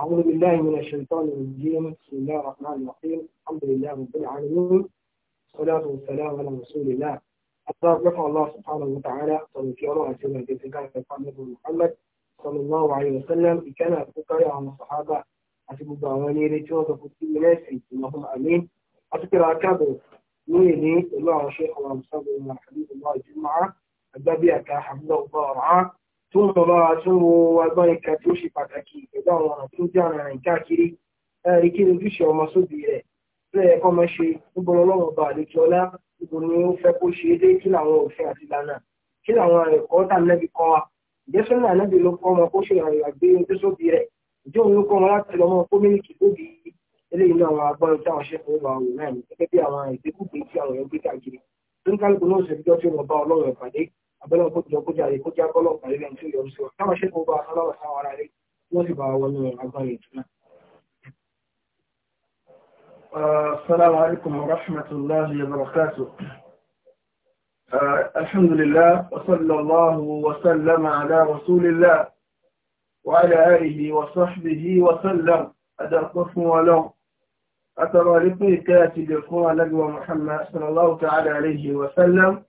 أعوذ بالله من الشيطان الرجيم بسم الله الرحمن الرحيم الحمد لله رب العالمين والصلاة والسلام على رسول الله أتذكر الله سبحانه وتعالى صلى الله عليه وسلم في كان محمد صلى الله عليه وسلم كان أتذكر عن الصحابة أتبقى أولي ريتوز وفتي مناسي اللهم أمين أتذكر أكابر نيني الله شيخ الله مصاب الحديث الله الجمعة أدبي أكا حمد الله ورعاه tó ń lọ bá tún wo agbọ́n ìka tí ó ṣe pàtàkì pẹ̀lú àwọn ọ̀nà tó jẹ́ àrùn àrìn káàkiri ẹ̀rí kí ojúṣe ọmọ sóbì rẹ̀ ló yẹ mọ́ ṣe níbo lọ́wọ́ ọba àlejò ọlá níbo ni ó fẹ́ kó ṣe é dé kí làwọn òfin àti ìlànà kí làwọn ẹ̀kọ́ tà nẹ́bi kọ́ wa ìjẹ́ sọ́nà ànábì ló kọ́ ọmọ kó ṣe àgbé ojú sóbì rẹ̀ ìjọ òun ló kọ́ ọmọ láti lọ́mọ kó mílíkì lóbi eléyìí ní àwọn agbọ́n tí àwọn ṣẹ́fún ìwà òun náà ní gẹ́gẹ́ bí àwọn ìgbékùgbé tí àwọn èèyàn gbé káàkiri abẹ́lẹ̀ kó jọ kó jáde kó já bọ́lọ̀ pàdé lẹ́yìn tó yọrí sí wa táwọn ṣe sáwọn ara rẹ̀ wọ́n sì bá agbára السلام عليكم ورحمة الله وبركاته الحمد لله وصلى الله وسلم على رسول الله وعلى آله وصحبه وسلم أدرككم ولو أترى لكم كاتب القرى محمد صلى الله تعالى عليه وسلم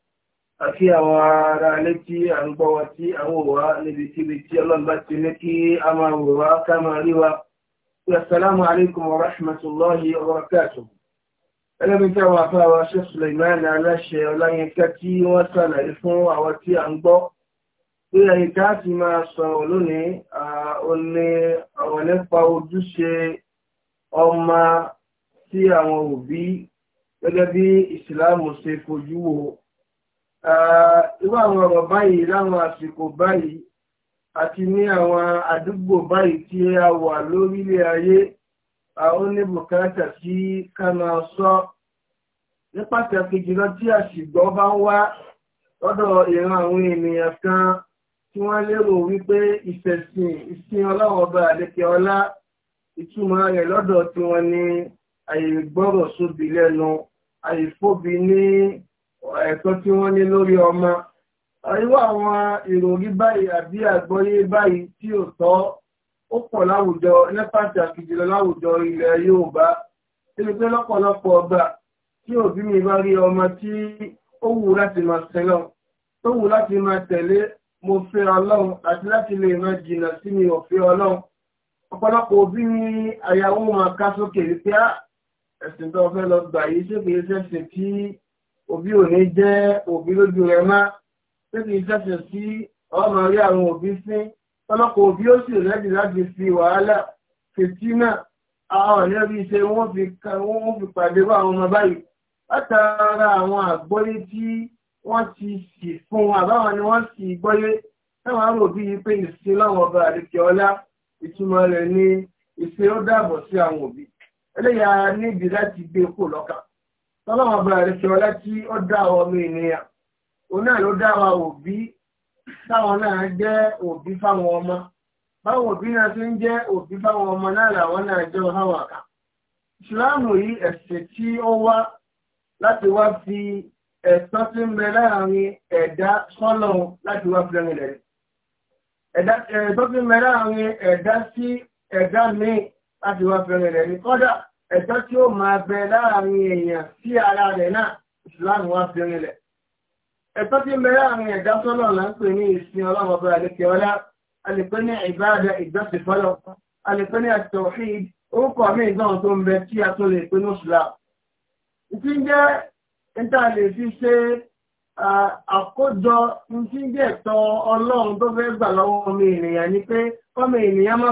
àti àwọn ará ilé tí à ń gbọ́ wa tí àwọn òwá níbi tíbi tí ọlọ́mbà ti ní kí a máa wò wá ká máa rí wa. Assalamu alaikum wa Ẹlẹ́bí tí àwọn afẹ́ ṣe Suleiman aláṣẹ Ọláyínká tí wọ́n ṣàlàyé fún àwọn tí à ń gbọ́. Bí ti máa sọ̀rọ̀ lónìí, ó nípa ojúṣe ọmọ sí àwọn òbí gẹ́gẹ́ bí ìsìláàmù ṣe fojú wo Eh, irú àwọn ọ̀rọ̀ báyìí láwọn àsìkò báyìí àti ní àwọn àdúgbò báyìí tí a wà lórílẹ̀ ayé àwọn ní bùkátà sí ká máa sọ ní pàtàkì jùlọ tí àṣìgbọ́ bá ń wá lọ́dọ̀ ìran àwọn ènìyàn kan tí wọ́n lérò wípé ìfẹ̀sìn ìsìn ọlọ́wọ́ bá àdékẹ́ ọlá ìtumọ̀ rẹ̀ lọ́dọ̀ tí wọ́n ní àyè gbọ́rọ̀ sóbi lẹ́nu àyè fóbi ní ẹ̀tọ́ tí wọ́n ní lórí ọmọ irú àwọn ìròyìn báyìí àbí àgbọ́yé báyìí tí ò tọ́ ó pọ̀ láwùjọ ní pàtàkì jùlọ láwùjọ ilẹ̀ Yorùbá nínú pé lọ́pọ̀lọpọ̀ ọgbà tí òbí mi bá rí ọmọ tí ó wù láti máa sẹ́lọ̀ tó wù láti máa tẹ̀lé mo fẹ́ Ọlọ́run àti láti lè máa jìnnà sí mi ò fẹ́ Ọlọ́run ọ̀pọ̀lọpọ̀ òbí ní àyàwó máa ká sókè wípé ah, ẹ̀sìn tó fẹ́ lọ gbà yìí ṣé kìí ṣẹ̀ṣẹ̀ tí òbí ò ní jẹ́ òbí lójú rẹ̀ má títí ìtẹ́sẹ̀ sí ọmọ rí àwọn òbí sí tọ́lọ́pọ̀ òbí ó sì rẹ́dì láti fi wàhálà fìtínà àwọn ọ̀nà bí ṣe wọ́n fi pàdé bá àwọn ọmọ báyìí látara àwọn àgbọ́yé tí wọ́n ti sì fún àbáwọn ni wọ́n sì gbọ́yé táwọn arò bí i pé ìsìn láwọn ọba àdìkẹ́ ọlá ìtumọ̀ rẹ̀ ni ìṣe ó dàbọ̀ sí àwọn òbí eléyà níbi láti gbé kó lọ́kàn tọ́lọ́wọ́ bẹ̀rẹ̀ ṣe ọlá tí ó dá ọmọ ènìyàn òun náà ló dá wa òbí táwọn náà jẹ́ òbí fáwọn ọmọ báwọn òbí náà ti ń jẹ́ òbí fáwọn ọmọ náà làwọn náà jẹ́ ọ̀háwà ká ìsìláàmù yìí ẹ̀sìn tí ó wá láti wá fi ẹ̀tọ́ tí ń láàrin ẹ̀dá sọ́lọ́run láti wá fi lẹ́rìn lẹ́rìn ẹ̀tọ́ tí ń láàrin ẹ̀dá sí ẹ̀dá míì láti wá fi lẹ́rìn lẹ́rìn kọ́dà ẹ̀tọ́ tí ó máa bẹ láàrin èèyàn sí ara rẹ̀ náà ìsìláàmù wá fi rinlẹ̀ ẹ̀tọ́ tí ń bẹ láàrin ẹ̀dá sọ́lọ̀ là ń pè ní ìsìn ọlọ́run ọba àlekè ọlá a lè pè ní ìbáàdà ìjọsìn fọlọ́ a lè pè ní àtọ̀hìd orúkọ mi ìgbọ́n tó ni pé kọ́mọ ènìyàn má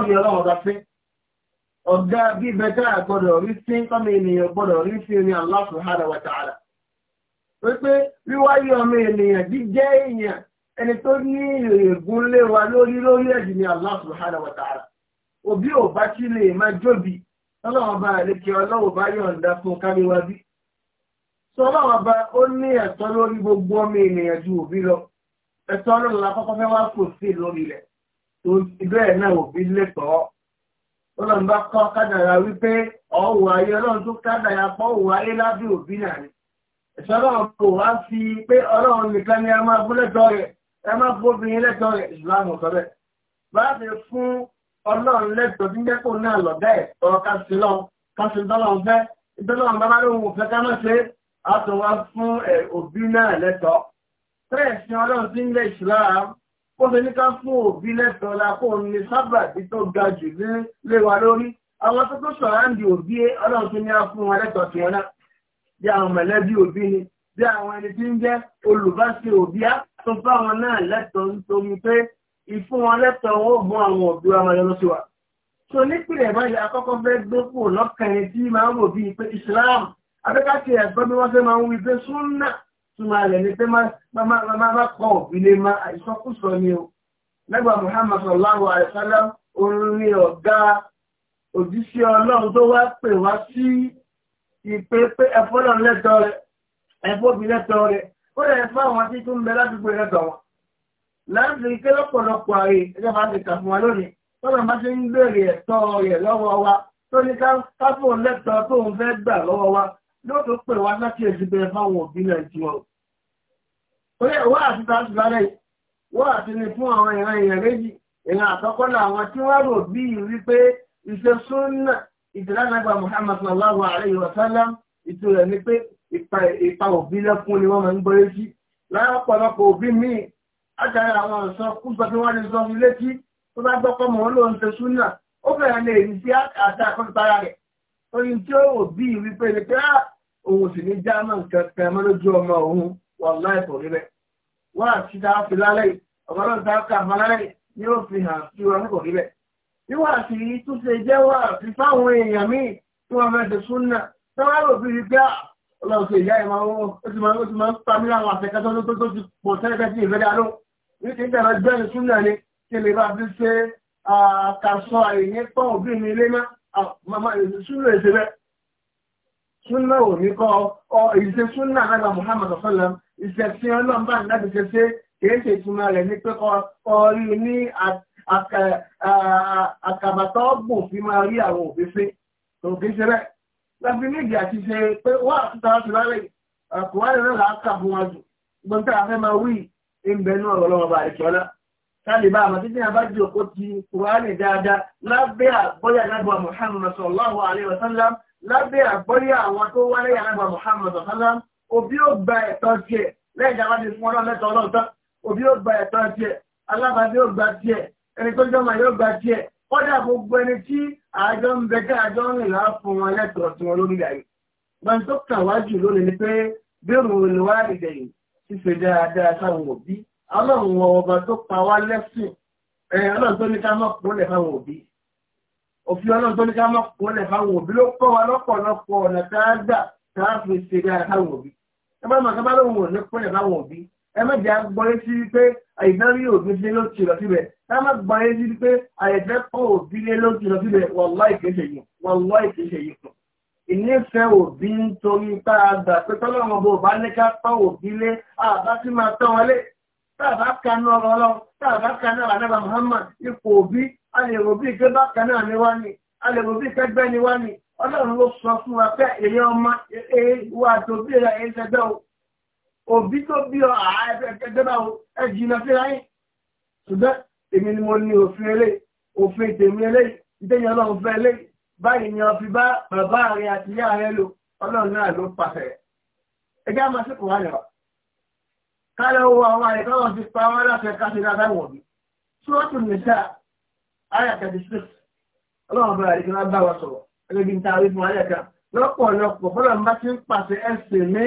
ọ̀gá bíbẹ̀ tá a gbọ́dọ̀ rí sí kọ́mọ ènìyàn gbọ́dọ̀ rí sí ní Allah subhanahu wípé wíwáyé ọmọ ènìyàn jíjẹ́ èèyàn ẹni tó ní wa lórí lórí ẹ̀dì ní Allah subhanahu òbí ò bá lè máa jóbi ọlọ́wọ́n bá ọlọ́wọ́ bá yọ̀ǹda fún sọ ọlọ́wọ́n bá ó ní ẹ̀tọ́ lórí gbogbo ọmọ ènìyàn ju òbí lọ ẹ̀tọ́ ọlọ́run ọlọ́run bá kọ́ kádàrà wípé ọ̀hùn ayé ọlọ́run tó kádàrà pọ̀ òun ayé lábẹ́ òbí náà ni ìṣọ́lọ́run kò wá fi pé ọlọ́run nìkan ni a máa bú lẹ́tọ́ rẹ̀ ẹ máa bú obìnrin lẹ́tọ́ rẹ̀ ìsìláàmù sọ bẹ́ẹ̀ bá fi fún ọlọ́run lẹ́tọ́ tí jẹ́kùn náà lọ́dẹ́ ọ̀rọ̀ kásìlọ́ kásìlọ́run fẹ́ ìtọ́lọ́run bá wọ́n fi ní ká fún òbí lẹ́tọ̀ọ́ la kó ní sábàbí tó ga jù lé wa lórí àwọn tó tó sọ̀ráǹdì òbí ọlọ́run tó ní á fún wọn lẹ́tọ̀ọ́ tiwọn náà bí àwọn mọ̀lẹ́bí òbí ni bí àwọn ẹni tí ń jẹ́ olùbáṣe òbí á tó bá wọn náà lẹ́tọ̀ọ́ nítorí pé ìfún wọn lẹ́tọ̀ọ́ wọn mú àwọn òbí wa máa yọ lọ́síwà. so nípìnlẹ̀ báyìí akọ́kọ́ fẹ́ gbé kù lọ́kàn Islam abẹ́kàtì ẹ̀gbọ́n bí wọ́n fẹ́ máa ń túmọ̀ rẹ̀ ni pé má bá kọ́ òfìlé má àìsọkúsọ ni o lẹ́gbà Muhammad sallallahu alaihi wasallam orin ọ̀gá òjíṣẹ́ ọlọ́run tó wá pè wá sí ìpè pé ẹ̀fọ́lọ́ lẹ́tọ̀ rẹ̀ ẹ̀fọ́bi lẹ́tọ̀ rẹ̀ ó rẹ̀ fáwọn tí tún bẹ ládùúgbò lẹ́tọ̀ wọn láti ike lọ́pọ̀lọpọ̀ ààrẹ ẹgbẹ́ bá ti kà fún wa lónìí tọ́lọ̀ bá ti ń béèrè ẹ̀tọ́ rẹ̀ lọ́wọ́ wa tó ní káfọ́ lẹ́tọ̀ tó ń fẹ́ gbà lọ́wọ́ wa lóòótọ́ pè wá láti èsì bẹ̀rẹ̀ fáwọn òbí náà tiwọn o. Orí ẹ̀wọ́ àti tàbí wọ́n àti ní fún àwọn ìran èèyàn méjì, èèyàn àkọ́kọ́ làwọn tí wọ́n rò bí wípé iṣẹ́ súnnà ìtìlánàgbà Muhammad sallallahu alayhi wa sallam ìtò rẹ̀ ni pé ipa òbí lẹ́kún ni wọ́n máa ń gbọ́rẹ́ sí. Láàpọ̀lọpọ̀ òbí míì, àtàrí àwọn ọ̀sọ́ kúgbọ́ tí wọ́n lè sọ fi létí tó ni pé ah, òun sì ní já nǹkan kan lójú ọmọ òun wà láì pọ̀ níbẹ̀. wọ́n àti dáa fi lálẹ́ ọ̀gọ́dọ̀ dáa ká ma lálẹ́ yóò fi hàn sí wọn pọ̀ níbẹ̀. bí wọ́n àti tún ṣe jẹ́ wọ́n àti fáwọn èèyàn míì tí wọ́n fẹ́ ṣe súnà táwọn àrò fi rí pé ọlọ́run ṣe ìyá ìmọ̀ owó ó ti máa ń pa mí láwọn àfẹ́kẹ́tọ́ tó ti pọ̀ tẹ́lẹ̀ tí ìfẹ́ dáa ló ní ti ń tẹ̀lé gbẹ́ni súnà ni kí lè bá fi ṣe àkàsọ àìyẹ́pọ̀ òbí mi lé má súnà ìṣẹ́lẹ̀ súnà ò ní kọ́ ọ ìṣe súnà lára Muhammad ọ̀sọ́lẹ̀m ìṣẹ̀sí ọlọ́mbà láti ṣe ṣe kìí ṣe ìtumọ̀ rẹ̀ ní pé kọ́ rí ní àkàbàtọ́ bò fi máa rí àwọn òfin ṣe tó kìí ṣe bẹ́ẹ̀. láti níbi àti ṣe pé wà àtúntà láti lálẹ́ àkùnrin náà là á kà fún wa jù gbọ́n tá a fẹ́ máa wí ìbẹ̀ náà lọ́wọ́ bá ìṣọ́lá. Kálíbà àmọ́ títí àbá jòkó ti Kùránì dáadáa lábẹ́ àgbọ́yà lágbà Mùhàmmad sallallahu alaihi wasallam lábẹ́ àgbọ́yé àwọn tó wá lẹ́yìn alágbà Muhammad ọ̀sánlá òbí ó gba ẹ̀tọ́ tiẹ̀ lẹ́yìn ìjàmbá ti fún ọlọ́run lẹ́tọ̀ ọlọ́ọ̀tán òbí ó gba ẹ̀tọ́ tiẹ̀ alábàábí ó gba tiẹ̀ ẹni tó jọmọ yóò gba tiẹ̀ kọ́dà gbogbo ẹni tí àjọ ń bẹ tí àjọ ń rìn láà fún wọn lẹ́tọ̀ tí wọn lórí ayé gbọ́n tó kàn wá jù lónìí ni pé bẹ́ẹ̀rù olùwárìdẹ̀ yìí ti ṣe dáadáa sáwọn òbí ọlọ́run ọba tó pa wá lẹ́sìn ọlọ́run tó ní ká mọ̀ pọ́lẹ̀ fáwọn òbí òfin ọlọ́run tó ní ká mọ́ kúnlẹ̀ fáwọn òbí ló pọ̀ wá lọ́pọ̀lọpọ̀ ọ̀nà tá a gbà tá a fi ṣe dára fáwọn òbí ẹ bá màkà bá lóun ò ní kúnlẹ̀ fáwọn òbí ẹ má jẹ́ agbọ́yé sí pé àìdárí òbí lé ló ti lọ síbẹ̀ ẹ má gbọ́yé sí pé àìfẹ́ kọ́ òbí lé ló ti lọ síbẹ̀ wàláì kéṣe yìí wàláì kéṣe òbí a lè rò bí ike bákan náà ni wá ní a lè rò bí ìtẹ́gbẹ́ ni wá ní ọlọ́run ló sọ fún wa pé èyí ọmọ wa tó bí ra èyí tẹ́gbẹ́ o òbí tó bí ọ àtẹ́gbẹ́ bá o ẹ jìnnà síra yín ṣùgbọ́n èmi ni mo ní òfin eléyìí òfin tèmi eléyìí ìtẹ́yìn ọlọ́run fẹ́ eléyìí báyìí ni ọ fi bá bàbá rẹ àti ìyá rẹ lò ọlọ́run náà ló pàṣẹ ẹjẹ́ àmọ́ sí kùnrin rẹ̀ kálẹ̀ owó àwọn àyíká wọn ti pa wọn láti ẹ̀ka sí dáadáa wọ̀bí àyà thirty six ọlọ́run bẹ̀rẹ̀ àdìgbò náà bá wa sọ̀rọ̀ ẹgbẹ́ kan lọ́pọ̀lọpọ̀ bọ́lá ń bá ti ń pàṣẹ ẹsẹ̀ mi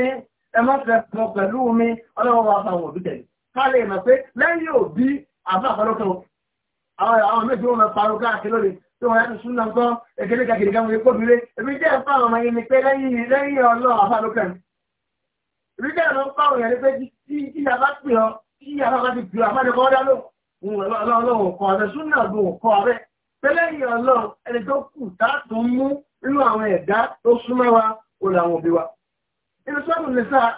ẹ má fẹ́ pọ̀ pẹ̀lú mi ọlọ́run wa fáwọn òbí tẹ̀lé ká lè mọ̀ pé lẹ́yìn òbí àbá àpọ̀lọpọ̀ àwọn méjì wọn parọ́ káàkiri lórí tí wọ́n yàtọ̀ súnà ńkọ́ èkéde kàkiri kan wọ́n kó bìrẹ́ èmi jẹ́ ẹ̀fọ́ àwọn ọmọ yẹn ni pé lẹ́yìn lẹ́yìn ti pè ọ àpọ̀lọpọ̀ ọ̀dá lóhùn ọlọ́run kọ́ abẹ́ súnà ló kọ́ abẹ́ tẹ́lẹ̀yìn ọlọ́run ẹni tó kù táàtò mú nínú àwọn ẹ̀dá tó súnmọ́ wa ó làwọn òbí wa. inú sọ́ọ̀nù ní sáà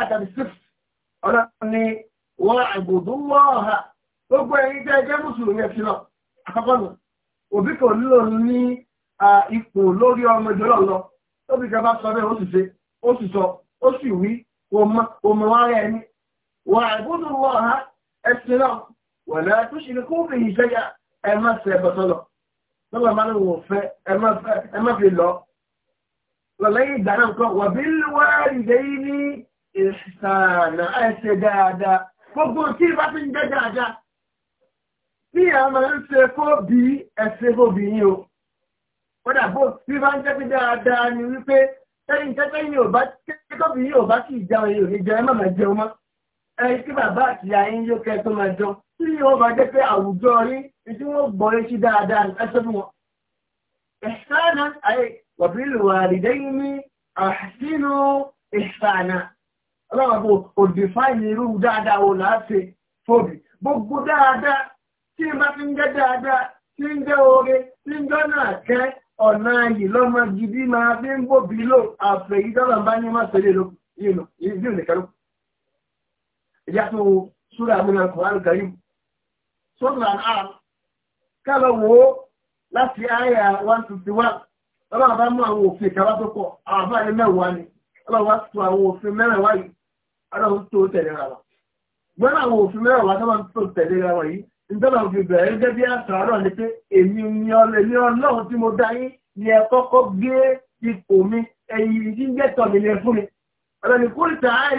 àtàbí six ọlọ́run ni wọ́n àgbòdó wọ́ọ̀ha gbogbo ẹ̀yin tẹ́ jẹ́ mùsùlùmí ẹ̀sìn lọ àkọ́kọ́ nù òbí kò nílò ní ipò lórí ẹ̀sìn náà wọ̀lá tó ṣe ní kó fi iṣẹ́ yá ẹ má ṣe ẹbọ sọ́lọ̀ lọ́wọ́ máa ń wò fẹ́ ẹ má fi lọ. lọ́lẹ́yìn ìgbà náà nǹkan wà bí wá ìdè yìí ní ìsànà ẹsẹ̀ dáadáa gbogbo tí ìbá ti ń jẹ́ dáadáa tí a máa ń ṣe kó bí ẹsẹ̀ kó bí yín o. kódà bó bí bá ń jẹ́ pé dáadáa ni wípé tẹ́yìn tẹ́tẹ́ yìí ò bá tẹ́tọ́ bí yìí ò bá kì í jẹun yìí ò ní jẹun ẹ má máa jẹun mọ́ ẹ kí bàbá àti ìyá yóò kẹ́ tó máa jẹun tí yóò bá jẹ́ pé àwùjọ rí tí wọ́n gbọ́rẹ́ sí dáadáa ẹsẹ̀ fún wọn. ìṣáná ayé wàbílù wà rìdẹ́yìn ní àṣínú ìṣáná ọlọ́wọ́ òdìfáìní irú dáadáa wò láti fòbí gbogbo dáadáa tí bá fi ń jẹ́ dáadáa tí ń jẹ́ oore tí ń jọ́ náà kẹ́ ọ̀nà yìí lọ́mọ gidi máa fi ń bòbí lò àfẹ̀yí dọ́là bá ní má sẹ́lẹ̀ lò yìí nìkan ló. ìyá tó súrà mi náà kò sọ́dọ̀ àná kálọ̀ wò ó láti àyà one fifty bá mú àwọn òfin ìkàwá tó pọ̀ àwọn àbá ilé mẹ́wàá ni ọlọ́run tó àwọn òfin mẹ́rẹ̀wá yìí tó tẹ̀lé ra wọn. àwọn òfin mẹ́rẹ̀wá tó tó tẹ̀lé ra wọn yìí òfin bẹ̀rẹ̀ gẹ́gẹ́ bí àtàrọ̀ ni pé èmi ni ọlọ́run tí mo ni ẹ kọ́kọ́ ipò mi ẹ̀yìn mi ni ẹ fún mi. kúrìtà ẹ̀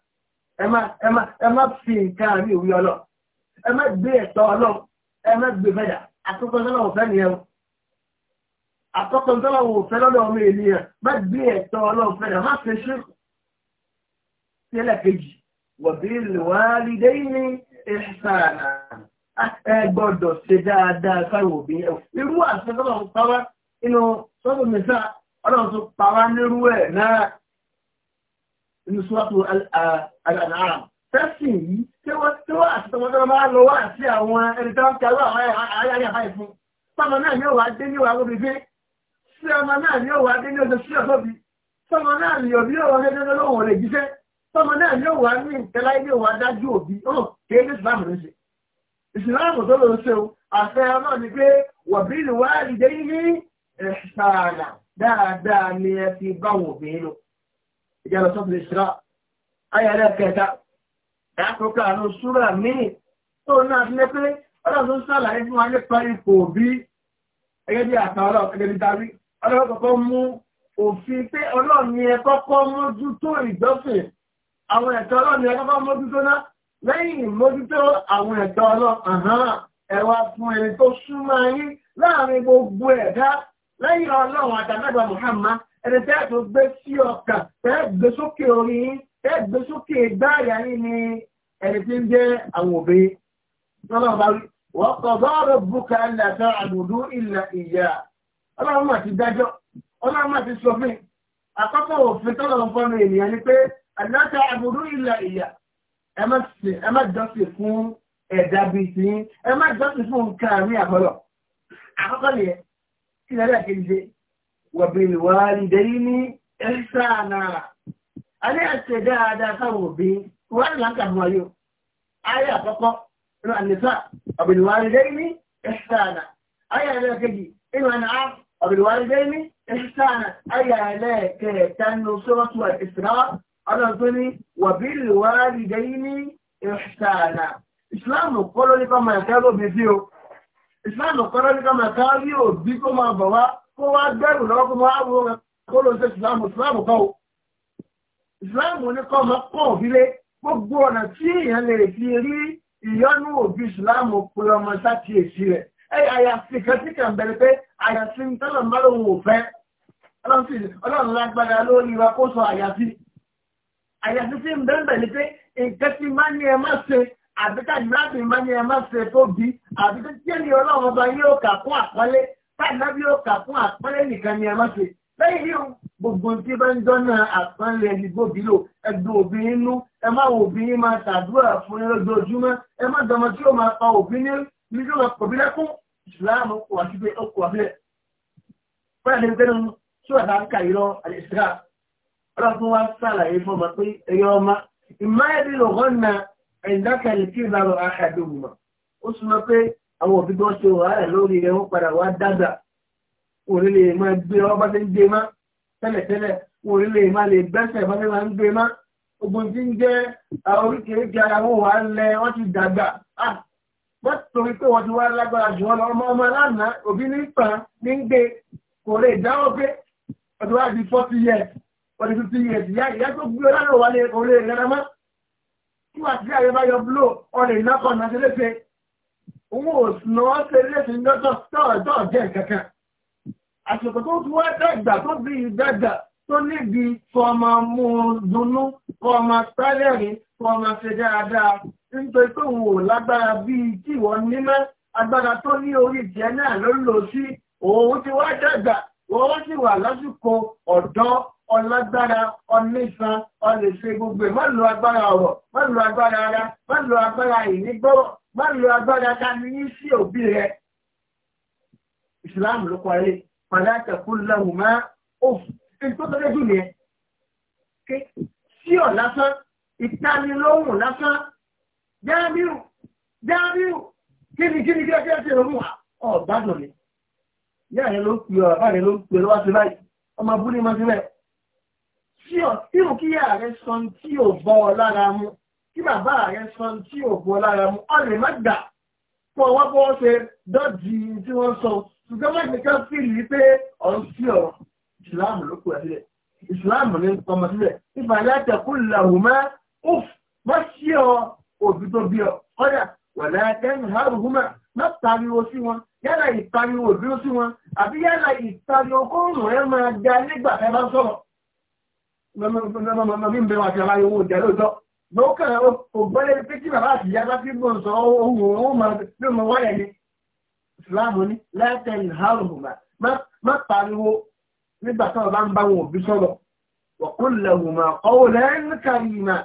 ẹ má fi nǹkan àmì ìwé ọlọ́ ẹ má gbé ẹ̀tọ́ ọlọ́ ẹ má gbé fẹ́dà àkọ́kọ́ sọ́lọ́ òfẹ́ nìyẹn àkọ́kọ́ sọ́lọ́ òfẹ́ lọ́dọ̀ ọmọ ènìyàn má gbé ẹ̀tọ́ ọlọ́ fẹ́dà má fi ṣe sílẹ̀ kejì wọ̀bí ìlúwàlídẹ́yìnì ìsànà ẹ gbọ́dọ̀ ṣe dáadáa sáwọn òbí ẹ̀ irú àṣẹ sọ́lọ́ inú sọ́dọ̀ mẹ́sà tó pa nírú ẹ̀ náà nínú súnmọ́tò al-An'am tẹ́sìn yìí tí wọ́n àti tọmọdọ́rọ̀ máa lọ wá sí àwọn ẹni tó ń kẹrù àwọn ayáyà àbáyé fún sọmọ náà ni ó wà dé ní ìwà lóbi gbé sí ọmọ náà ni ó wà dé ní oṣù sí ọ̀tọ́bi sọmọ náà ni òbí ó wà ní ẹgbẹ́ lóhùn rẹ̀ jíṣẹ́ sọmọ náà ni ó wà ní ìtẹ́lá ilé wa dájú òbí ó kéé ní ìsìlámù ló ṣe ìsìlámù tó ló ń ṣe o àfẹ́ náà ni pé ìjọba sọ́tún ìṣirà ayẹyẹ kẹta ẹ̀kọ́kọ́ àánú súrà míì tó náà ti lẹ́pẹ́ ọlọ́run tó sàlàyé fún wa nípa ipò bí ẹgẹ́ bí àtà ọlọ́run ẹgẹ́ bí darí ọlọ́run kọ́kọ́ mú òfin pé ọlọ́run ni ẹ kọ́kọ́ mójútó ìgbọ́fìn àwọn ẹ̀tọ́ ọlọ́run ni ẹ kọ́kọ́ mójútó náà lẹ́yìn mójútó àwọn ẹ̀tọ́ ọlọ́run ẹ̀wà fún ẹni tó súnmọ́ yín láàrin gbogbo ẹ̀dá lẹ́yìn ọlọ́run àtàlẹ́gbà Muhammad ẹni tẹ́ ẹ̀ tó gbé sí ọkà tẹ́ ẹ̀ gbé sókè orí yín tẹ́ ẹ̀ gbé sókè gbáàyà yín ni ẹni tí ń jẹ́ àwọn òbí lọ́nà bá rí wọ́n kọ̀ bọ́ọ̀rọ̀ bùkà làtà àdùdú ìlà ìyá ọlọ́run mà ti dájọ́ ọlọ́run mà ti sọ fún àkọ́kọ́ òfin tọ́lọ̀ ń fọ́nu ènìyàn ni pé àdáta àdùdú ìlà ìyá ẹ má jọ́sìn fún ẹ̀dá bíi ti ẹ má jọ́sìn fún nǹkan àmì àbọ̀lọ̀ àkọ́kọ́ nìyẹn kí lẹ́lẹ́ kejì وبالوالدين إحسانا أنا أتدادى خوبي وأنا لك أهواليو آية فقط إنه النساء وبالوالدين إحسانا آية لا تجي إنه أنا وبالوالدين إحسانا آية لا تنو سورة الإسراء أظني وبالوالدين إحسانا إسلام kọ́ ló ní ká máa إسلام lóbi sí o ìsìláàmù kọ́ ló kó wá gbẹ́rù lọ́wọ́ kó máa wo rẹ̀ kó ló ń ṣe ìsìláàmù ìsìláàmù kan o ìsìláàmù ní kọ́ ọmọ kọ́ òbílé gbogbo ọ̀nà tí èèyàn lè fi rí ìyọ́nú òbí ìsìláàmù pé ọmọ sátìyèsí rẹ̀ ẹ àyàfi kan tí kàn bẹ̀rẹ̀ pé àyàfi ń tọ́lọ̀ má lòun ò fẹ́ ọlọ́run lágbára lórí wa kó sọ àyàfi àyàfi tí ń bẹ̀rẹ̀ ni pé nǹkan tí má ní ẹ má ṣe àbíkájú láti má ní ẹ má ṣe tó bí àbíkájú tí ẹni ọlọ́run ọba yóò kà kún àpọ́nlé táìlábí ó kà fún àpọ́nlé nìkan ni a máa ṣe lẹ́yìn yìí gbogbo tí bá ń dọ́nà àpọ́nlé ẹni gbòbí lò ẹgbẹ́ obìnrin nú ẹ má wo obìnrin máa tàdúrà fún ẹ lójoojúmọ́ ẹ má dọmọ tí ó máa pa obìnrin ní tí ó máa pọ̀bí lẹ́kún ìsìláàmù kò wá síbi ó kò wá sílẹ̀. fúnra ní pé nínú tí wàá ká yìí lọ àdìsíkà ọlọ́run wá sàlàyé fún ọmọ pé ẹyọ ọmọ ìmáyẹ̀dínlọ́gọ́nà ẹ̀ńdákẹ́lì kí ìlànà àkàdé òmùmọ̀ ó sọ pé àwọn òbí tó ń ṣe wàhálà lórí ẹ̀ wọ́n padà wá dàgbà òní lè máa gbé ọ bá ti ń gbé má tẹ́lẹ̀tẹ́lẹ̀ òní lè máa lè gbẹ́sẹ̀ bá ti máa ń gbé má ogun tí ń jẹ́ oríkèéríkè ara wọn wà lẹ wọ́n ti dàgbà wọ́n torí pé wọ́n ti wá lágbára jù wọn lọ ọmọ ọmọ lánàá òbí ní pa ní gbé kò lè dáwọ́ pé ọdún wá di forty years ọdún fifty years ìyá ìyá tó gbé ọlọ́run wà lè òun lè rẹ́ra mọ́ kí wàá sí òun ò sùnà wá sí eléṣin lọ́tọ̀ tọ́ọ̀dọ́ jẹ́ kankan àsìkò tó tún wá dàgbà tó bí dàgbà tó níbi fọmọ mú dunnú fọmọ tálẹ́rìn fọmọ ṣe dáadáa nítorí pé òun ò lágbára bíi tí ìwọ nímọ́ agbára tó ní orí ìjẹ́ náà ló lò sí òun ti wá dàgbà òun sì wà lásìkò ọ̀dọ́ ọlágbára ọnísan ọlẹ̀ṣẹ̀ gbogbo ẹ̀ má lo agbára ọ̀rọ̀ má lo agbára ara má lo agbára ìnígbọ́rọ̀ má lo agbára dání ní sí òbí rẹ ìsìláàmù ló parí padà tẹ̀kú lẹ́hùn má òf ìtọ́tọ́lẹ́ jù nìyẹn ké sí ọ̀ lásán ìtanilóhùn lásán jáàmíù jáàmíù kíni kíni kí ẹjẹ́ ṣe lóhùn ọ̀gbádùn ni yáà rẹ ló ń pè ọ́ bá rẹ ló ń pè lọ́wọ́ sí báyìí ọmọ abúlé máa ti bẹ́ẹ̀ sí ọ̀ irun kí yáà sọ tí ò bọ́ ọ lára mu kí bàbá rẹ̀ san tí ò bọ́ lára mu ọ̀lẹ̀ má gbà kó ọwọ́ bọ́ ṣe dọ́jì tí wọ́n sọ ṣùgbọ́n má nìkan fìlì pé ọ̀n sí ọ̀rọ̀ ìsìláàmù ló kù ẹ̀ sílẹ̀ ìsìláàmù ní ọmọ sílẹ̀ ìfà látẹ̀kù làwùmá uff má sí ọ òbí tó bí ọ kọ́dà wàlẹ́ akẹ́yìn hàrùhùmá má pariwo sí wọn yálà ìpariwo òbí sí wọn àbí yálà ìpariwo kóòrùn ẹ máa ga nígbà ẹ bá sọ̀rọ̀ mọ̀mọ́ mi ń bẹ wọn àti aláyọ̀wò ìjà lóòótọ́ lókàn ògbọ́lẹ̀ pé kí bàbá àti ìyá bá fi gbọ́n sọ ohun òun máa bí ọmọ wáyà ni ìsìláàmù ní látẹ̀lì hàrùmà má pariwo nígbà tó bá ń bá wọn òbí sọ̀rọ̀ wọ̀kúnlẹ̀hùmà ọwọ́ lẹ́yìn kàrìmà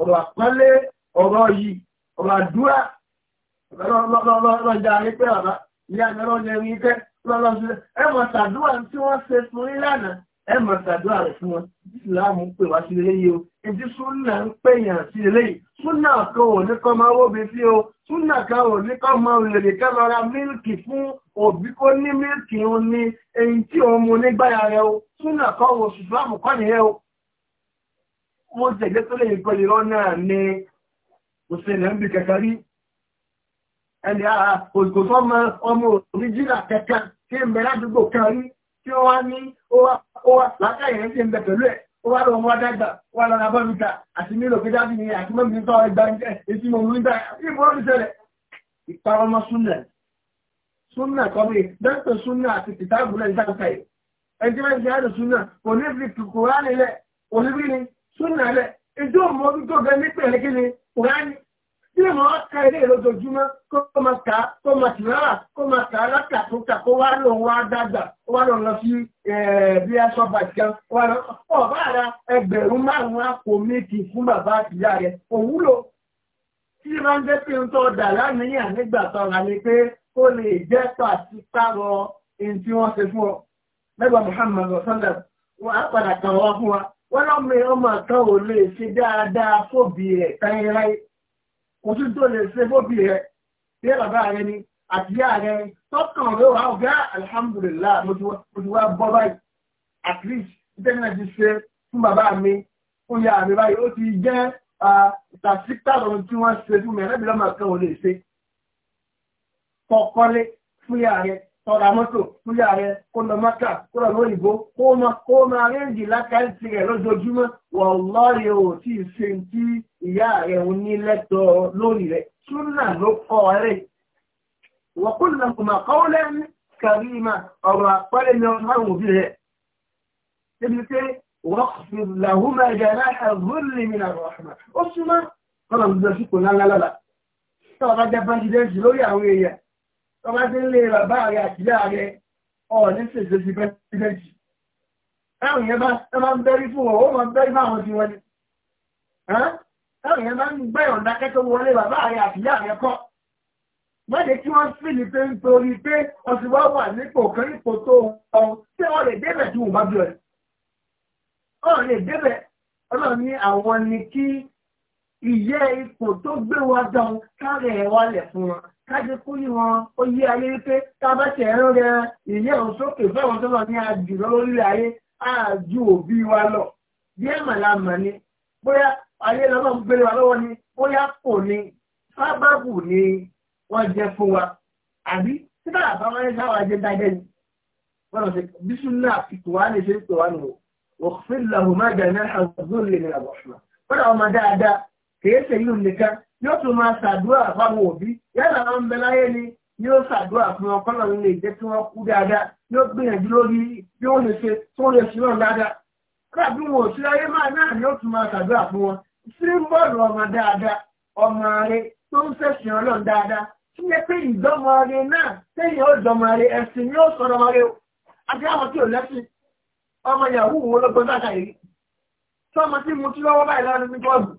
ọ̀rọ̀ àpọ́nlé ọ̀rọ̀ yìí ọ̀rọ̀ àdúrà lọ́jà ẹ máa gbàdúrà rẹ̀ fún wọn ìsìláàmù pè wá sí eléyìí o ètí súnà ń pèèyàn sí eléyìí súnà kan ò ní kọ́ máa wóbi sí o súnà kan ò ní kọ́ máa lèrè ká lọ ra mílìkì fún òbí kó ní mílìkì òun ni èyí tí òun mu nígbàyà rẹ o súnà kan ò ìsìláàmù kọ́ nìyẹn o. mo jẹ̀jẹ́ tó lè kọ́ ìrọ́ náà ni òṣèlè ń bi kẹ̀kẹ́ rí ẹni àà ah, òṣìkò fọ́mọ ọmọ òríjìnà kẹ̀kẹ́ tí tí ó wá ní ó wá lákàyè rẹ̀ ti ń bẹ pẹ̀lú ẹ̀ ó wá lọ́wọ́ wá dàgbà ó wá lọ́nà bọ́mìtà àti nílò pé dábì ní àti mọ́mí nípa ẹgbà etí mo mú nígbà ìbò ó ṣẹlẹ̀ ìparọ́ mọ́ súnà súnà kọ́mí dẹ́sẹ̀ súnà àti kìtàbù lẹ́yìn sáńkà yìí ẹni tí wọ́n ti yára súnà kò ní fi kùránì lẹ̀ kò Bí ẹ̀mọ́ ká ilé ìlójoojúmọ́ kó máa kà á kó máa tì náà kó máa kà á lákà tó kà kó wá lòun wá dàgbà kó wá lòun lọ sí bí aṣọ bàjẹ́ wá lọ. Ọ̀bá ara ẹgbẹ̀rún márùn-ún àpò méjì fún bàbá àtìyá rẹ̀ òwúlò. Tí máa ń jẹ́ pé ń tọ́ dà láníyàn nígbà tọ́ra ni pé kó lè jẹ́ pàṣípàrọ̀ ẹni tí wọ́n ṣe fún ọ. Mẹ́gbà Muhammad Sọ́ndà wọ́n á padà kàn wá fún wa. Wọ́n lọ́mọ ọmọ kan ò lè ṣe kò tún tó lè ṣe bóbi rẹ̀ bí ẹ bàbá rẹ ni àti yá rẹ tọ́kàn rẹ wà ọ̀gá alhamdulillah mo ti wá bọ́ báyìí at least nítorí náà ti ṣe fún bàbá mi fún yá mi báyìí ó ti jẹ́ tàṣítà tí wọ́n ṣe fún mi ẹ̀rẹ́bìlọ́mọ̀ kan ò lè ṣe kọ́kọ́lé fún yá rẹ̀ tọ́ra mọ́tò fúyà rẹ kó lọ mọ́tà kó lọ lóyìnbó kó ma kó ma réǹdì lákàtì rẹ lójoojúmọ́ wallahi ò tí ì ṣe tí ìyá rẹ ò ní lẹ́tọ̀ọ́ lónìí rẹ súnà ló kọ́ rẹ. wọ́kùn náà kò máa kọ́ lẹ́nu kàrí ma ọ̀rọ̀ àpẹẹrẹ ni ọ̀rọ̀ òbí rẹ. débi pé wọ́n fi làhùmà ìdáná àgúnlé mi náà lálàlà. tọ́wọ́ tọ́ba tí ń lé bàbá rẹ àtìyá rẹ ọ̀ọ́ni ṣèṣe sí pẹ́sidẹ́ntì táwọn yẹn bá tọ́ bá ń bẹ́rí fún ọ ó máa bẹ́rí fáwọn tí wọ́n ni táwọn yẹn bá ń gbẹ̀yàn dákẹ́ tó wọlé bàbá rẹ àtìyá rẹ kọ́ mọ́dé kí wọ́n sì ní pé ń torí pé ọ̀sìn wá wà nípò kan nípò tó ọ̀hún tí wọ́n lè débẹ̀ tí wọ́n bá bí ọ̀rẹ́ ọ̀rẹ́ débẹ̀ ọlọ́run ní àwọn ni kí ìyẹ́ ipò tó gbé wa dán kárẹ̀ ẹ̀ wálẹ̀ fún wọn kájé kú yí wọn ó yí ayé wípé tá a bá ṣe ẹ̀rọ rẹ ìyẹ́ òsókè fẹ́wọ̀n tó lọ ní àjùlọ lórílẹ̀ ayé àjù òbí wa lọ bí ẹ̀ mà la mà ni bóyá ayé lọ́nà ń gbélé wa lọ́wọ́ ni bóyá kò ní sábàbù ni wọ́n jẹ fún wa àbí títà àbáwọn ẹ̀ sáwà jẹ dájẹ́ ni wọ́n lọ sí bísúnà àti tòwánì ṣe tòwánì wò òfin làwọn má jẹ náà àgbọ̀n lè ní àbọ̀ṣùmá wọ́n làwọn má dáadáa kèése yìí nìkan yóò tún máa ṣàdúrà fáwọn òbí yálà wọn ń bẹ láyé ni yóò ṣàdúrà fún wọn kọ́nà ń lè jẹ́ kí wọ́n kú dáadáa yóò gbìyànjú lórí bí wọ́n lè ṣe tó lè ṣe náà dáadáa kódà bí wọn ò sí fún wọn símbọ̀lù ọma dáadáa tó ń náà ni ó àti àwọn tí ò ọmọ yahoo ti báyìí ní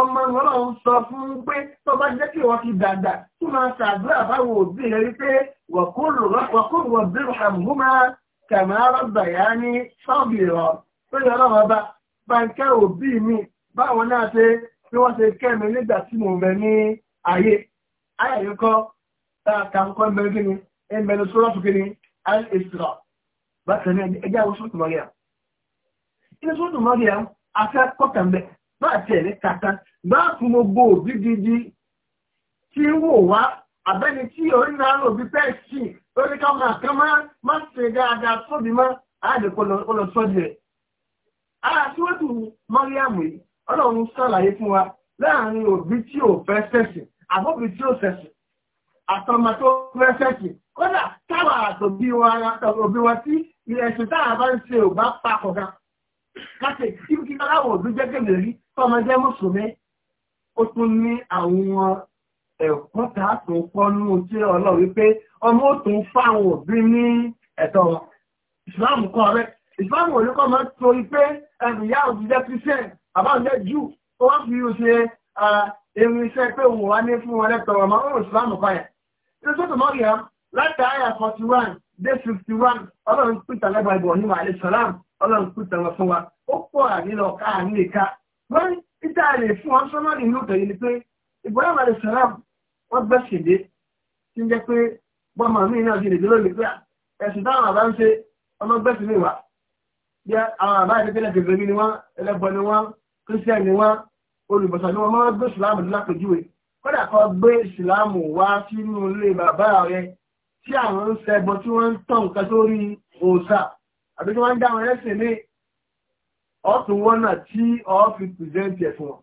ọmọ ọlọ́run sọ fún un pé tó bá jẹ́ kí wọ́n ti dàgbà tó máa ṣàdúrà báwọn òbí rẹ̀ wípé wọ́kùnrin rọ̀bí hàmúmá kàmáàrọ̀ bàyá ní sọ́ọ̀bì rọ̀ tó yẹ ọlọ́run ọba bàǹkẹ́ òbí mi báwọn náà ṣe bí wọ́n ṣe kẹ́mi nígbà tí mo rẹ̀ ní ayé ayẹyẹkọ́ tààkàǹkọ́ ẹgbẹ̀rún kí ni ẹgbẹ̀rún sọ́rọ̀tù kí ni al-Isra bákan ní ẹjẹ́ àwọn sọ́ọ̀tù bá tiẹ̀ ní kàtà bá fún gbogbo òbí gidi tí ń wò wá àbẹ́ni tí orí náà lò bí bẹ́ẹ̀ sì lórí ká máa kán má ṣe dáadáa tóbi mọ́ àdèkọlọ sọ́jú ẹ̀. ara síwọ́tù mọ́ríàmù yìí ọlọ́run ṣàlàyé fún wa láàrin òbí tí ò fẹ́ ṣẹ̀sìn àbóbi tí ò ṣẹ̀sìn àtọmọ tó fẹ́ ṣẹ̀sìn kódà táwa àtòbí wa òbí wa tí ilẹ̀ ẹ̀sìn táwa bá ń ṣe ò bá pa kọ̀ọ̀kan. káṣe ibi kíkọ́ láwọn òbí jẹ́gẹ́ lè tọ́mọ jẹ́ mùsùlùmí ó tún ní àwọn ẹ̀kọ́ tá a tún kọ́ ní ojú ọlọ́run wípé ọmọ ó tún fáwọn òbí ní ẹ̀tọ́ wọn ìsìláàmù kọ́ rẹ̀ ìsìláàmù ò ní kọ́ máa torí pé ẹ̀rù ìyá òṣìṣẹ́ christian àbáwọ̀jẹ́ jù ó wá fi ṣe irinṣẹ́ pé òun wá ní fún wọn lẹ́tọ̀ ọmọ òun ìsìláàmù kọ́ yẹn ní sọ́tò mọ́rìyà láti àyà forty one dé fifty one ọlọ́run pìtàn lẹ́gbàá ìbọ̀ ní wàhálà ọlọ́run pìtàn fún wa ó pọ̀ ànílọ káà ní ìka wọ́n títà lè fún wọn sọ́nà nínú ìtọ́yìn ni pé Ibrahim alayhi salam wọ́n gbẹ́sẹ̀ dé tí ń jẹ́ pé bọ́mọ mi náà ti lè dé lónìí pé ẹ̀sìn táwọn àbá ń ṣe ọmọ gbẹ́sẹ̀ mi wá bí àwọn àbá ìdíkẹ́lẹ̀ kẹfẹ́ ni wọ́n ẹlẹ́bọ ni wọ́n kírísíà ni wọ́n olùbọ̀sà ni wọ́n máa gbé ìsìláàmù lápèjúwe kódà kan gbé ìsìláàmù wá sínú ilé bàbá rẹ tí àwọn ń ṣẹbọ tí wọ́n ń tọ̀ nǹkan sórí òòṣà àbí tí wọ́n ń dá àwọn ẹlẹ́sìn ní ọ̀tún wọ́n náà tí ọ fi pìrìsẹ́ntì ẹ̀ fún wọn.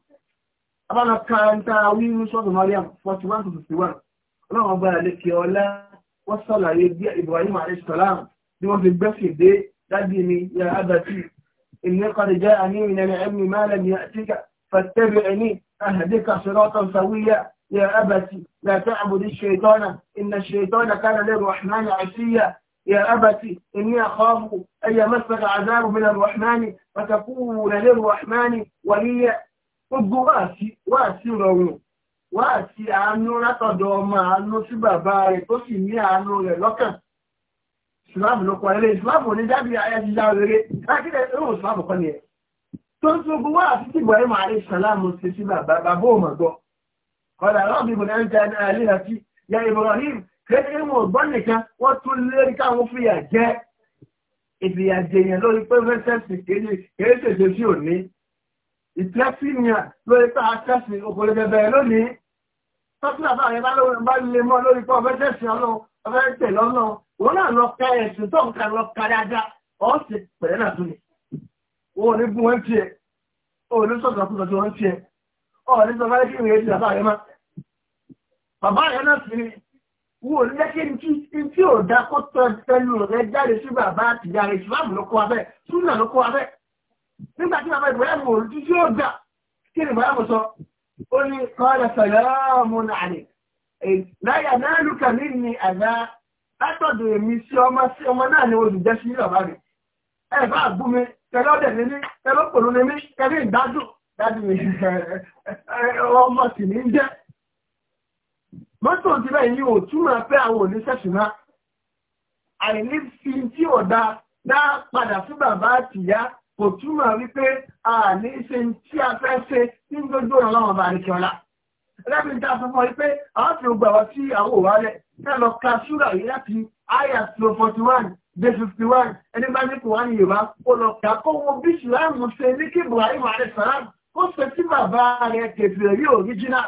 Abáná káńtà wíwú sọ́tún Mariam 41-51. Ọlọ́run ọgbà àlékè ọlá wọ́n sọ̀làyé bí Ibrahim Alayhisalam bí wọ́n fi gbẹ́sẹ̀ dé dádì mi ya abati. Ìyẹn kọ́ni jẹ́ àníyàn ẹni ẹni máàlẹ̀ ní àtíkà fàtẹ́bẹ̀ ẹni àhàdíkà sọ̀rọ̀tọ̀ sàwíyà ya abati. La ta'budu ash-shaytana, inna ash-shaytana kana lir-rahmani يا أبت إني أخاف أن يمسك عذاب من الرحمن فتكون للرحمن وليا gbogbo wá sí rọrùn wá sí àánú látọ̀dọ̀ ọmọ àánú sí bàbá rẹ̀ tó sì ní àánú rẹ̀ lọ́kàn ìsìláàmù ló parí ìsìláàmù ní dábì ayájíjá rere lákìlẹ̀ ìrùn ìsìláàmù kan nìyẹn tó ń tó gbogbo wá sí ti bọ̀ ẹ̀mọ̀ àrẹ ìsìláàmù sí sí bàbá bàbá òmùgọ̀ kọ̀dà rọ́ọ̀bì bùnà ń jẹ́ àlè àti ya Ibrahim kéèké wọn gbọ́ nìkan wọ́n tún lérí káwọn fìyà jẹ ìfìyà jẹyàn lórí pé fẹsẹsì kéé ṣèṣe sí òní ìtẹ́sìnìyàn lórí pé akẹ́sì òkòlẹ́bẹ̀bẹ̀ lónìí tọ́sílà bá yẹn bá lè mọ́ lórí pé ọfẹ́sẹ̀sì ọlọ́run ọfẹ́sẹ̀ lọ́nà wọn náà lọ ka ẹ̀sùn tó ń ka lọ ka dáadáa ọ̀ sì pẹ̀lẹ́ náà tún ni wọn ò ní bú wọn tiẹ̀ ò ní sọ̀tọ̀ kúta tí wọ́n tiẹ̀ ọ̀ sọ wo lẹ́sẹ̀ ní tí ò dá kó tẹnu rẹ̀ jáde sí bàbá àtìyá rẹ̀ ìsìláàmù ló kó wa bẹ́ẹ̀ súnà ló kó wa bẹ́ẹ̀ nígbà tí bàbá ìbúrẹ́mù ò tí tí ó gbà kí ni bàbá mo sọ ó ní kọ́lá sàlámù nàní láyà náà lùkà mí ni àná látọ̀dọ̀ èmi sí ọmọ sí ọmọ náà ni olùjẹ́ sí bàbá mi ẹ bá bú mi tẹ́lọ́ dẹ̀ ní mí tẹ́lọ́ pòlú ní mí ìdájú dájú mi ọmọ sì ní jẹ́ mọ́tò ti bẹ́ẹ̀ ní òtúmọ̀ pé àwọn oníṣẹ́ṣùná àìní fi tí ọ̀dà dá padà sí bàbá àtìyá kò túmọ̀ wípé àní ṣe tí a fẹ́ ṣe ní gbogbo ọ̀làwọ̀n bá àríkẹ́ ọ̀la rẹ́bí ta fún wọn wípé àwọn tí ó gbà wá sí àwọn òwà rẹ̀ náà lọ ka ṣúra yìí láti àyà tó forty one dé fifty one ẹni bá ní kò wá ní yorùbá ó lọ kà kó wọn bí ṣùgbọ́n àmọ́ ṣe ní kí Ibrahim alẹ́ sàrán ó ṣe tí bàbá rẹ̀ kẹfì rí original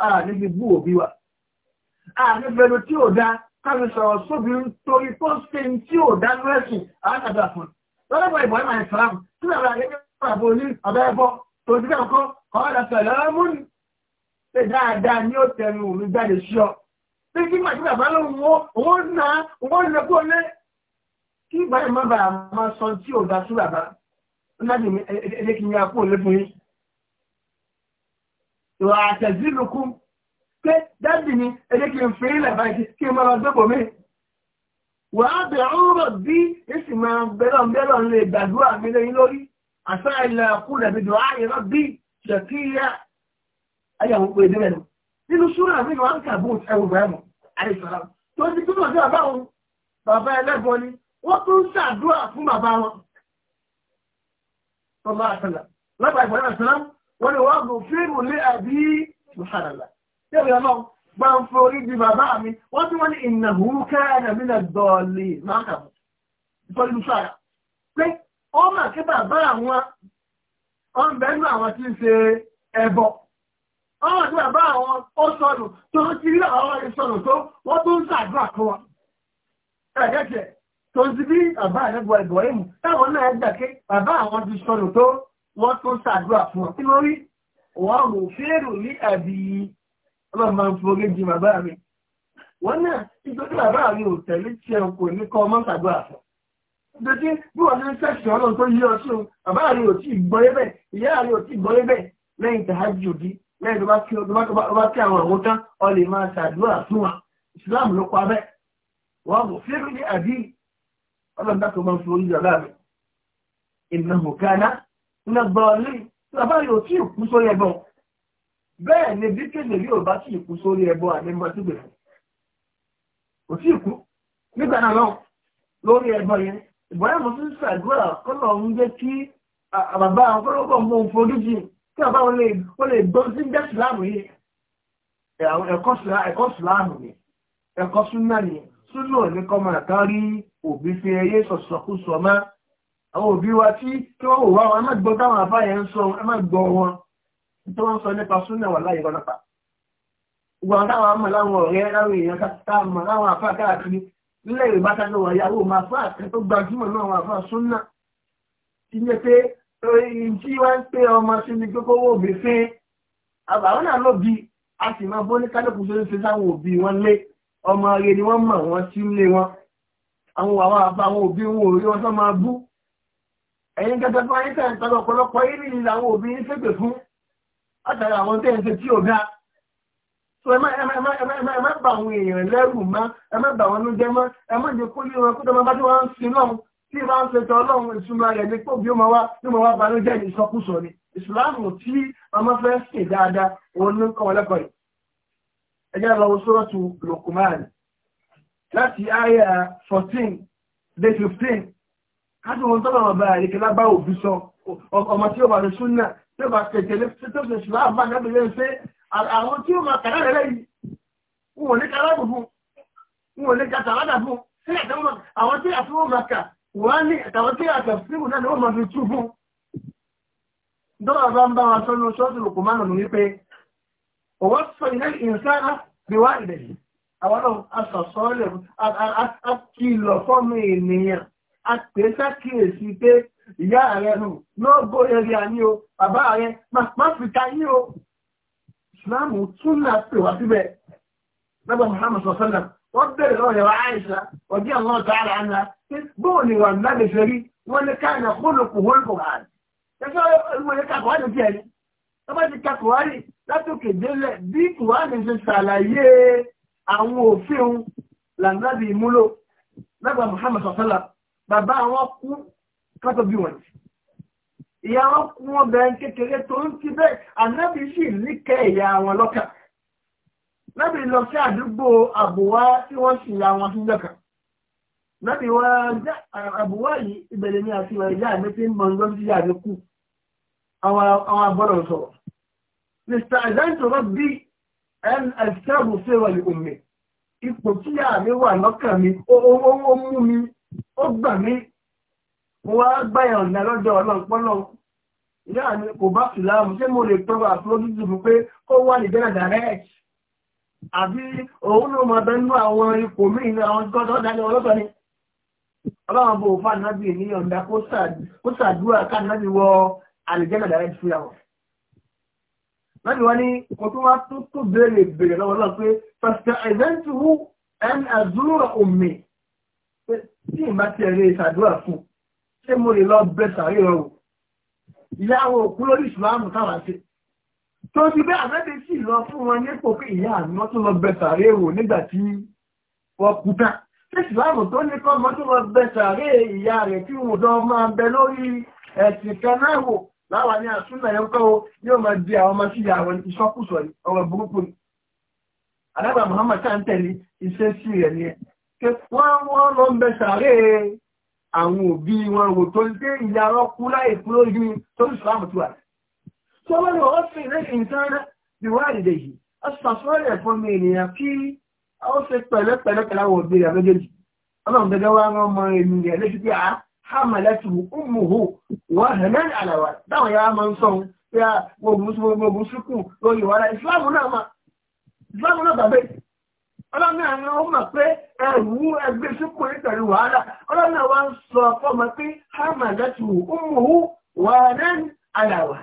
níbi bú òbí wa àníbẹ̀lú tí ò dá káfí sọ̀rọ̀ sóbi torí tó ṣe tí ò dá lẹ́sìn àádọ́dà fún lọ́dọ̀bọ̀ ìbọn ìmọ̀ ìsìlámù tí àwọn àgbẹ̀gbẹ̀ pàbó ní ọ̀dọ́ ẹbọ tó ti dẹ̀ kọ́ ọ̀dà sẹ̀lẹ́mù ṣe dáadáa ní ó tẹnu òun jáde sí ọ pé kí màtí bàbá lóhun owó ná owó nà kó lé kí ìbá ìmọ̀ bàbá máa sọ tí ò dá sí bàbá ó náà ìwà àtẹ̀sílùkún pé dáàbì ni ẹjẹ́ kí n fi ilẹ̀ báyìí kí n máa gbẹ́pọ̀ mi wà á bẹ̀ ọ́rọ̀ bí èsì máa bẹ̀rọ̀ bẹ̀rọ̀ lè gbàdúrà mi lẹ́yìn lórí àṣà ilẹ̀ kú dàbí dùn áyè rọ bí ṣèkíyà ayé àwọn òpè ìdílé nù nínú súnà mi wọ́n lè wọ́n gùn fíìmù lé àbí ìhànàlá yóò fi ọlọ́run gbà ń fi orí di bàbá mi wọ́n tí wọ́n ní ìnàhù káàdà mí náà dọ̀ọ̀lì máa kà mọ́ ìtọ́jú sára pé ó mà kí bàbá àwọn ọ̀nbẹ́nu àwọn tí ń ṣe ẹbọ ó mà kí bàbá àwọn ó sọnù tó ti rí àwọn ìsọnù tó wọ́n tó ń ṣàdúrà fún wa ẹ̀ẹ́dẹ́kẹ̀ẹ́ tó ń ti bí bàbá àwọn ti wọ́n tún ṣàdúrà fún ọ. kí ló rí wọ́n mú fèrò ní àbí ọlọ́run máa ń forí di bàbá mi. wọ́n náà ìgbésí bàbá mi ò tẹ̀lé tí ẹ kò ní kọ́ ọmọ ṣàdúrà fún. ìgbésí bí wọ́n ní sẹ́sìn ọlọ́run tó yí ọtún bàbá mi ò tí ì gbọ́ yé bẹ́ẹ̀ ìyá mi ò tí ì gbọ́ bẹ́ẹ̀ lẹ́yìn tàájú òdì lẹ́yìn tó bá kí àwọn àwọn tán ọ lè máa ṣàdúrà fún wa ìsìláàmù ló pa bẹ́ẹ̀ wọ́n mú fèrò ní nàgbọ̀ọ́lé bàbá yóò tí ìkú sórí ẹbọ bẹ́ẹ̀ ni bí kéde yóò bá tí ìkú sórí ẹbọ àmì mọ́ sí gbèsè kò tí ìkú nígbà náà náà lórí ẹbọ yẹn ìbọ̀yà mo ti ń ṣàdúrà kọ́nà ń jẹ́ kí bàbá àwọn kọ́lọ́kọ́ mú un forí jì kí bàbá wọn lè gbọ́ sí jẹ́ sùlámù yìí ẹ̀kọ́ sùlámù ni ẹ̀kọ́ súnà ni súnà ní kọ́ máa kárí òbí fi ẹyẹ sọ̀sọ̀kú sọ máa àwọn òbí wa tí kí wọ́n wò wá wọn má gbọ́ táwọn àfá yẹn ń sọ ẹ má gbọ́ wọn tí wọ́n sọ nípa súnà wà láyé rọ́nàpá wọn táwọn àmọ̀ láwọn ọ̀rẹ́ láwọn èèyàn káàmọ̀ láwọn àfá káàkiri nílẹ̀ Yorùbá kájọ wọ̀ yàwó máa fà tó gbajúmọ̀ náà wọn àfá súnà ti yẹ pé ìjì wá ń pé ọmọ sí ni pé kówó òbí fín àbàwọn náà a sì máa bó ní kálukú tó ń òbí wọn lé ọmọ ẹ̀yin gẹ́gẹ́ fún ayé tẹ́ẹ̀ tọ́lọ ọ̀pọ̀lọpọ̀ yìí nìyí làwọn òbí ń ṣègbè fún látara àwọn tẹ́ẹ̀ ṣe tí ò ga so ẹ má bà àwọn èèyàn lẹ́rù mọ́ ẹ má bà wọn ló mọ́ ẹ má jẹ́ kó yíran kó tọ́mọ bá tí wọ́n ń sin lọ́hùn tí bá ń ṣe tọ́ lọ́hùn ìsúnmọ́ rẹ̀ ní pò bí ó máa wá bí ó wá ba ló jẹ́ ìsọkúsọ ni ìsìláàmù tí ọmọ fẹ́ sìn dáadáa òun ní kọ́ lẹ́kọ̀ọ́ yìí ẹ jẹ́ lọ wo sórọ́tù láti àyà 14 dé 15 kájú ohun tọ́lọ̀ ọba àríkẹ́ lábá òbí sọ ọmọ tí ó bá lè súnà tí ó bá tẹ̀tẹ̀lé tó ṣe ṣùgbọ́n àbá àgbẹ̀ lẹ́yìn pé àwọn tí ó máa kàrá rẹ̀ lẹ́yìn wọn ò ní kàrá bù fún wọn ò ní kàtà ládà fún àwọn tí àti wọn máa kà wọn á ní àtàwọn tí àtà fíìmù náà ni wọn máa fi tú fún. dọ́là bá ń bá wa sọ nínú ṣọ́ọ̀tù lòkù máa nù wípé òwò sọ ilé a pè é sákìyèsí pé ìyá rẹ̀ nù lọ́gbọ́ eré àní o bàbá rẹ̀ má fi ta yí o ìsìláàmù tún náà pè wá síbẹ̀ lọ́gbà Muhammad sọ̀sọ́nà wọ́n bẹ̀rẹ̀ lọ́rẹ̀ wa Aisha ọdí àwọn ọ̀tá ara ńlá bóò ni wà náà lè ṣe rí wọ́n ní ká ìnà kó lóko wọ́n kò hàn ẹgbẹ́ ìwọ̀n ní kakọ̀ wáyé tiẹ̀ ni wọ́n bá ti kakọ̀ wáyé látòkè délẹ̀ bí kùránì ṣe ṣàlàyé àwọn òfin làǹdàbí ìmúlò lọ́gbà Muhammad sọ̀sọ́nà bàbá àwọn kú kátó bí wọn ti ìyá wọn kú wọn bẹ̀rẹ̀ kékeré tó ń ti bẹ́ẹ̀ ànábì sì níkẹ́ ìyá wọn lọ́kà nábì lọ sí àdúgbò àbúwá tí wọ́n sì ya wọn sí lọ́kà nábì wọn àbúwá yìí ìbẹ̀rẹ̀ ní àti ìyá mi ti ń mọ lọ kú àwọn àbọ̀dọ̀ sọ̀rọ̀ mr azanto rọ́bì ẹn ẹ̀sẹ̀ àbùfẹ́ wà ní omi ipò tíyà mi wà lọ́kà mi ó mú mi ó gbà mí mo wá gbáyà ọ̀nà lọ́jọ́ ọlọ́pọ́lọ́ náà ni kò bá fìlàmù ṣé mo lè tọrọ àfúrójútù fún pé kó wà ní jẹ́nà direct àbí òun ló máa bẹnu àwọn ipò míì ní àwọn gọ́dọ̀ dání ọlọ́tọ̀ ni ọlọ́run bò fà nábì ní ọ̀dà kó sàdúrà ká nábì wọ àlìjẹ́nà direct fún yàwó láti wá ní kò tó wá tó béèrè béèrè lọ́wọ́ lọ́wọ́ pé pàṣẹ ẹ̀dẹ́ntì wú ẹn àzúrò òmìnir pé tí ìmá ti ẹ̀rẹ́ ìṣàdúrà fún ṣé mo lè lọ bẹ sàárè ọrùn ìyá àwọn òkú lórí ìsìláàmù táwọn ṣe tó ti bẹ́ àfẹ́dẹ́ sì lọ fún wọn nípò pé ìyá àná tó lọ bẹ sàárè wò nígbà tí wọ́n kú tán ṣé ìsìláàmù tó ní kọ́ ọmọ tó lọ bẹ sàárè ìyá rẹ̀ tí wọn lọ máa bẹ lórí ẹ̀sìn kan náà wò láwa ní àsúnà yẹn kọ́ yóò máa di àwọn ọmọ sí ìyá àwọn ìṣọ́kùsọ̀ ọ̀rọ̀ burúkú ni. àdàbà Muhammad sáà ń tẹ̀lé rẹ̀ ni wọ́n wọ́n lọ ń bẹ sàárè àwọn òbí wọn wò tó ń dé ìyá ọkú láì kúrò ju tó ń sọ àmọ̀túwà. tó wọ́n lọ wọ́n fi ilé nǹkan ìwà ìdè yìí ó sàfọ́lẹ̀ fún mi ènìyàn kí ó ṣe pẹ̀lẹ́pẹ̀lẹ́ pẹ̀lú àwọn òbí rẹ̀ méjèèjì ọlọ́run gẹ́gẹ́ wá rán ọmọ ènìyàn létí pé ah, a ọlọ́nà àwọn ọmọ pé ẹ̀rù ẹgbẹ́ sípò nítorí wàhálà ọlọ́nà wa ń sọ fọmọ pé hàmàdàtù ọmọwú wà lẹ́nu àyàwà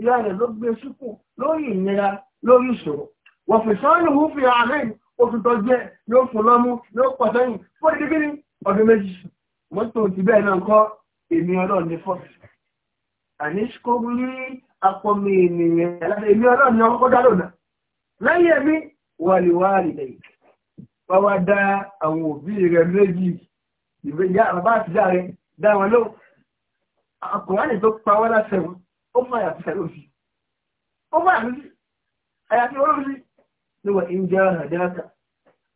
ìyá rẹ̀ ló gbé sípò lórí ìnira lórí ìṣòro wọ́n fi sọ́ọ́nù hù fi àmín oṣù tó jẹ́ yóò fún lọ́mú yóò pọ̀ sẹ́yìn fún ìdí kíní ọdún méjì wàlíwàlì lẹ́yìn wá wá dá àwọn òbí rẹ̀ méjì ìgbéyà bàbá àtijọ́ rẹ̀ dá wọn ló àkùnrin tó pa wọ́n láṣẹ wọn ó mọ àyàfi sẹ́lẹ̀ òsì ó mọ àyàfi àyàfi olóòsì ló wà ń jẹ́ àdáka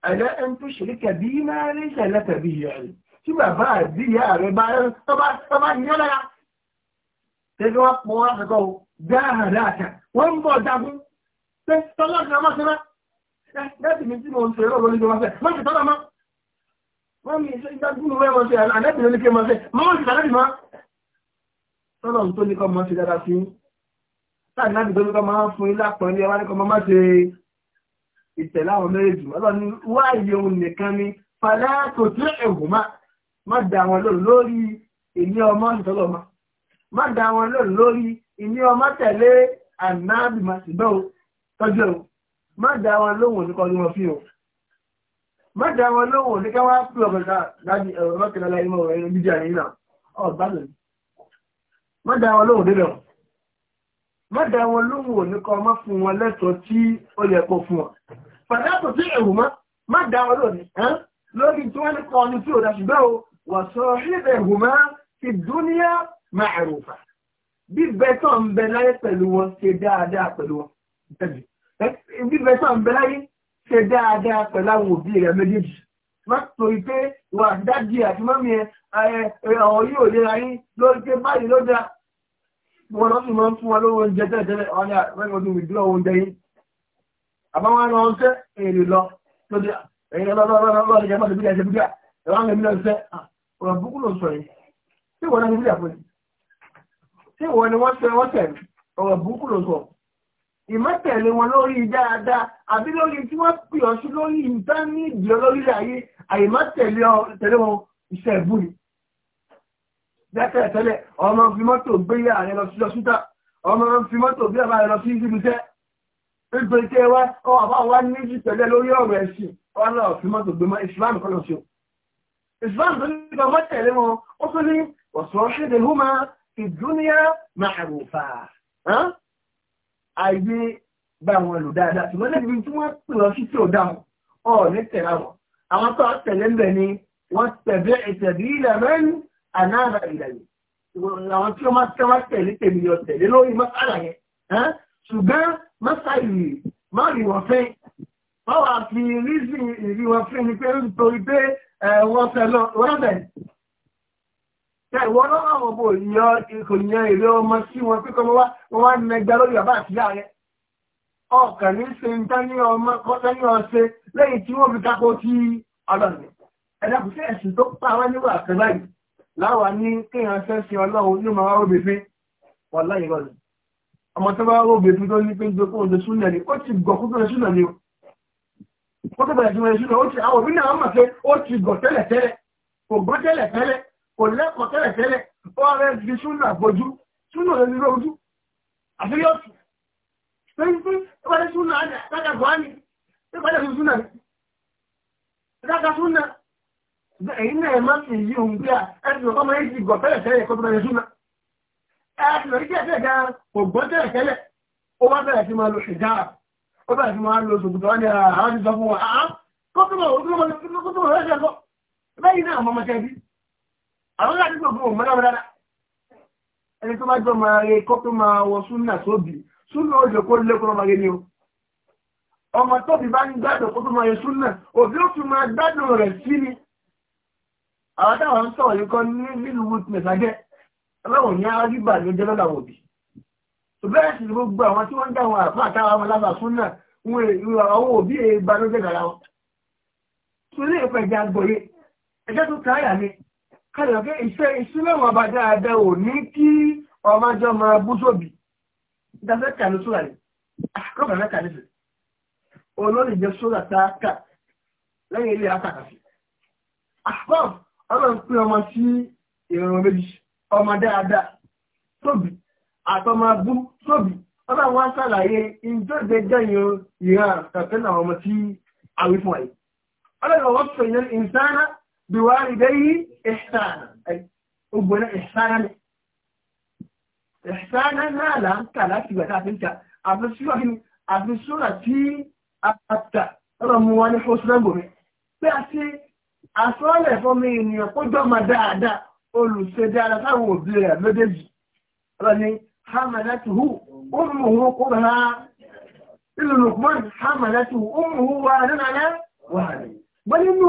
àdá ẹni tó ṣe léka bí máa rí ṣẹlẹ̀ tàbí ìyá rẹ̀ tí bàbá àbí ìyá rẹ̀ bá tọ́ba ní ọ́lára tẹ́lẹ̀ wọ́n pọ̀ wọ́n láti kọ́ dáhàdáka wọ́n ń bọ̀ dágún pé tọ́lá dẹ́ẹ̀tì mi tí mo ń ṣe lọ́wọ́ lójú wọn fẹ́ mọ́ ìṣẹ́ tọ́lá mọ́ wọ́n mi ṣe ìdágún rẹ̀ mọ́ ṣe àdẹ́bì ló ní kí mọ́ ṣe mọ́ ìṣẹ́ tọ́lá mọ́ tọ́lọ̀ tó ní kọ́ mọ́ ṣe dáadáa sí táà náà tó ní kọ́ máa ń fún ilá pọ̀ ní ẹwà ní kọ́ máa ṣe ìtẹ̀lá àwọn méjèèjì ọlọ́ni wá iye òun nìkan ni fàlẹ́ kò tí ẹ̀hùn má má da àwọn lórí lórí ìní ọmọ ìtọ́lọ̀ ma má da àwọn lórí lórí ìní ọmọ tẹ̀lé ànábìmọ̀ síbẹ̀ o tọ́jú ẹ̀hùn má dá wọn lóhùn ní kọlu wọn fi o má dá wọn lóhùn ní káwá pí ọ̀pẹ̀ láti ẹ̀rọ mọ́kànlá láyé mọ́ ẹ̀rọ bíjà ní náà ọ̀gbádùn má dá wọn lóhùn débẹ̀ wọn má dá wọn lóhùn òní kan má fún wọn lẹ́tọ̀ọ́ tí ó yẹ kó fún wọn pàtàkì tí ẹ̀wù mọ́ má dá wọn lóhùn lórí tí wọ́n ní kọ́ tí ò dá ṣùgbọ́n o wà sọ ṣíbẹ̀ ẹ̀wù mọ́ ti dúníyà máa rùfà bíbẹ́ tó ń bẹ láyé pẹ̀lú wọn ṣe dáadáa pẹ̀lú wọn bẹ́ẹ̀ bíbẹ sọ ń bẹ láyé ṣe dáadáa pẹ̀lú àwọn òbí rẹ méjèèjì má torí pé ìwà àti dájú àti mọ́mí ẹ ọ̀rọ̀ yóò lera yín lórí pé báyìí ló dáa wọn lọ sí máa ń fún wa lówó oúnjẹ tẹ́lẹ̀tẹ́lẹ̀ ọ̀nà mẹ́rin ọdún ìdúró oúnjẹ yìí àbáwọn lọ ń fẹ́ èrè lọ lóde ẹ̀yìn lọ́lọ́lọ́lọ́ ìjẹ́ máa tẹ̀bílẹ̀ tẹ̀bílẹ̀ ẹ̀rọ àwọn ènìyàn fẹ́ ọ̀rọ̀ búkú ló sọ yìí tí wọ́n náà tẹ̀bílẹ̀ fún yìí tí wọ́n ni wọ́n tẹ̀ ọ̀rọ̀ búkú ló sọ ìmọ̀tẹ̀lé wọn lórí dáadáa àbí lórí tí wọ́n pè ọ́ sí lórí ìdánìdì olórílẹ̀ ayé àìmọ̀tẹ̀lé wọn iṣẹ́ ìbú ni. Bẹ́tẹ̀tẹ̀lẹ̀ ọmọ fi mọ́tò gbé yà rẹ lọ sí lọ́sítà ọmọ fi mọ́tò gbé àbá rẹ lọ sí ibi iṣẹ́. Ìgbè tí ẹ wá ọ àbá wa níjì tẹ̀lé lórí ọ̀rọ̀ ẹ̀sìn wọn náà fi mọ́tò gbé mọ́ ìsìlámù kọ́ lọ sí o. Ìsìlámù tó ní ayé bá wọn lò dáadáa ṣùgbọ́n níbi tí wọ́n pè lọ sí tí ò dá wọn ọ̀ ní tẹ̀lá wọn àwọn tó tẹ̀lé ń ni wọ́n tẹ̀lé ìtẹ̀bí ilẹ̀ mẹ́rin ànáàrà ìlàyé àwọn tí wọ́n tẹ́ wá tẹ̀lé tèmi yọ tẹ̀lé lórí mọ́sálà yẹn ṣùgbọ́n mọ́sálì má rí wọn fẹ́ wọ́n wà fi rí sí ìrí wọn fẹ́ ni pé nítorí pé wọ́n fẹ́ lọ wọ́n ìwọ́n náà wọ́n bò yọ ikò yẹn èrè ọmọ sí wọn pé kọ́mọ́ wọ́n wá nẹgbẹ́ lórí bàbá àtìyá rẹ̀ ọkàn ní ṣe ń tán ní ọmọ kọ́tán ní ọ̀ṣẹ́ lẹ́yìn tí wọ́n fi kákó tí ọlọ́run ẹ̀dá kò sí ẹ̀sìn tó pa wá níwà kan báyìí láwa ní kéèyàn ṣe ń ṣe ọlọ́run ní màá róbe fín wọ́n láyé rọ̀ ọmọ tó bá róbe fín tó ní pé gbogbo oṣù súnà ni ó ti gọ̀ kókó oṣù súnà ni ó kókó gbọ́ tẹ́lẹ̀ tẹ́lẹ̀ kò lẹ́kọ̀ọ́ tẹ́lẹ̀ tẹ́lẹ̀ ó wá rẹ̀ fi súnà fojú súnà rẹ̀ ní lójú àfi yóò tù lórí pé ìpàdé súnà àdáka buhari ìpàdé fi súnà àdáka súnà èyí náà ẹ̀ máa a ẹ̀sìn ọkọ̀ máa ń ti gbọ̀ tẹ́lẹ̀ tẹ́lẹ̀ kó tó bẹ̀rẹ̀ súnà ẹ̀sìn ọ̀rí tẹ́lẹ̀ tẹ́lẹ̀ gan kò gbọ́ tẹ́lẹ̀ tẹ́lẹ̀ ó wá bẹ̀rẹ̀ sí máa lo ṣìgára ó bẹ̀rẹ̀ sí máa lo ṣòkòtò wọn àwọn láti gbogbo òun mọ́lá dáadáa ẹni tó bá jọ máa rẹ kọ́ tó máa wọ súnà sóbì súnà òjò kó lékún ọmọ rẹ ni o ọmọ tóbi bá ń gbádùn kó tó máa rẹ súnà òbí ó fi máa gbádùn rẹ sí ni àwọn táwọn ń sọ̀rọ̀ yìí kọ́ nílùú witness ajẹ́ ọlọ́run ní arábíbà ló jẹ́ lọ́dà òbí bẹ́ẹ̀ sì gbogbo àwọn tí wọ́n ń dáhùn àfún àtàwọn ọmọ lábà súnà àwọn òbí ìbànújẹ́ dára wọn. torí ìpẹ̀jà gbòye ẹjẹ́ tó káyà ni kàdà pé iṣẹ́ ìsúlẹ̀wọ̀n ọba dáadáa ò ní kí ọmọjọ́ máa bú sóbì dáṣẹ́ kà ní sóra rẹ̀ àkọ́kọ́ náà kà nífẹ̀ẹ́ olórí jẹ́ sóra tá a kà lẹ́yìn ilé àtàkà sí. àpọ̀ ọlọ́run pín ọmọ sí ìrọ̀rùn méjì ọmọ dáadáa sóbì àtọmọ bú sóbì ọlọ́run wá sàlàyé ìjọ́gbé jẹ́yìn ìran àtàkẹ́ náà ọmọ tí àwí fún ọlọ́run wọ́n sọ ìyẹn ìsáná بوالديه إحسانا أي أبونا إحسانا إحسانا هذا كلا في وتعرفين كأبسوه أبسوه في أبتا رموان حسنا بومي بأسي أصلا فمي يقول ما دادا olùsèdára sáwọn òbí rẹ̀ méjèèjì rẹni hamalatuhu umuhu kúrha ìlú lukman hamalatuhu umuhu wà nínú alẹ́ wà rí. gbọ́n nínú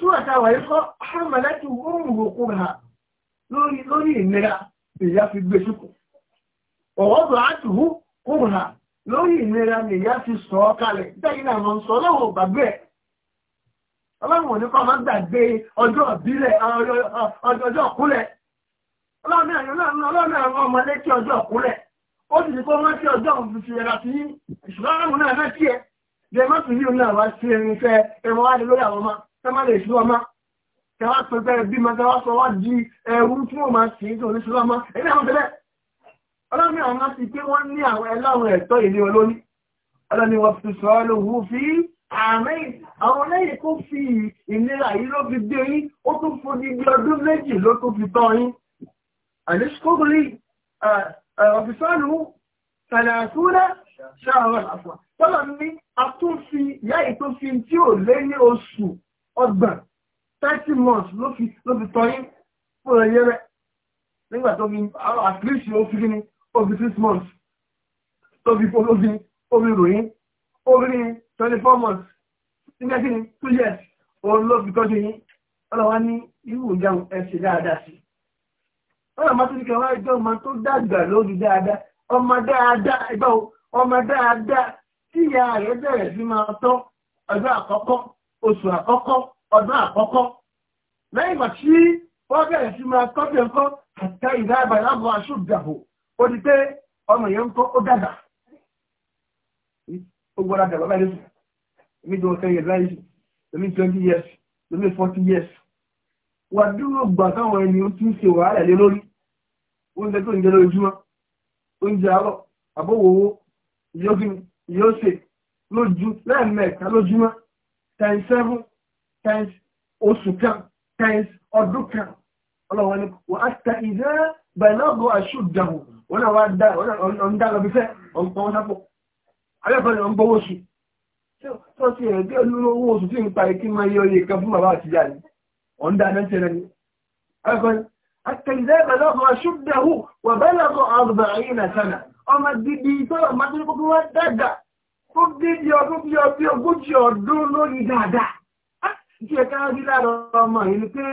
súwàtà wà yìí kọ́ hàmàlẹ́tù ọmọ lori ha lórí ìnira ìyá fi gbé síkù ọ̀wọ́dọ̀ ha lórí ìnira ìyá fi sọ ọ́ kalẹ̀ àwọn sọ lọ́wọ́ gbàgbé ẹ̀ òní kọ́ máa gbàgbé ọjọ́ ìbílẹ̀ ọjọ́ ìkúlẹ̀ ọlọ́run àwọn ọmọdé tí ọjọ ìkúlẹ̀ ó sì ti kó wọ́n tí ọjọ́ òun fi sí ìṣùgbọ́n náà náà má fi yíò náà wá sí tẹ́mà lè ṣú ọmọ tẹ́wà pẹ̀pẹ̀rẹ̀ bí ma tẹ́wà sọ wá di ẹ̀rú tí wọ́n máa ṣe ìjọ ní ṣú ọmọ ẹni àwọn tẹ́lẹ̀ ọlọ́run àwọn ti pé wọ́n ní àwọn ẹláwọn ẹ̀tọ́ ìlé olóní ọlọ́ni wọ́n fi sọ ọ́ lóhùn fi àmì àwọn lẹ́yìn tó fi ìnira yìí ló fi dé yín ó tún fún ní bí ọdún méjì ló tún fi tọ́ yín àní ṣkókòlì ọ̀fíṣọ́ọ̀lù tàlàtúrẹ́ ṣáà rẹ̀ àfọ̀ tọ́lọ̀ ní a tún fi ìyá yìí tó fi tí ò lé ní oṣù ọgbọ̀n thirty months ló fi ló fi tọ́ yín fún ẹyẹ rẹ̀ nígbà tó fi at least ó fi kíni ó fi six months tó fi ó fi ó fi ròyìn ó fi ní twenty four months nígbà kíni two years òun ló fi tọ́jú yín ọlọ́wà ní irú ìjáun ẹ̀ṣẹ̀ dáadáa sí ọlọ́mà tó ní kẹwàá ẹjọ́ ọmọ tó dàgbà lórí dáadáa ọmọ dáadáa ẹgbọ́ ọmọ dáadáa tí ìyá rẹ̀ bẹ̀rẹ̀ sí máa tọ́ ọjọ́ àkọ́kọ́ oṣù àkọ́kọ́ ọdún àkọ́kọ́ lẹ́yìn ìgbà tí wọ́n bẹ̀rẹ̀ sí máa kọ́bí ẹ̀kọ́ àtẹ ìdá àbàlábọ̀ aṣọ́gbàbò ó di pé ọmọ yẹn ń kọ́ ó dàgbà ó gbọ́dọ̀ dàgbà báyìí lóṣù èmi jọ ten years láyé èmi twenty years èmi forty years wà dúró gbà táwọn ẹni tí ń ṣe wàhálà lé lórí oúnjẹ tó ń jẹ lójúmọ́ oúnjẹ àárọ̀ àbówòwò yóò ṣe lójú lẹ́ẹ̀mẹ́ta lójúmọ́ times seven times oṣù kan times ọdún kan ọlọ́wọ́ ni wọ́n á ta ìdá bẹ̀lọ́gọ́ àṣùdàwò wọ́n náà wá dá ọ̀ndá lọ bí fẹ́ ọ̀pọ̀ wọn sápò alẹ́kọ̀ọ́ ni wọ́n gbọ́ oṣù tó ti rẹ̀ bí olú owó oṣù tí ń pa ikí máa yọ iye kan fún bàbá àtijọ́ ni ọ̀ndá náà ti rẹ̀ ni alẹ́kọ̀ọ́ ni àtẹ ìdá bẹ̀lọ́gọ́ àṣùdàwò wọ́n bẹ̀lọ́gọ́ àrùbà ó dé bí ọdún bí ọdún ogójì ọdún lórí dáadáa tí ah, ẹ̀ka rí lára ọmọ yìí ni pé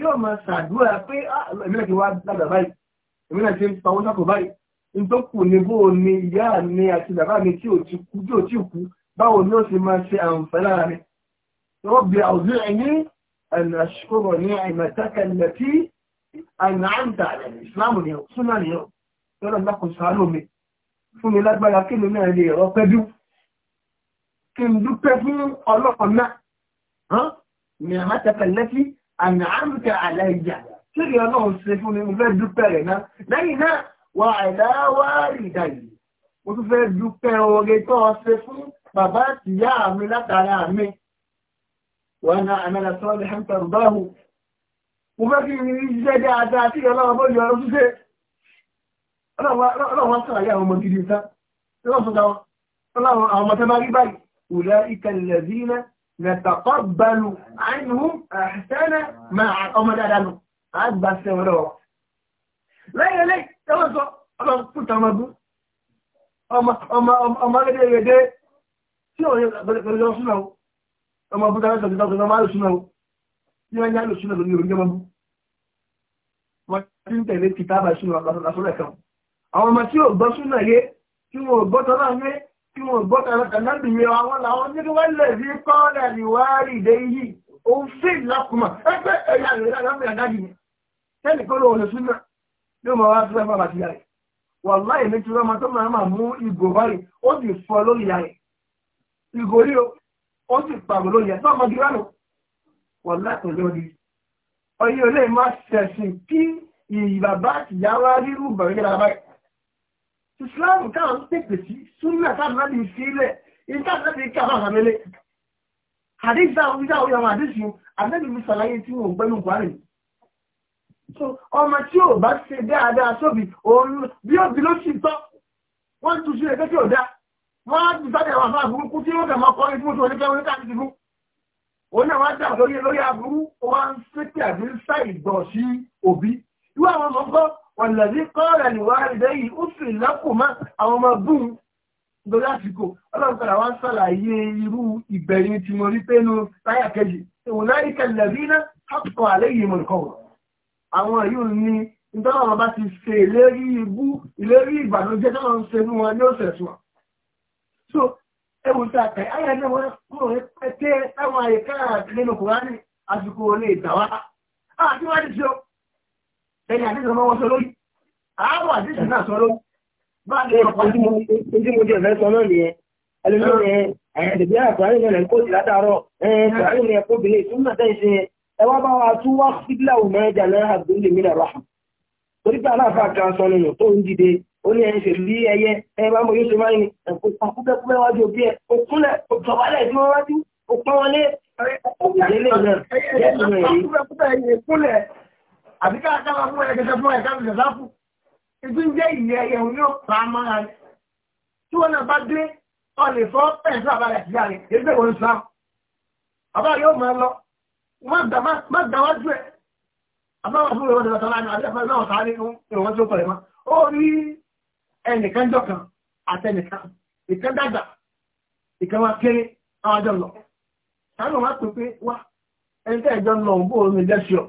yóò máa ṣàdúrà pé ẹ̀mílẹ̀ ah, ti wá dàgbà báyìí ẹ̀mílẹ̀ ti ń pa wọ́n sàkó báyìí ntọ́kù ni bó o ní ìyá mi àti bàbá mi tí ò ti kú tí ò ti kú báwo ni ó sì máa ṣe àǹfààní lára mi. Rabbi awzi'ni an ashkura ni'mataka allati an'amta 'alayya ìsìláàmù ni ọ̀ súnà ni ọ̀ tọ́lá ńlá kò fún mi lágbára kí ni náà lè rọ́pẹ́ dùn kí n dúpẹ́ fún ọlọ́pàá náà ní àmàtàkà lẹ́tí àmì àmìkà àlàyé kíri ọlọ́run ṣe fún mi mo fẹ́ dúpẹ́ rẹ̀ náà lẹ́yìn náà wà àìdáwárí ìdáyìí mo tún fẹ́ dúpẹ́ oore tó ọ ṣe fún bàbá àtìyá mi látara mi wọn náà àmàlà sọ́ọ́lì hẹ́ńtà rúbáhù mo fẹ́ kí n ṣiṣẹ́ dáadáa sí ọlọ́run bó yọ ọdún ọlọ́run wá sọ̀rọ̀ yà àwọn ọmọ gidi nǹkan ọlọ́run àwọn ọmọ tẹ́ bá rí báyìí أولئك الذين نتقبل عنهم أحسن ما أما دعنا أدبا سوروا لا يلي توسو أما كنت أمدو أما أما أما أما لدي يدي شو يلي سنو أما بدا لسا جدا جدا ما يسنو يلي ما سنو يلي يلي يلي wọ́n ti ń tẹ̀lé kìtàbà sínú àlọ́sọ̀lọ́sọ̀lọ́ ẹ̀kan àwọn ọmọ tí ò gbọ́ sínú ẹ̀yẹ tí wọ́n gbọ́ tọ́lá ń yé tí wọ́n gbọ́ tàbí àwọn làwọn ní wọ́n lè rí kọ́ọ̀dà níwárí ìdé yìí òun fi lákùmọ̀ ẹgbẹ́ ẹ̀yà rẹ̀ lábẹ́ àdájì ni tẹ́lì kọ́ lóòrùn lọ́sùn náà ní ọmọ wa fẹ́ bàbá ti yàrá wà láì méjì rọ́mọ tó máa máa mú ìgò báyìí ó sì fọ́ lórí yàrá ìgò rí o ó sì pàgọ́ lórí yàrá náà mọ́gí ránù wà látọ̀ lórí ọyẹ́ olè má ṣẹ̀sìn kí ìbàbá àtìyáwá rírú bàrẹ́ ìsìláàmù táwọn pèpè sí súnmọ́ tábìlábì sílẹ̀ ìtàbílábì káwọn àmẹ́lẹ́ àdéhìsá oríṣà orí àwọn àdéhìsù àbẹ́bí mi sàlàyé tí wọ́n gbẹ́nu buhari so ọmọ tí ò bá ṣe dáadáa sóbì òun bí òbí ló sì tọ́ wọ́n tún sí ẹgbẹ́ tí ò dá wọ́n á ti sáré àwọn afárá burúkú tí wọ́n kà máa kọrin tí mo sọ nípa oníkà ti dùn òun náà wá dà lórí lórí aburú wọ́n á ń ṣépè àbí ń sá ìgbọ̀ sí òbí irú àwọn ọmọ wàlẹ̀dí kọ́ọ̀rẹ̀ níwá ìdẹ́ yìí ó fi lákòmá àwọn ọmọ bùn lórí àsìkò ọlọ́nkọ̀lá wá ń sàlàyé irú ìbẹ̀yìn tí mo rí pé nú táyà kejì ìwọ̀n láì kẹlẹ̀ rí ná àkọ́ àlẹ́ yìí mo nìkan wọ̀ àwọn yìí ní nítorí àwọn bá ti ṣe ìlérí ibú ìlérí ìbànújẹ́ tó ń ṣe fún wọn ní òṣèlú fún wọn. so ewu tí a kẹ́ ayé ẹni wọn kúrò ní pété táwọn àyíká nínú kùránì àsìkò olè ìdáwà àti wọ́n ti ṣe ẹni àdíṣẹ́ ọmọ wọn sọ lórí àwọn àdíṣẹ́ náà sọ lórí bá lè ọkọ̀ ojú mo jẹ́ ìfẹ́ sọ náà nìyẹn ẹlẹ́lẹ́rẹ́ ẹ̀ẹ́dẹ̀bí àkùnrin náà lẹ́kọ́ sí látàárọ̀ ẹ̀ẹ́dẹ̀bí ẹ̀kọ́ bìnrin ìtúmọ̀ tẹ́ṣe ẹwà bá wa tún wá síbíláwù mẹ́jà náà àgbélé mi náà rọ̀hàn torí pé aláàfáà kan sọ nínú tó ń dìde ó ní ẹ̀ṣẹ̀ lé ẹyẹ ẹ bá mọ yóò ṣe máa ń ẹ̀kọ́ kúkẹ́kúkẹ́ wájú òbí ẹ̀ òkúnlẹ̀ òjọ̀wálẹ̀ tí wọ́n wájú òpọ́n wọlé òkúnlẹ̀ àbí ká káwà fún ẹ̀kẹ́sẹ̀ fún ẹ̀ká bìí ṣàfù ìgbí ń jẹ́ ìyẹ ẹ̀hùn ní ọ̀pá mára rẹ̀ tí wọ́n náà bá dé ọ̀lẹ̀ fọ́ pẹ̀sẹ̀ àbálẹ̀ sí àrẹ̀ èdè wọn sá àbá yóò máa lọ má dáwájú ẹ̀ àbá wà fún ìwọ́n tẹ̀lọ́tọ̀ láàrin àbí ẹ̀fọ́ náà sáré ìwọ́n tó pẹ̀lẹ̀ mọ́ ó rí ẹnìkan jọkan àtẹnìkan ìkan dàgbà ìkan wa kéré àwọn àjọ lọ sáré wọn á pè pé wá ẹni tẹ́ ìjọ lọ òun bó omi lẹ́sùn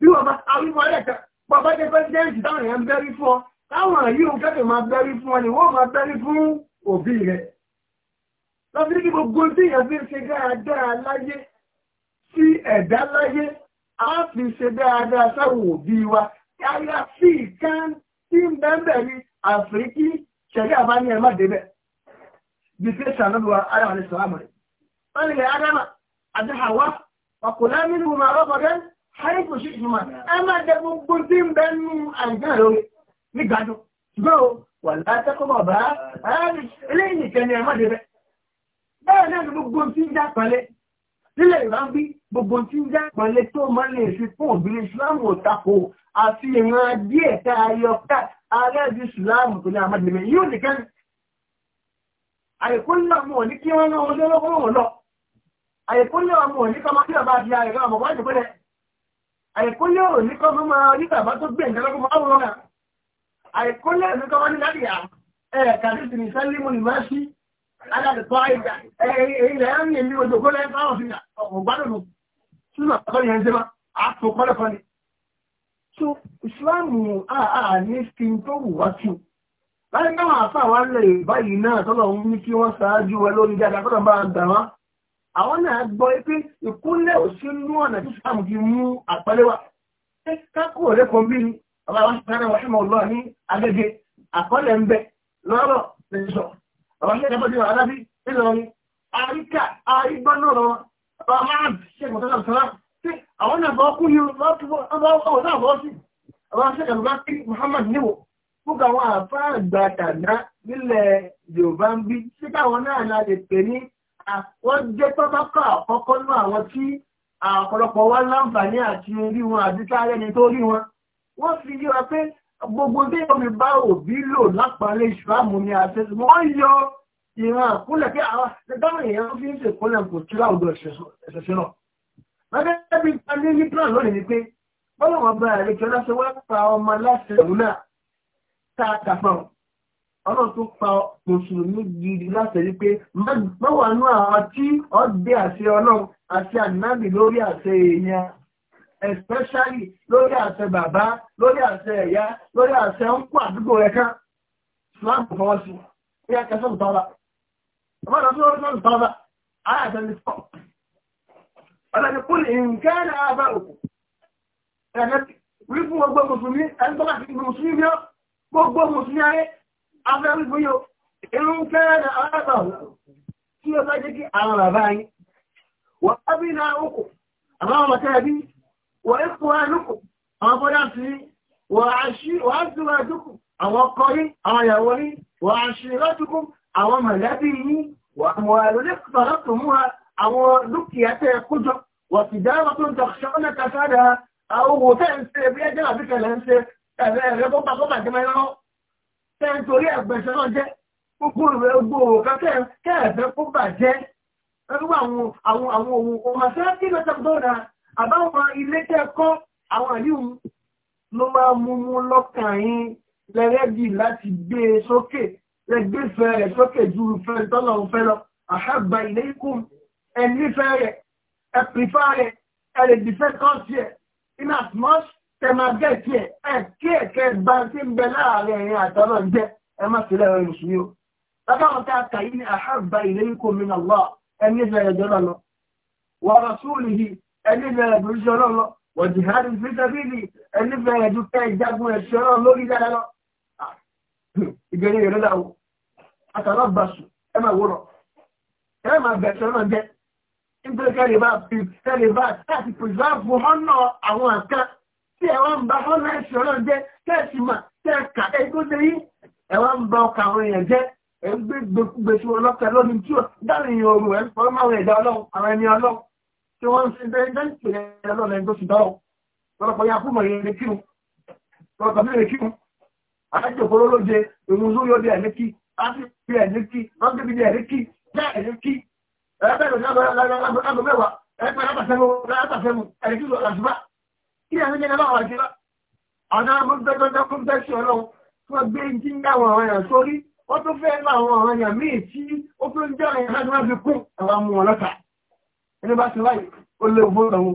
bí a bá jẹ́ pẹ́sidẹ́ntì táwọn èèyàn bẹ́rí fún ọ táwọn yíò kẹ́kẹ́ máa bẹ́rí fún ọ ni wọ́n máa bẹ́rí fún òbí rẹ̀ lọ́sí kí gbogbo tí èèyàn fi ṣe dáadáa láyé sí ẹ̀dá láyé a fi ṣe dáadáa sáwọn òbí wa yáyá sí tí ń bẹ́ẹ̀ ní àfíríkì àbá ní ẹ̀ má débẹ̀ aláwọ̀ ní sọ̀rọ̀ àmọ̀ rẹ̀ wọ́n harifu sí ìfúnmà ẹ máa jẹ gbogbo tí ń bẹnu àìsàn rẹ orí ní gbàdọ ṣùgbọ́n ni ẹ má débẹ̀ bẹ́ẹ̀ náà ni gbogbo tí ń já pẹ̀lẹ́ nílẹ̀ ìran bí gbogbo tí ń já pẹ̀lẹ́ tó máa lè fi fún òbí ìsìláàmù òtakò àti ìran díẹ̀ tá a yọ ká ààrẹ di ìsìláàmù tó ní àmàdìmẹ̀ yóò nìkan àìkú ńlá mọ̀ ní kí wọ́n náà ọjọ́ lọ́wọ́ lọ àìkú àìkólé ò ní kọ́ fún máa ní bàbá tó gbé ǹkan máa wọ́n àìkólé ò ní kọ́ wọ́n ní láti yà ẹ̀ẹ̀kà ní ti nìṣẹ́ límú ní máa sí aládùkọ́ ilẹ̀ ń rìn ní odò kó lẹ́yìn fáwọn fìyà ọ̀gbádùn àkọ́kọ́ yẹn ṣe máa ni. ìsìláàmù àà ní tó wù wá náà àfà wá lè báyìí náà tọ́lọ̀ ń àwọn náà gbọ́ pé ìkúnlẹ̀ òṣèlú ọ̀nà tí sàmù fi mú àpẹẹlẹ́wà kákò rẹ́kọ̀ọ́ bí i ọba wa sáré wa ṣẹ́mọ̀ lọ ní agége àkọọ́lẹ̀ ń bẹ lọ́rọ̀ lẹ́sọ̀ ọba ṣẹ́jọ́ bọ́dé wa alábí ńlọrin àríkà àrígbọ́ náà lọ ọba máa ṣẹ́gun tó sọ̀rọ̀ sí àwọn náà bọ́ kún yìí lọ́kùnbọ̀ ọba náà bọ́ sí ọba ṣẹ́gun bá kí Muhammad níwò fúkà àwọn àfáà gbàtà náà nílẹ̀ Yorùbá ń bí síkà àwọn náà la lè pè ní wọ́n jẹ́ tọ́tọ́kọ̀ àkọ́kọ́ ní àwọn tí ọ̀pọ̀lọpọ̀ wá láǹfààní àti rí wọn àti sáré ni tó rí wọn wọ́n fi yíra pé gbogbo bí omi bá òbí lò lápàálẹ̀ ìṣúrámù ni àtẹ́sí wọ́n yọ ìran àkúnlẹ̀ pé àwọn dáwọn èèyàn fi ń ṣèkúnlẹ̀ kò tí láwùjọ ẹ̀ṣẹ̀ṣẹ̀ náà lọ́dẹ́ bí a ní ní plan lónìí ni pé bọ́lọ̀ wọn bá àlejò láṣẹ wá pa ọmọ aláṣẹ òun náà tá a kà fún un ọlọ́run tó pa mùsùlùmí gidi láti rí pé mẹ́wàá nú àwọn tí ó dé àṣẹ ọlọ́run àṣẹ ànábì lórí àṣẹ èèyàn especially lórí àṣẹ bàbá lórí àṣẹ ẹ̀yà lórí àṣẹ ńkú àdúgbò rẹ̀ kan islam fọwọ́ sí i ẹ̀ka sọ́ọ̀tù tọ́lá ọmọ ìdásí lórí sọ́ọ̀tù tọ́lá ayé àṣẹ ní fọ́ ọlọ́ni kúl nǹkan ní abá òkú ẹ̀ẹ́dẹ́gbẹ́ gbogbo mùsùlùmí ẹni tó bá afẹ́rúgbóyò irúfẹ́ àárọ̀ tí ó sájé kí àwọn bàbá yìí wà ábí náà ókù àwọn ọmọkẹ́ẹ̀bí wà ẹ́kù ẹnukù àwọn bọ́dá sí wà áṣíwájúkù àwọn kọrí àwọn ìyàwó rí wà áṣíwájúkù àwọn mọ̀lẹ́bí yìí wà mọ̀lẹ́lẹ́kùtọ̀lọ́tùmúra tẹ́ẹ̀ torí ẹ̀gbẹ̀sẹ̀ náà jẹ́ gbogbo ìwé gbogbo òkan kẹ́ẹ̀fẹ́ kó bàjẹ́ ẹgbẹ́ àwọn ohun ọmọṣẹ́ kí lọ́tọ̀ gbọ́dà àbáwọn ilé tẹ́ẹ̀kọ́ àwọn àyíwù ló máa mú mú lọ́kàn yín lẹ́rẹ́dì láti gbé e sókè lẹ́gbẹ́fẹ́ rẹ̀ sókè ju fẹ́ tọ́lọ̀ fẹ́ lọ àhábà ilé ikú ẹ̀nífẹ́ rẹ̀ ẹ̀pìfà rẹ̀ ẹ̀rẹ̀dìfẹ́ kọ́ọ̀tì ẹ̀ in as much tẹ́mà gẹ̀ẹ́kì ẹ̀ ẹ̀ kí ẹ̀kẹ́ gba sí ń bẹ láàrin ẹ̀yìn àtọ́lọ́ jẹ́ ẹ má sílẹ̀ ẹ̀rọ ìṣúyó. Bàbá wọn tá a kà yí ní àhábà ilaykum min Allah ẹni ìfẹ̀rẹ̀ jọlọ lọ. Wa rasulihi ẹni ìfẹ̀rẹ̀ jù jọlọ lọ. Wa jihadin fi sabili ẹni ìfẹ̀rẹ̀ jù fẹ́ jagun ẹ̀ jọlọ lórí dára lọ. Ìgbèrè yẹn lọ́dà wo. Àtàlọ́ bàṣù ẹ tí ẹ̀wọ́n ń ba fọ́nà ẹ̀sìn ọlọ́run jẹ́ tẹ́ẹ̀sì mà tẹ́ẹ̀ka ẹ̀kọ́ ṣe yí ẹ̀wọ́n ń ba ọkà àwọn èèyàn jẹ́ ẹ̀ ń gbé gbèsè ọlọ́kà lónìí tí ó dáhùn ìyẹn òru ẹ̀ ń fọ́ máa wẹ̀ ẹ̀dá ọlọ́run àwọn ẹni ọlọ́run tí wọ́n ń sin bẹ́ẹ̀ ń pè é ọlọ́run ẹni tó sì dọ́rọ̀ lọ́pọ̀ ya fún mọ̀yẹ́ lékí mu lọ́pọ̀ mi lékí mu àjòkòrò lóje ìwọ̀n zúrí ọdẹ ẹ̀lékí áfíìsì ẹ̀lékí lọ́gbẹ̀bí ẹ̀lékí jẹ́ ẹ̀lékí ẹ̀ẹ́bẹ̀rẹ̀ lágbẹ̀mẹ́wàá ẹ̀ẹ́bẹ̀rẹ̀ látàfẹ́mu ẹ̀lékí lọ́làṣùbá kí àwọn jẹ́ náà wà sí lọ. Ọ̀nà amúgbẹ́gbẹ́gbẹ́ fún bẹ́sì ọlọ́run tí wọ́n gbé ń jí ń dáwọn àwọn èèyàn sórí, wọ́n tó fẹ́ lọ àwọn àwọn èèyàn míì tí ó fi ń jẹ́ ọ̀rẹ́ láti wọ́n fi kún àwọn amú wọn lọ́ta. Ẹni bá ti láì, ó lé ògbó lọ́wọ́.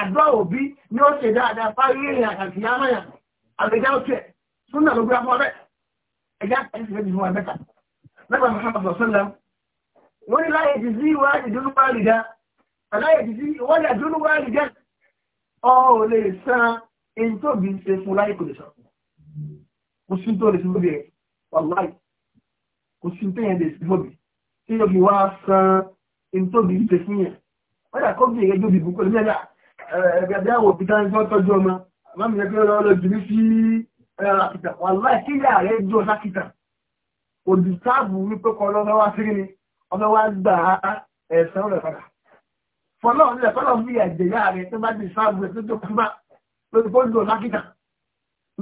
àdúrà òbí ni ó ṣe dáadáa fáyé èèyàn àti yámáyà àgbẹ̀já ó tiẹ̀ súnà ló gbá fún ọbẹ̀ ẹ̀já àti ìfẹ́ ìfún àbẹ́ta lẹ́gbàá Muhammad sọ́sọ́lá wọ́n ní láyé ti sí ìwádìí dúró wá rí dá láyé ti sí ìwádìí dúró wá rí dá ọ ò lè san èyí tó bí ṣe fún láyé kò lè sọ kò sí tó lè sí fún bẹ́ẹ̀ wàláì kò sí tó yẹn lè sí fún bẹ́ẹ̀ tí yóò fi wá san èyí tó bí ṣe fún yẹn wọ́n dà kó bí ìrẹ́jọ́ ẹgbẹ̀gbẹ̀ àwọn òbí tán gbọ́ tọ́jú ọmọ máa mi yẹ pé lọ́wọ́ lójú ní sí àkìtà wà láì kí yà rẹ̀ jọ sákìtà òdì táàbù wípé kọ lọ́wọ́ wá sí ní ọmọ wa gbà ẹ̀sán rẹ̀ padà fọlọ́ ní ẹ̀fọ́lọ́ bí ẹ̀jẹ̀ yà rẹ̀ tó bá di sáàbù rẹ̀ tó tó kú bá lórí kó jọ sákìtà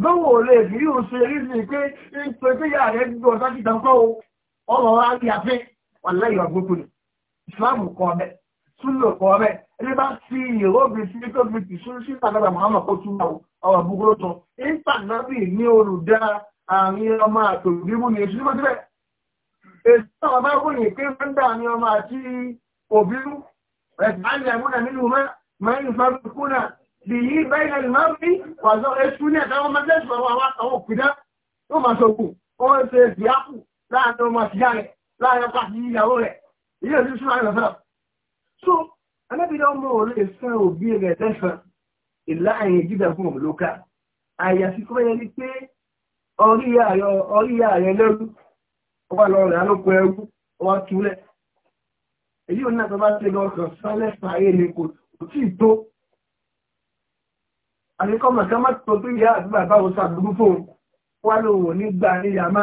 lọ́wọ́ ò lè fi yóò ṣe rí sí pé nítorí yà rẹ̀ jọ sákìtà súnlò kọ́ rẹ̀ ẹni bá fi ìrọ́bì sí tó fi tì sún sí ìtàgàdà Muhammad kó tún náà ọ̀rọ̀ búburú tán ìtàgàbì ní olùdá àárín ọmọ àtòrò bíbú ni èsì níbẹ̀ èsì àwọn bá kò ní pé wọ́n dà ní ọmọ àti òbírú ẹ̀sìn àmì àmúnà nínú mẹ́rin fárúkúnà bí yí bẹ́ẹ̀ ní márùn-ún wàzọ èsù ní ẹ̀ka ọmọ tẹ́sán àwọn àwọn òkúta ó máa sọ kù ó ń ṣe ìyàpù so anábìdá ọmọ rẹ̀ san òbí rẹ̀ lẹ́sàn ìlà àyìn jíjà fún òun lóka àyàfi kọ́ yẹ ni pé orí ààrẹ lẹ́rú ọba lọ rẹ̀ alóko ẹrú ọba túlẹ̀ èyí ò náà tó bá ṣe lọ kàn sálẹ̀ sàárè ni kò tí ì tó àríkọ́ màkà má tó tó yẹ àti bàbá òun sàdúgbò fóun wá lóun ò ní gbà ní yàmá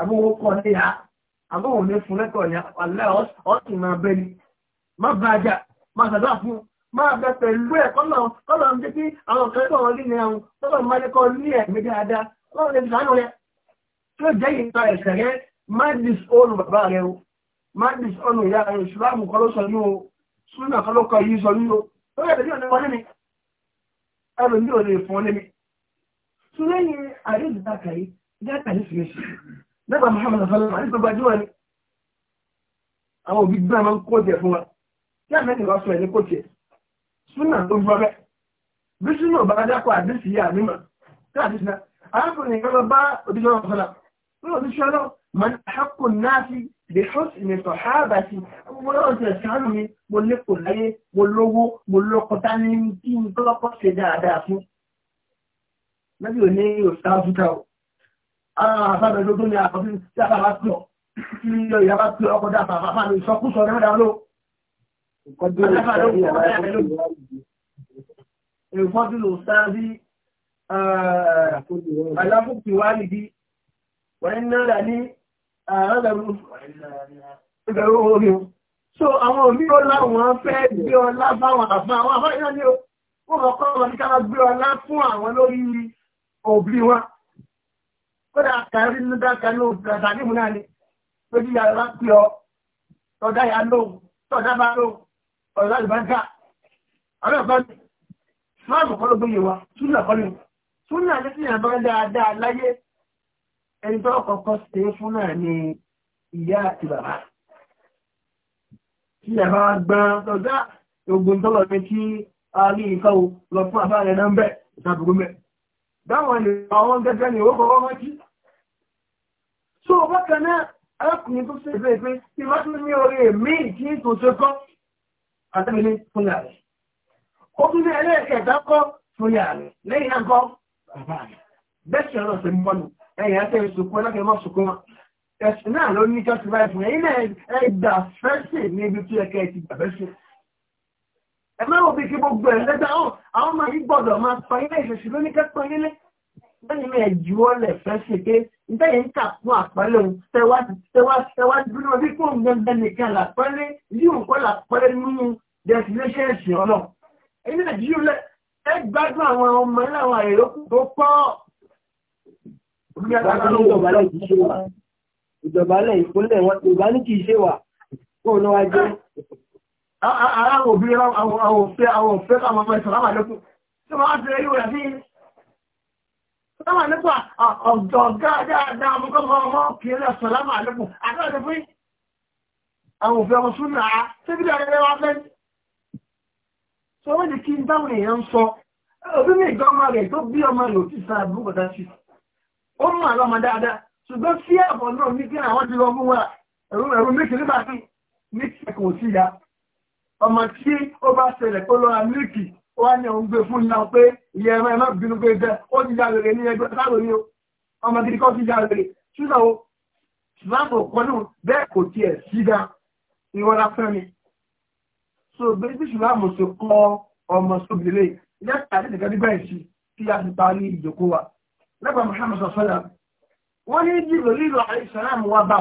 àbúrò kọ́ ní yà àbúrò ní fún lẹ́tọ̀ọ́ ní àpàlẹ́ ọ̀sìn máa bẹ́ ni má bàjá má sàdúrà fún máa bẹ pẹ̀lú ẹ̀ kọ́nà kọ́nà ń jẹ́ kí àwọn kan tó wọn líle ẹ̀hún tọ́lọ̀ máa jẹ́ kọ́ ní ẹ̀mí dáadáa lọ́wọ́ lè dùnánù rẹ̀ tí ó jẹ́ ìta ẹ̀sẹ̀ rẹ̀ má dis ọ́nù bàbá rẹ̀ o má dis ọ́nù ìyá rẹ̀ ìsìláàmù kọ́ ló sọ yìí o súnà kọ́ ló kọ yìí sọ yìí o ó fún ní tí àmẹ́tì lọ sọ ẹ̀ ní kò tiẹ̀ súnà tó ń fọ́bẹ́ bí súnà ò bá dákọ̀ àdísì yà mímọ̀ tí àdísì náà arákùnrin kan lọ bá òdíjọ́ ọ̀sán náà nínú òdíjọ́ náà man haqqu náàfi lè ṣọ́sì ní sọ̀háàbà sí mo lọ́wọ́ ti ẹ̀sìn àánú mi mo lépò láyé mo lówó mo lọ́kọ tá ní kí n tọ́lọ́kọ́ ṣe dáadáa fún lẹ́bí ò ní òṣìṣẹ́ àwọn àfáàbẹ̀ tó ní àkọ́bí Ìfọ́dúlò sáàbí aláfòkì wá nìdí, uh, wọ́n ń náà ní àárọ̀lẹ̀rún ìgbẹ̀rún orin. So àwọn òmí ó láwọn fẹ́ gbé ọlá fáwọn àfá àwọn àfá ìyá ní ó mọ̀ kọ́ wọn ká gbé ọlá fún àwọn lórí òbí wọn. Kódà kàrí ní dákanú ìgbàtà ní mú náà ni, lójú yàrá pí ọ, tọ́dá yà lóhùn, tọ́dá bá lóhùn ọ̀rọ̀ láti bá ń ká ọ̀rọ̀ bá ní máàmù kọ́ ló gbé yẹwa súnà kọ́ lóyún súnà ní sí ìyàbá dáadáa láyé ẹni tó kọ́kọ́ ṣe fún náà ni ìyá àti bàbá tí ìyàbá wa gbọ́n lọ́jà ogun tó lọ pé kí a rí ìkọ́ lọ fún àbá rẹ̀ náà ń bẹ̀ ìtàbùkù mẹ́ dáwọn ni àwọn gẹ́gẹ́ ni ó kọ́kọ́ rántí so bákan náà arákùnrin àtẹ́mílé fún yà rẹ̀. Ó tún ní ẹlẹ́ẹ̀kẹta kọ́ fún yà rẹ̀ lẹ́yìn náà kọ́ bàbá rẹ̀. Bẹ́ẹ̀sì ọ̀rọ̀ ṣe mú bọ́nu ẹ̀yìn àti ìsìnkú ẹlẹ́kẹ̀ẹ́ mọ́ sùnkún wọn. Ẹ̀sìn náà ló ní jọ́sí báyìí fún ẹ̀yìn náà ẹgbà fẹ́sì ní ibi tí ẹkẹ ti gbà fẹ́sì. Ẹ máa wò bí kí gbogbo ẹ̀ lẹ́gbà ọ̀ àwọn máa yí gbọ́dọ̀ máa pa ilé ìṣẹ̀ṣì lóníkẹ́ pọ̀ nílé. Bẹ́ẹ̀ni mi ẹ̀ juwọ́ bẹ́ẹ̀ ń kà fún àpọ́nlé tẹwà dúró bí kò ń gbẹ̀gbẹ̀ nìkan làpọ́nlé yíò kọ́ làpọ́nlé nínú destination ẹ̀sìn ọ̀nà ẹni nàìjíríà lẹ ẹ gbádùn àwọn ọmọ ilé àwọn èrò tó pọ̀. ìjọba alẹ́ ìpínlẹ̀ wọn ìjọba ní kì í ṣe wà kó ló wá jẹ́. àwọn òbí àwọn òfin àwọn òfin àwọn ọmọ ìsọ̀rọ̀ àwọn àlékún tí wọ́n á ti rẹ̀ yíwọ̀ yà sí Sọ́mà nípa ọ̀gọ̀gá dáadáa mú kọ́ ọmọ kìí lọ sọ̀lámà lẹ́kùn. Àtọ́jú fún àwọn òfin ọmọ súnà á síbi dáadáa wá fẹ́. Sọ wọ́n di kí n táwọn èèyàn ń sọ. Òbí mi ìgbà ọmọ rẹ̀ tó bí ọmọ rẹ̀ ò ti sàn àbúrò kọ̀dá sí. Ó mú àlọ́ ọmọ dáadáa. Ṣùgbọ́n sí ẹ̀bọ̀ náà ní kí àwọn ti lọ mú wa ẹ̀rú ẹ̀rú méjì nígbà tí méjì kò sí ya. Ọmọ tí ó bá ṣẹlẹ̀ pé lọ́ra mílíkì wá ní òun gbé fún náà pé ìyẹ ẹ̀rọ ẹ̀rọ bínú pé jẹ́ ó ti já rere ní ẹgbẹ́ sáàrò ní o ọmọ gidi kọ́ ti já rere ṣúná o láàbò kọ́nù bẹ́ẹ̀ kò tiẹ̀ síga ìwọ́n afẹ́ mi so bí ṣùgbọ́n ṣe kọ́ ọmọ sóbìlẹ̀ ìjẹ́ àti ìdẹ̀kẹ́ nígbà ìṣí tí a ti parí ìjòkó wa lẹ́gbàá Muhammad sọ́sọ́lá wọ́n ní jìbò lílo àìsàn wa bá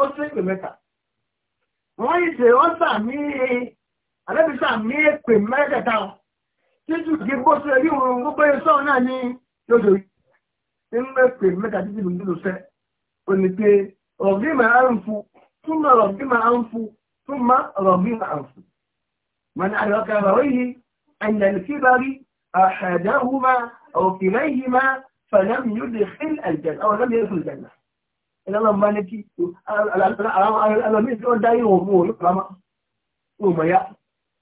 ó sí ìpè mẹ́ta wọ́n yìí ṣe wọ́n sàmì àlẹ́bíṣà mí èpè mẹ́tẹ̀ẹ̀ta títù di bó ṣe rí òun gbogbo sọ́ọ̀ náà ní lóṣù nínú èpè mẹ́ta títì lòdì ló fẹ́ ó ní pé rọ̀bí máa ń fu túmọ̀ rọ̀bí máa ń fu túmọ̀ rọ̀bí máa ń fu. mọ̀nà àyọkà rọ̀ yìí ẹ̀yẹ̀lì kí bá rí àṣàdáhùmá òkèlẹ́yìmá fẹ̀lẹ́m yóò lè fíl ní kí àwọn ọlọ́mọ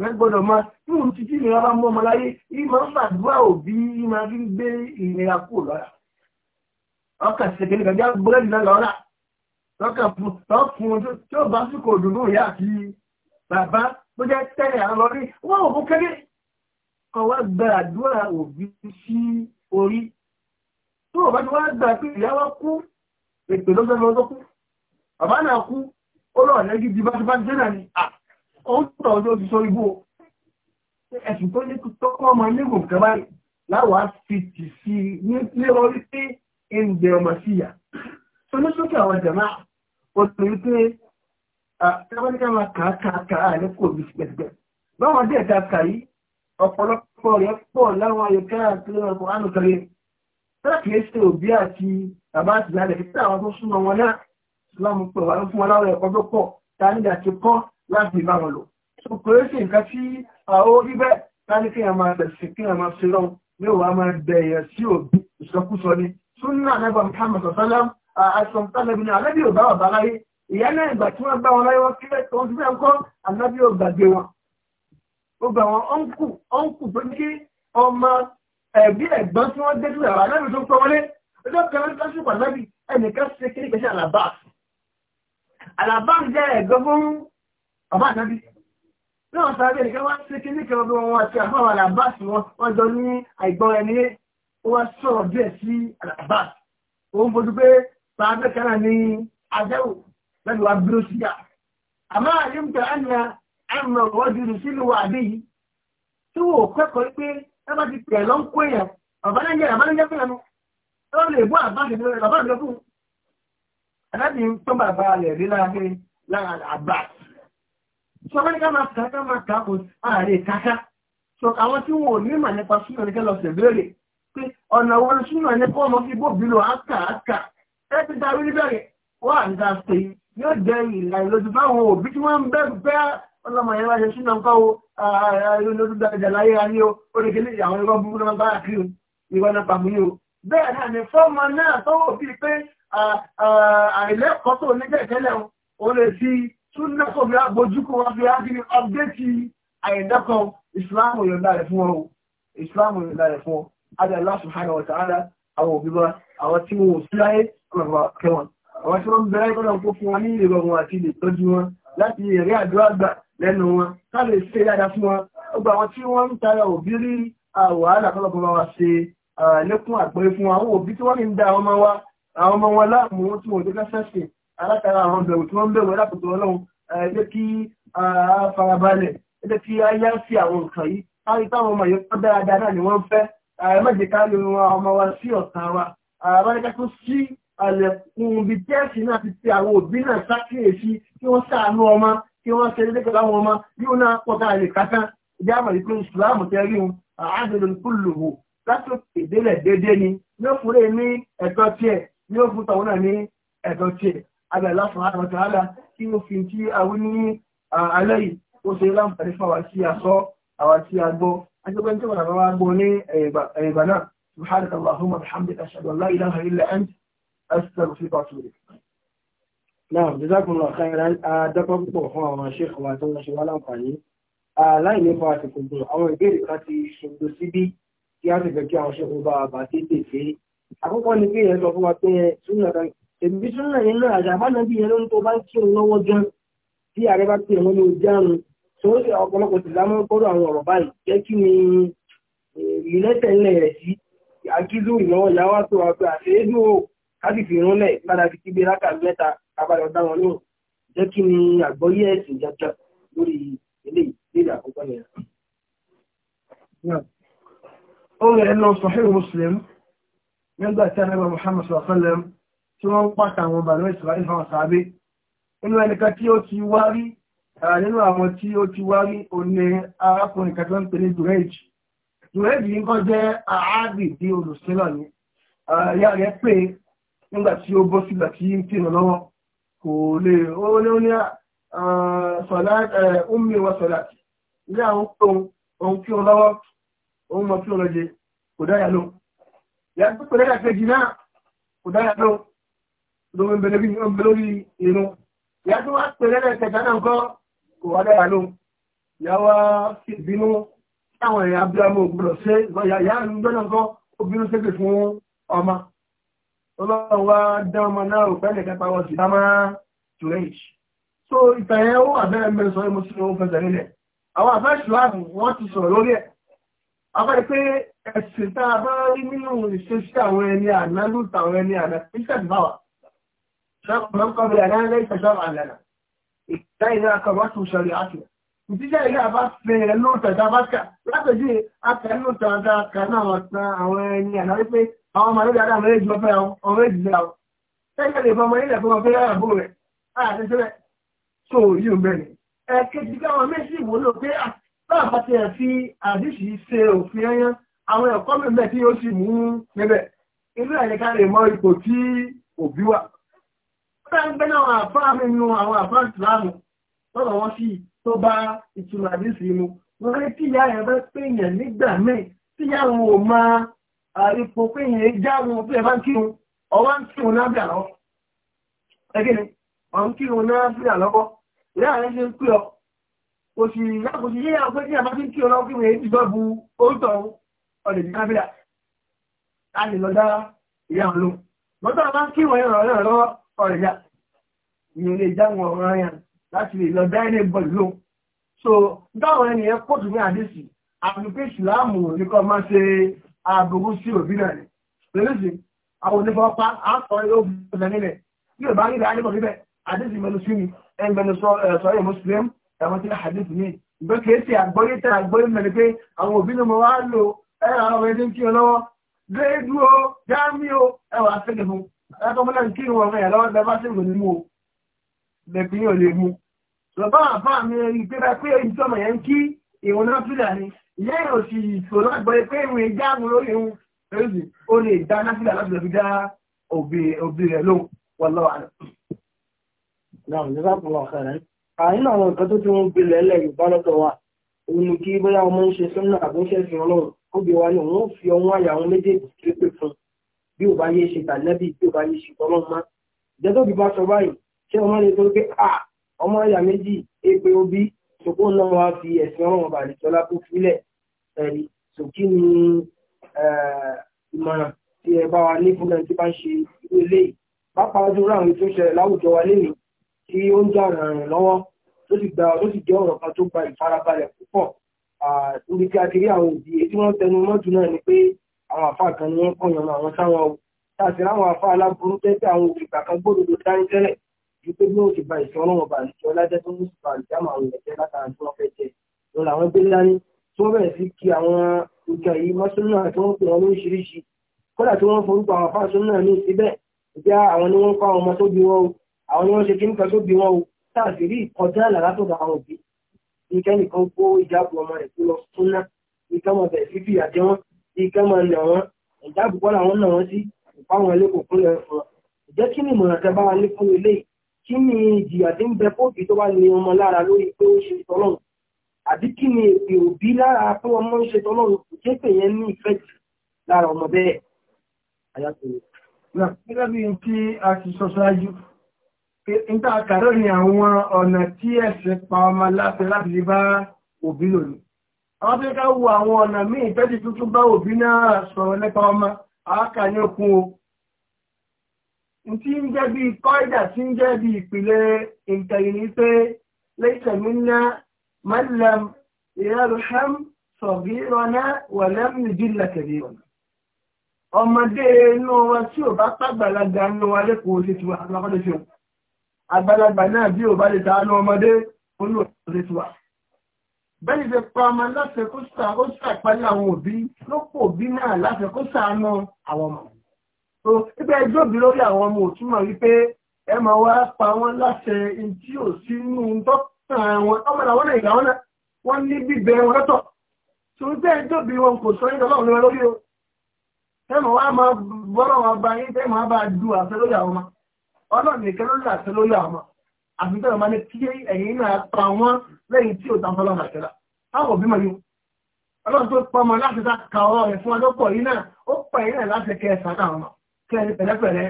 wọ́n gbọ́dọ̀ máa tí òun ti tí ìnira bá mọ́ ọmọ láyé yìí máa ń fàdúrà òbí yìí máa fi gbé ìnira kú lọ́la ọkà ṣẹ̀kẹ́ nígbà bí búrẹ́dì náà lọ́la lọ́kà fún un tí ó bá sùkò dùnú ìyá àti bàbá tó jẹ́ tẹ́lẹ̀ àwọn lọ́rí wọ́n ò fún kéré kan wá gba àdúrà òbí sí orí tó o bá ti wá gbà pé ìyá wa kú ètò lọ́sọ̀rọ̀ lọ́sọ̀ bàbá náà kú ó lọ́ọ̀lẹ́gidi bá ti bá ti dé náà ni à ó tọ̀ ọjọ́ ti sọ ibò ẹ̀sùn tó ní tọ́kọ́ ọmọ nígbò kẹba láwàá fi tì sí ní orí pé ẹnìjẹ ọmọ sí yà tó ní sókè àwọn jẹ̀má ó ti rí pé tẹ́wọ́nìkà máa kà á kà á kà á ní kò bí pẹ̀tẹ̀pẹ̀ báwọn dẹ̀ ta kà yìí ọ̀pọ̀lọpọ̀ rẹ̀ pọ̀ láwọn ayọ̀ká àti ọkọ̀ ánùkẹrẹ tẹ́lẹ̀kì ẹ̀ ṣe òbí àti bàbá àti ìyá rẹ̀ kí táwọn tó súnmọ́ wọn náà tá nígbà ti kọ́ láti bá wọn lò so kò é sí nǹkan tí àwọn orí bẹ́ẹ̀ láti kí ẹ̀mà ẹ̀sìn kí ẹ̀mà ṣe lọ́wọ́ yóò wá máa bẹ̀yẹ̀ sí òbí ìsọkúsọ ni súnà nẹ́bà Muhammad sọ̀sálẹ́m àìsàn tálẹ́bì ní alẹ́bí ò bá wà bá láyé ìyá náà ìgbà tí wọ́n bá wọn láyé wọ́n kílẹ̀ tó ń fi bẹ́ẹ̀ kọ́ alábí ò gbàgbé wọn ó gbà wọn ọ́nkù ọ́nkù tó ní kí ọmọ ẹ̀bí ẹ̀gbọ́n tí wọ́n dé sílẹ̀ alábì tó ń pọ́n wọlé ọjọ́ kan lásìkò alábì ẹnìkan ṣe kí bàbá àtàbí náà sáré nìkan wá sí kí níkan ọdún wọn àti àfáwọn alábáàsì wọn wọn jọ ní àìgbọ́n ẹni ó wá sọ̀rọ̀ díẹ̀ sí alábáàsì òun fojú pé bàbá kanáà ní adẹ́wò lẹ́nu wa bíró síyà àmọ́ àyíǹkà ẹ̀nà ẹ̀mọ̀ wọ́dúrú sílùú wà bí yìí tí wò kẹ́kọ̀ọ́ pé ẹ bá ti tẹ̀ lọ́n kó ń jẹ́ bàbá náà ń jẹ́ sọ wọ́n ní ká máa kà ká máa kà kò ààrẹ kàkà sọ àwọn tí wọn ò ní mà nípa súnà ní ká lọ sẹ̀ béèrè pé ọ̀nà wo ni súnà ní kọ́ ọmọ kí bóbi lọ àkà àkà ẹ ti darí níbẹ̀rẹ̀ wọ́n à ń ga pé yóò jẹ́ ìlànà lójú báwọn òbí tí wọ́n ń bẹ́ bẹ́ ọlọ́mọ yẹn wáṣẹ súnà ń kọ́ o lójú dáadáa láyé ayé o ó lè kéde àwọn ẹgbẹ́ búburú náà bá kiri ìwọ náà pàmò yìí o bẹ́ẹ̀ náà ni fọ́ọ̀mù náà tọ́wọ́ bíi pé àìlẹ́kọ̀ọ́ tó oníjẹ́ ìtẹ́lẹ̀ o lè súnà kò bí abojú kò wọ́n fi á kí ni ọ̀gbẹ́tì àyẹ̀dẹ́kọ̀ ìsìláàmù yọ̀ǹda rẹ̀ fún ọ ìsìláàmù yọ̀ǹda rẹ̀ fún ọ adé Allah subhanahu wa ta'ala àwọn òbí bá àwọn tí wọn ò sí láyé kẹwọn àwọn tí wọ́n bẹ̀rẹ̀ ìkọ́nà kó fún wọn ní ìrọ̀rùn àti ilé tọ́jú wọn láti èrè àdúrà gbà lẹ́nu wọn ká lè ṣe dáadáa fún wọn ọgbà àwọn tí wọ́n ń tara òbí rí wàhálà kọ́lọ́kọ́ bá wa ṣe lékún àgbọ́yé fún wọn àwọn òbí tí wọ́n ń da àwọn ọmọ wa àwọn ọmọ wọn láàmú tí wọn ò alátara àwọn bẹ̀rù tí wọ́n bẹ̀rù lápòtò ọlọ́run ẹgbẹ́ kí farabalẹ̀ ẹgbẹ́ kí ayá sí àwọn nǹkan yìí kárí táwọn ọmọ yìí pọ́n dáadáa ni wọ́n fẹ́ ẹ̀mẹ́jẹ̀ kárí wọn ọmọ wa sí ọ̀tá wa abájẹ́ká tó sí àlẹ̀kùn ibi tẹ́ẹ̀sì náà ti ti àwọn òbí náà sákìyèsí kí wọ́n ṣàánú ọmọ kí wọ́n ṣe dédé pẹ̀lú àwọn ọmọ yóò náà pọ̀ tá àlè kásán ìdí àmọ̀ ìpín ìsìláàmù tẹ́rí wọn àádọ́dọ̀ kúlùwò látò ìdílẹ̀ déédéé ni yóò fún lè ní ẹ̀tọ́ tiẹ̀ yóò fún tàwọn náà ní ẹ̀tọ́ tiẹ̀ abẹ́lá subhanahu wa ta'ala kí ó fi tí awí ní alẹ́ yìí ó ṣe láǹfààní fún àwa tí a sọ àwa tí a gbọ́ ajẹ́gbẹ́ tí wọ́n àwọn agbọ́ ní ẹ̀yẹ̀bà náà subhanaka allahumma bihamdika ashhadu an la ilaha illa anta astaghfiruka wa atubu ilayk náà jazakumullahu khairan adọ́pọ̀ púpọ̀ fún àwọn ṣéèkù wa tó ń ṣe wá láǹfààní láì nípa èmi súnà nínú àjàbánà bí ẹni tó bá ń kírun lọ́wọ́ gan tí ààrẹ bá pè wọ́n ní ojú àrùn tó ń ọ̀pọ̀lọpọ̀ ti dámọ́ gbọ́dọ̀ àwọn ọ̀rọ̀ báyìí jẹ́ kí ni ìlẹ́tẹ̀lẹ̀ rẹ̀ sí àkílù ìnáwó ìyáwó tó wà pé àṣeyédú o káàdì fi rúnlẹ̀ padà fi kígbe rákà mẹ́ta kábàlọ̀ dá wọn náà jẹ́ kí ni àgbọ́yé ẹ̀sìn jẹjọ lórí ilé ìdílé àkọ́kọ́ yẹn. ó rẹ̀ lọ sọ̀hìn Muslim nígbà tí a tí wọ́n ń pàtà àwọn bàánú ìsìláì fún àṣàbé inú ẹnìkan tí ó ti wá rí nínú àwọn tí ó ti wá rí oní arákùnrin kan tó ń pè ní dùrẹ́jì dùrẹ́jì yìí kan jẹ́ àádìdí olùsílọ̀ ni ìyá rẹ̀ pé nígbà tí ó bọ́ sígbà tí ń tìrọ lọ́wọ́ kò lè ó ní ó ní sọ̀lá ọmọ ìwà sọ̀lá ilé àwọn ohun kí ó lọ́wọ́ ohun mọ̀ kí ó lọ́jẹ kò dáyà lóhun ìyá pípẹ́ lẹ́yà kejì náà kò dáyà lóhun lórí ìbẹ̀lẹ̀ bí wọ́n bẹ lórí inú ìyá tó wá pèlè lẹ́ẹ̀kẹta náà kọ́ kò wá dára ló ìyá wá sí ìbínú táwọn èèyàn abúlámọ̀ gbọ́dọ̀ ṣe ìyá ìgbẹ́ náà kọ́ obínú ṣépè fún ọmọ ọlọ́run wá dán ọmọ náà rò pẹ́lẹ̀ kápá wọ́n sì dámá tùrẹ́ìṣ so ìtàn yẹn ó àbẹ́rẹ́ mẹ́rin sọ mo sì lọ́wọ́ fẹsẹ̀ nílẹ̀ àwọn àfẹ́sù láàbù wọ́n ti sọ̀rọ̀ lórí ẹ̀ afẹ́ pé ẹ̀sìn tá a bá rí nínú ìṣesí àwọn ẹni àná lùtà àwọn ẹni àná píṣẹ́ ìbáwà شرع من قبلنا ليس شرعا لنا إذا كبرته شريعتنا ìdíjẹ́ ilé àbá fẹ́ ẹlú tẹ̀dá bá kà látọ̀jú akẹ́lú tẹ̀dá kan náà ọ̀tán àwọn ẹni àná wípé àwọn ọmọ lórí adáàmú èjì ọfẹ́ ọmọ èjì lẹ́à ọ tẹ́lẹ̀ lè fọmọ ilẹ̀ fún ọfẹ́ ààbò rẹ̀ àti sílẹ̀ tó yìí ń bẹ̀rẹ̀ ẹ kejì káwọn méjì wúlò pé ah, báàbá ti ẹ̀ fi àdìsí ṣe òfin ẹyán àwọn ẹ̀kọ́ mẹ́mẹ́ tí ó sì mú níbẹ̀ inú ẹ̀yẹ ká lè mọ ipò tí òbí wà Táńgbẹ́ náà àfáà nínú àwọn àfáà ìsìláàmù tọ́rọ wọ́n sí tó bá ìtumọ̀ àdísì mu. Wọ́n rí tí ìyá ẹ̀ bẹ́ pèèyàn nígbà míì tí ìyá wọn ò máa àrípo pèèyàn já wọn pé ẹ bá ń kírun, ọwọ́ ń kírun náà bìà lọ́wọ́. Ẹgbẹ́ ni, ọ̀ ń kírun náà bìà lọ́wọ́. Ìyá rẹ̀ ṣe ń pè ọ. Kò sì lákòó sí yíyá pé A lè lọ dá ìyá wọn lóhùn. Mọ́tò àbá ọ̀rẹ́dá ìyẹn lè dáwọn ọ̀rọ̀ ayàn láti lè lọ dá ẹni bọ̀ lóhun so dáwọn ènìyàn kóòtù ní àdéṣì àfikún ìsìláàmù nìkan máa ṣe àbùkù sí òbí náà rẹ̀ lónìí àwọn onífọwọ́pá àtọ̀ yóò fi ọ̀sẹ̀ nílẹ̀ bí ò bá rí ìdájọ́ bọ̀ níbẹ̀ àdéṣì mẹnu sí ni ẹgbẹ̀nu sọ yẹ mùsùlùm ẹ̀wọ̀n tí àdéṣì ní ìgbẹ́ kéèsì àgbọ́yé tẹ àgbọ́yé mẹ́rin pé àwọn òbí ni mo wá lò ẹ̀rọ àwọn ẹni tí ó lọ́wọ́ gbé dúró jámí ó ẹwà fẹ́lẹ̀ fún ẹ̀kọ́ mọ́lá ń kírun ọmọ ẹ̀ lọ́wọ́ bẹ́bá sí ìròyìn mú bẹ̀bí yóò lè mú lọ́bá àfá mi rí pẹ́pẹ́ pé èyí tọ́mọ yẹn ń kí ìrun náà fìlà ni ìyá ìrò sì ìṣòro láti gbọ́dọ̀ pé ìrun ìjà àrùn lórí ìrun lórí ó lè dá náà fìlà láti lè fi dá òbí rẹ̀ lóhùn wọ́n lọ́wọ́ àná. àyìn àwọn nǹkan tó ti ń gbilẹ̀ lẹ̀ Yorùbá lọ́dọ̀ wa òun ni kí bóyá ọmọ ń ṣe sọ́nà àbúṣẹ́sìn Ọlọ́run ó bí wa bí ò bá yé ṣe tànẹ́bì bí ò bá yé ṣe tọ́lọ́ mọ́ ìjẹ́tọ́ bí bá sọ báyìí ṣé ọmọ lè tó pé à ọmọ ìyá méjì èpè òbí ṣòkó náà wá fi ẹ̀sìn ọlọ́run bàlẹ̀ tọ́lá tó fílẹ̀ ẹ̀rí ṣòkí ni ìmọ̀ràn tí ẹ bá wa ní fún ẹni tí bá ń ṣe irú eléyìí pápá ọdún ráhùn tó ṣẹlẹ̀ láwùjọ wa lénìí tí ó ń jà ràn lọ́wọ́ tó sì gba ó sì jẹ́ ọ̀rọ̀ kan tó gba ìfarabalẹ̀ púpọ̀ níbi tí a ti rí àwọn òbí èyí tí wọ́n tẹnu mọ́jú náà ni pé àwọn àfáà kan ní wọ́n kọ́ ìyànmọ́ àwọn sáwọn ọ̀wọ̀ láti ráwọn àfáà aláburú tẹ́tẹ́ àwọn òṣìgbà kan gbòdòdó dání tẹ́lẹ̀ ju pé bí wọ́n ti ba ìṣọ́ ọlọ́wọ́ bá àlùjọ lájẹ́ tó ń sì ba àwọn ẹ̀jẹ̀ látara tí wọ́n fẹ́ jẹ lọ làwọn gbé dání tí wọ́n bẹ̀rẹ̀ sí kí àwọn nǹkan yìí mọ́sánná tí wọ́n pè wọn lóríṣiríṣi kódà tí wọ́n forúkọ àwọn àfáà sọ́nà ní síbẹ̀ ìjà àwọn ni wọ́n kọ́ àwọn ọmọ tó bí wọn o àwọn ni wọ́n ṣe kíníkà tó bí wọn o táàsì rí ìkọjá làlátọ̀dọ̀ àwọn òbí nìkẹ́nìkan kó ìjábọ̀ ọmọ rẹ̀ kó lọ sọ́nà nìkan mọ̀ bẹ̀rẹ̀ sí fìyà jẹ wọ́n ìkan máa nà wọ́n ìjà àbùkọ́ làwọn nà wọ́n sí ìpá wọn ilé kò kúnlẹ̀ fún wọn ìjẹ́ kí ni ìmọ̀ràn tẹ bá wa ní fún ilé kí ni ìjìyà tí ń bẹ fóòtù tó bá ní ọmọ lára lórí pé ó ṣe tọ́lọ́run àbí kí ni èpè òbí lára pé ọmọ ń ṣe tọ́lọ́run kò jẹ́ pé yẹn ní ìfẹ́ jù lára ọmọ bẹ́ẹ̀ àyàtọ̀ Gẹ́gẹ́ a ti sọ ṣáájú, àwọn tó ká wo àwọn ọ̀nà míì tẹ́jì tuntun bá òbí náà sọ̀rọ̀ nípa ọmọ àákà ní okun o tí ń jẹ́ bí kọ́ìdà tí ń jẹ́ bí ìpìlẹ̀ ìtẹ̀yìní pé lẹ́sẹ̀mí ná mẹ́lẹ̀m ìyárùhẹ́m sọ̀bí rọ́nà wẹ̀lẹ́m nìjílẹ̀ ọ̀nà ọmọdé inú wa tí ò bá pàgbàlagbà inú wa lẹ́kọ̀ọ́ ṣe ti wà àgbàlagbà náà bí ò bá lè ta ọmọdé ó lò ṣe ti bẹ́ẹ̀ ṣe pa ọmọ láti kó ṣàpálẹ̀ àwọn òbí ló pò bí náà láti kó ṣàánú àwọn ọmọ. so ibi ẹjọ́ òbí lórí àwọn ọmọ òtúmọ̀ wípé ẹ máa wá pa wọ́n láti tí ò sí inú dọ́kítà wọn ọmọ làwọn náà ìgbà wọn náà wọ́n ní bíbẹ wọn lọ́tọ̀. so ibi ẹjọ́ òbí wọn kò sọ yín lọ́wọ́ lórí o. ẹ máa wá máa bọ́rọ̀ wọn bá yín tẹ́ máa bá du àṣẹ lórí àwọn ọmọ ọlọ́ọ̀nì àfihàn máa ní kí ẹ̀yìn náà pa wọ́n lẹ́yìn tí ó tàbí ọlọ́run àṣẹlá àwọn òbí mọ̀ yóò ọlọ́run tó pa ọmọ láti ta ka ọ̀rọ̀ rẹ̀ fún ọdọ́pọ̀ yìí náà ó pa yìí náà láti kẹ́ ẹ̀sán àwọn ọmọ kẹ́ ẹni pẹ̀lẹ́pẹ̀lẹ́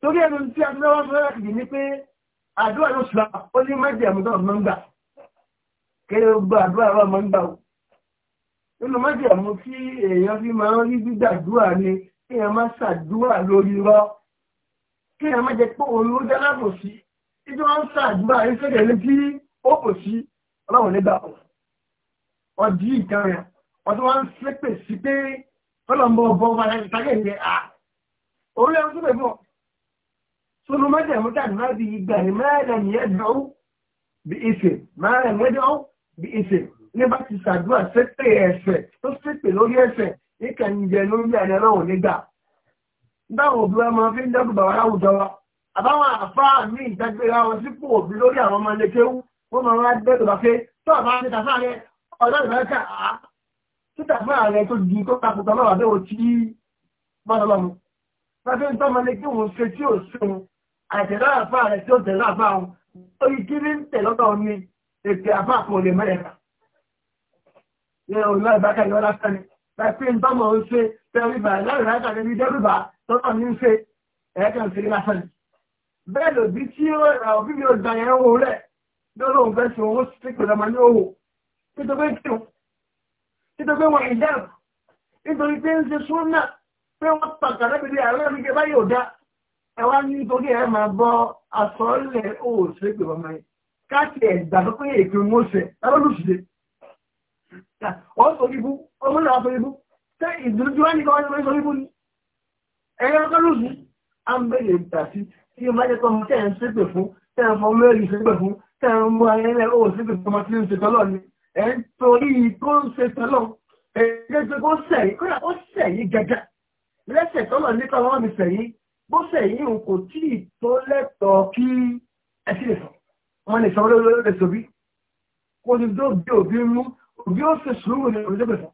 torí ẹnu tí a ti lọ́wọ́ sọ láti dì ní pé àdúrà ló sùlá ó ní mẹ́jẹ̀ ẹ̀mùtọ́ ọmọ gbà kéré gbọ́ àdúrà rọ̀ ọmọ gbà ó nínú mẹ́jẹ̀ ẹ̀mú tí èèyàn fi máa ń rí gbígbàdúrà ni kéèyàn má ṣàdúrà lórí rọ kéèyàn má jẹ pé òun ló dáná kò sí ìjọ ń sàdúrà ìṣèlè ní kí ó kò sí ọlọ́run nígbà wọn di nǹkan rẹ̀ wọ́n tó wá ń ṣépè sí pé ọlọ́mbọ ọbọ̀ ọba rẹ̀ ìtàgé ìgbẹ́ à orí ẹ̀ ń súnmọ̀ bọ̀ sunu mẹ́jẹ̀ mú jáde náà bí ìgbà ní mẹ́rin ní ẹ̀dọ́ bí ìṣe mẹ́rin ní ẹ̀dọ́ bí ìṣe ní bá ti sàdúrà ṣépè ẹ̀ṣẹ̀ tó ṣépè lórí ẹ̀ṣẹ̀ ìkànnì jẹ lórí ẹ̀rẹ́ ọlọ́run nígbà dáhùn òbí wa máa fi ń dẹ́kun bàbá láwùjọ wa àbáwọn àfáà ní ìdágbéra wọn sípò òbí lórí àwọn ọmọ ilé kéwú wọ́n máa wá bẹ́ẹ̀ bá pé tó àbá ní tàfà rẹ ọ̀dọ́ ìbẹ́ẹ̀kà á tí tàfà rẹ tó di tó takùtà lọ́wọ́ àbẹ́wò tí bọ́dọ̀lọ́mù láti ń tọ́mọ ní kí wọ́n ṣe tí ò sún àtẹ̀lá àfà rẹ tí ó tẹ̀lá àfà wọn orí kí ní tẹ̀lọ́tọ̀ ni ètè àfà kò lè mẹ́rẹ̀ẹ́ta ní ọ̀nà ìbákà ìwọ́n lásán ni láti ń tọ́mọ ń ṣe tẹ̀lé ìbà láì bẹ́ẹ̀ lòdì tí àwọn bíbí ọjà yẹn wò rẹ̀ lọ́nà òun fẹ́ ṣe owó sí pẹ̀lú ọmọ ní òwò nítorí kírun nítorí wọn ìdáàbò nítorí pé ń ṣe súnà pé wọ́n pàtàkì lẹ́bìnrin ààrẹ mi gẹ́gẹ́ báyìí ò dá ẹ wá ní torí ẹ máa bọ́ àsọ̀ọ́lẹ̀ òwò sí pẹ̀lú ọmọ yẹn káàkiri ẹ̀dà tó pé èké ń mọ́ṣẹ̀ lọ́lọ́lùsíde ọ̀ sọ̀rọ̀ ibú ọmọ náà sọ̀rọ̀ ibú tẹ́ ìdúrójú wá ní kọ́ tí o bá jẹ́ tọmọ tẹ́ ń ṣépè fún tẹ́ ń fọmọ ẹ̀rí ṣépè fún tẹ́ ń mú ayé lẹ́ o ṣépè fún ọmọ tí ń ṣe tọ́lọ̀ ni ẹ̀ ń torí tó ń ṣe tọ́lọ̀ ẹ̀ ń ṣe kó sẹ̀yìn kódà ó sẹ̀yìn gẹ́gẹ́ lẹ́sẹ̀ tọ́lọ̀ nípa wọn mi sẹ̀yìn bó sẹ̀yìn o kò tí ì tó lẹ́tọ̀ọ́ kí ẹ sì lè sọ wọn lè sọ lórí lè sọ bí kò ní tó bí òbí mú òbí ó ṣe sùúrù ní òbí tó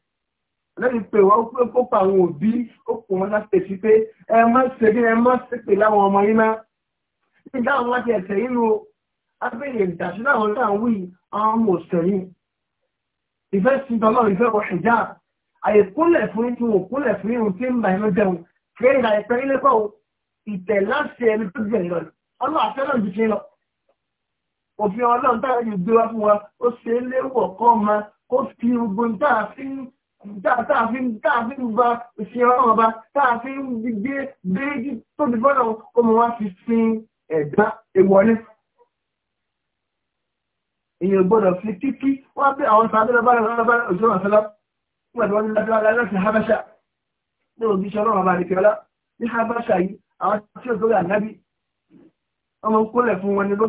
lẹ́yìn pé wọ́n pé kópa àwọn òbí ó kò wọn láti pèsè pé ẹ má ṣe bí ẹ má ṣe pè láwọn ọmọ yín náà ní táwọn wá ti ẹ̀sẹ̀ inú abẹ́rẹ̀ ìdàṣí láwọn táwọn wí àwọn ọmọ òṣèlú ìfẹ́ sí tọ́lọ́ ìfẹ́ kọ ṣẹ̀já àyè kúnlẹ̀ fún ìtú òkúnlẹ̀ fún ìrùn tí ń bà ẹ̀mọ́ jẹun fẹ́rẹ̀ àyè pẹ́ ilé kọ́ ìtẹ̀ láti ẹni tó jẹ̀ lọ ọlọ́ àfẹ́ náà ju ṣe lọ òfin ọlọ́run táwọn yìí gbé wá fún wa ó ṣe é léwọ̀ kọ́ ma kó fi gbogbo táàfin táàfin táàfin gba ìṣe ọlọ́run ọba táàfin gbé gbé tóbi fọ́nà ọmọ wa fi sin ẹ̀dá ewọlé èèyàn gbọ́dọ̀ fi kíkí wọ́n bí àwọn sàbẹ̀lẹ̀ bá rẹ̀ lọ́lọ́bá òṣèlú àṣẹlá wọ́n ti wọ́n ní lábẹ́lá láti habasha ní òbíṣẹ́ ọlọ́run bá rìkẹ́ ọlá ní habasha yìí àwọn tí ó tó rà nábì wọ́n mọ̀ ń kólẹ̀ fún wọn ni ló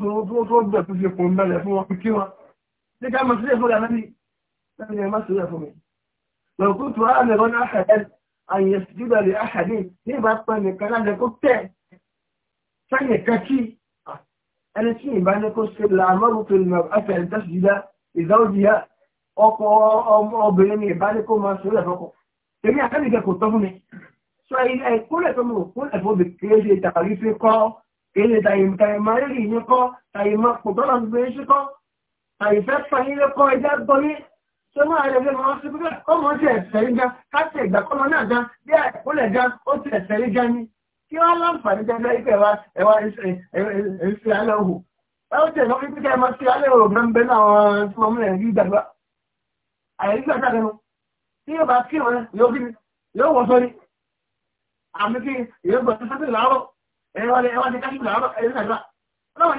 tó bẹ̀ tó fi kùn mẹ́lẹ̀ fún wọn kí wọn ní ká mọ̀ sí ìfúnra nábì láti ní ẹ̀má sílẹ̀ fún mi lọ́kùn tó rà mẹ́rọ náà àṣàdẹ́ àyẹ̀sìdíbẹ̀rẹ̀ àṣàdẹ́ ní ìbá pẹ́ nìkan láti kó tẹ̀ sani kaki ẹni tí ìbá ní kó ṣe làmọ́rù tó lè afẹ́ ìtàṣìdá ìdáwòdìyà ọkọ obìnrin ní ìbá ní kó máa ṣe lẹ́fọ́kọ̀ èmi àkẹ́nìkẹ́ kò tọ́ fún mi sọ ìkúnlẹ̀ tó mú kúnlẹ̀ fún mi kìí ṣe tàbí fi kọ́ kìí ṣe tàyìmọ̀ rírì yín kọ́ tàyìmọ̀ kò tọ́lá gbé yín kọ́ tàyìfẹ́ pàyín lé kọ́ ẹja gbọ́ máa rẹ̀ ṣe pé ọmọ ti ẹ̀sẹ̀ rí náà gan bí ẹ̀kúnlẹ̀ gan ó ti ẹ̀sẹ̀ ni kí wọ́n láǹfààní jẹ́jẹ́ ìpẹ́ wa ẹwà ìṣẹ́ alẹ́ òhù báwọn tẹ̀lé wọ́n pípẹ́ ẹmọ sí alẹ́ òhù gbẹ́mbẹ́ náà tí wọ́n mẹ́rin rí ìgbàgbà àyẹ̀rí gbà sáré nu tí yóò bá kí wọn yóò kí yóò wọ́ sọ́rí àmì kí yóò gbọ́ sọ́sọ́ láàárọ̀ ẹwà ní káṣí láàárọ̀ ẹ̀rí gbàgbà ọlọ́wọ̀n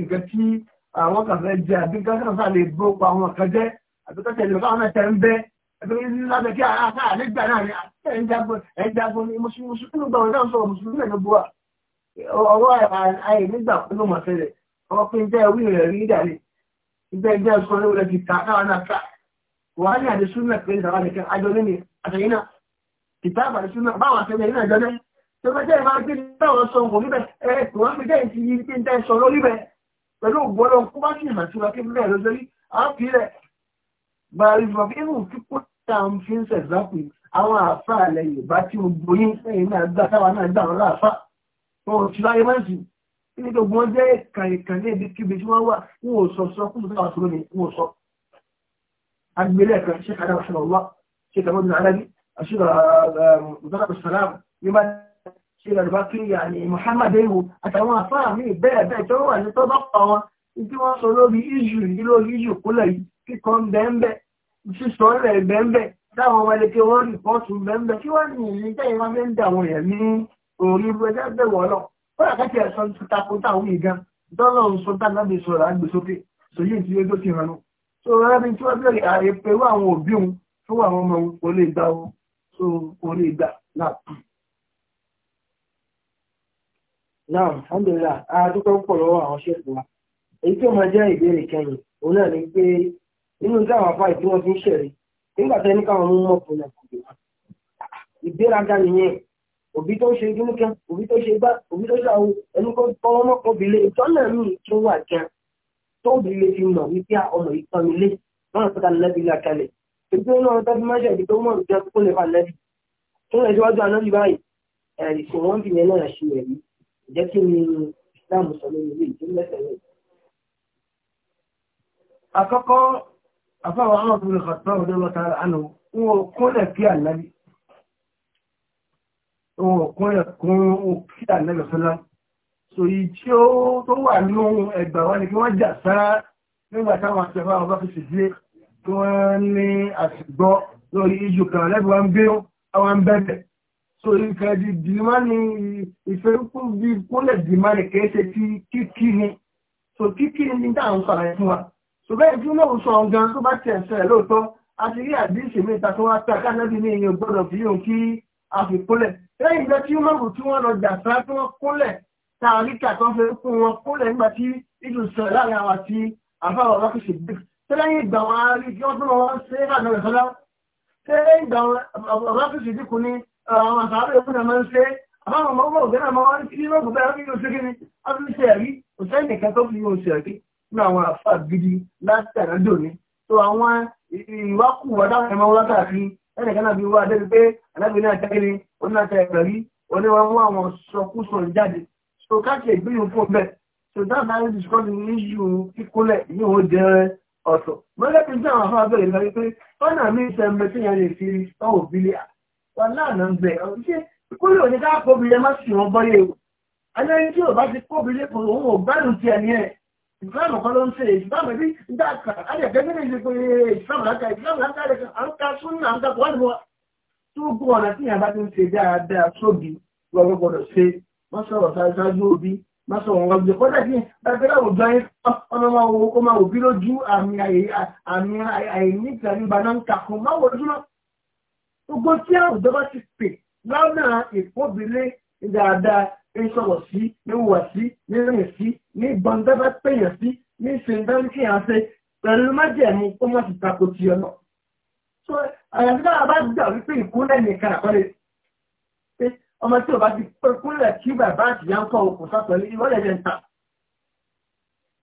nígbà àwọn kàfẹ́ jẹ àbí kákàfà lè bó pa àwọn kan jẹ́ àbí kọ́sẹ̀ lè káwọn mẹ́tẹ̀ ń bẹ́ ẹbí lábẹ́ kí àkáà nígbà náà ni ẹ̀ ń jẹ́ ní àdé súnmọ̀ pé ìdàwà nìkan àjọ ní ni àtẹ̀yìn náà ìta súnmọ̀ báwọn àtẹ̀yìn náà náà tó bá jẹ́ ìbá gbé táwọn sọ òun níbẹ̀ ẹ̀ bẹ́ẹ̀ pẹ̀lú ògbọ́lọ́ kó bá sì hàn síra kí n bẹ́ẹ̀ lọ́jọ́ yìí á fi rẹ̀ bá a rí fún inú kíkó tá à ń fi ń sẹ̀sáàpì àwọn àáfà alẹ́ yorùbá tí o gbóyún ẹ̀yìn náà gbà táwa náà gbà wọn láàfà wọn ò ti láyé má sí níbi tó gbọ́n jẹ́ kàìkàn ní ibi kíbi tí wọ́n wà wọn ò sọ sọ kúrò táwa sọ lónìí wọn ò sọ. agbélé ẹ̀kan ṣé kàdá ṣe lọ́wọ́ ṣé kàdá ọdún alábí àṣírò ọ̀dọ́kàtà sàlámù ní bá ṣe lọ́dọ̀bá kí yàní Muhammad ewu àtàwọn àfáà mi bẹ́ẹ̀ bẹ́ẹ̀ tó wà ní tọ́bọ̀ pa wọn tí wọ́n sọ lórí iṣu yìí lórí iṣu kúlẹ̀ yìí kíkọ́ bẹ́ẹ̀ sísọ rẹ̀ bẹ́ẹ̀ táwọn ọmọ ẹlẹ́kẹ́ wọ́n rí pọ́ọ̀tù bẹ́ẹ̀ kí wọ́n ní ìyí tẹ́yìn máa fi ń dà wọ́n yẹn ní orí ẹgbẹ́ bẹ̀wọ̀ lọ ó yà kẹ́kẹ́ ẹ̀sọ́ ti takò táwọn yìí gan dọ́lọ̀ ń sọ dánábì sọ̀rọ̀ náà alhamdulilah adúpẹ́ púpọ̀ lọ́wọ́ àwọn ṣẹ́ẹ̀kù wa èyí tó máa jẹ́ ìbéèrè kẹyìn òun náà ni pé nínú tí àwọn afáì tí wọ́n fi ń ṣẹ̀rí nígbà tẹ́ ní káwọn mú mọ̀ fún nàìjíríà ìgbéraga nìyẹn òbí tó ń ṣe gínúkẹ́ òbí tó ṣe gbá òbí tó ṣàwọ ẹnu kó tọwọ́ mọ́kọ́ bìlẹ̀ ìtọ́nà míì tó wà gan tó bìlẹ̀ fi mọ̀ wípé ọmọ yìí tán ilé náà tó ta lẹ́bi ilé akalẹ̀ ètò náà wọ́n fi jẹ́ kí ni Islam sọ lórí ilé ìdí mẹ́sẹ̀ lẹ́yìn. Àkọ́kọ́ àfáwọn àwọn ọmọ ìkọ̀tọ́ ọdún lọ́ta àná wọn kúnlẹ̀ kí ànábì. Wọn kúnlẹ̀ kún kí ànábì fúnlá. So ìjí ó tó wà ní ẹgbà wá ni kí wọ́n jà sára nígbà táwọn àti ẹ̀fọ́ àwọn fi ṣèdílé kí wọ́n ní àtìgbọ́ lórí ìjù kan lẹ́gbẹ̀ẹ́ wọn ń bẹ́ so nǹkan di dìímá ni ìfẹ́rúkú bí kúnlẹ̀ dìímá ni kìí ṣe ti kíkí ni so kíkí ni dá àwọn sàlàyé fún wa so bẹ́ẹ̀ tí náà sọ ọ̀gán tó bá ti ẹ̀sẹ̀ lóòótọ́ a ti rí àdíṣe mi ìta tó wá pé akánẹ́bí ní ìyẹn gbọ́dọ̀ fi yóò kí a fi kúnlẹ̀ lẹ́yìn ìgbà tí mọ́rù tí wọ́n lọ jà sára tí wọ́n kúnlẹ̀ tá a rí kàtọ́ fẹ́ fún wọn kúnlẹ̀ nígbà tí ìlú sọ láàrin àwọn àti àbáwọ̀ lọ́kùsì bí tẹ́lẹ̀yìn ìgbà wọn a rí kí wọ́n tún lọ wọ́n ṣe é rà náà ṣe é ìgbà wọn lọ́kùsì dínkù ní àwọn àṣàbẹ̀ òkúta máa ń ṣe àwọn ọmọ ọgbọ̀n ògbẹ́nà máa wá ní ìlú ọgbọ̀n bẹ́ẹ̀ nínú a fi ń ṣe ẹ̀rí òṣèlú nìkan tó fi yóò ṣe ẹ̀rí nínú àwọn àfà gidi látàrá dòní tó àwọn ìwákùwà dáhùn ẹ̀mọ́ wá káàkiri ẹnìkan náà fi wá débi pé alábì náà ṣẹ́gi ni ó náà ṣe ẹ̀rí oníwọ̀n mú àwọn sọkúsọ jáde so káàkiri ìgbìyànjú fún bẹ́ẹ̀ so dáadáa ní discourse ní issue kíkúlẹ̀ yóò wọ́n jẹ́ ọ̀tọ̀ mọ́lẹ́bí tí àwọn afọ́ abẹ́rẹ́ ìgbà wípé fọ́nà mi ṣe mẹ́tí yẹn lè fi tọ́wọ́ wọn náà ló ń gbẹ ọ̀rọ̀ ṣé kúrò ní ká kóbìlẹ̀ má sì wọ́n bọ́yé o ẹni tí ò bá ti kóbìlẹ̀ kò òun ò gbádùn ti ẹ̀mí ẹ̀ ìsìláàmù kan ló ń ṣe ìsìláàmù ẹbí dáka àdẹ̀kẹ́ nínú ìṣe pé ìsìláàmù láka ìsìláàmù láka àdẹ̀kẹ́ à ń ka súnà à ń ka kọ́ ni wọ́n tó gbọ́ ọ̀nà tí ìyàbá ti ń ṣe dáadáa sóbi lọ́wọ́ gbọ́dọ̀ ṣe wọ́n sọ̀rọ̀ ṣáájú òbí má sọ wọn gbọ́dọ̀ kọ́dà sí ẹgbẹ́ àwùjọ yín ọmọ máa wo bí lójú àmì àìníkàní bá náà ń kà fún máwòrán gbogbo tí àwùjọ bá ti pè lọ́nà ìkóbìlé dáadáa ń sọ̀rọ̀ sí ní wùwà sí ní rìn sí ní gbọ̀ndẹ́bẹ́ pèèyàn sí ní ṣèǹdáńkì àṣẹ pẹ̀lú májẹ̀mú kó má ti tako ti ọ̀nà. so àyàfi náà bá gbà wípé ìkúnlẹ̀ nìkan àkọlẹ̀ pé ọmọ tí ò bá ti pẹ́ kúnlẹ̀ kí bàbá àtìyá ń kọ́ òkú sápẹ́lẹ́ ìwọ́lẹ̀ yẹn ta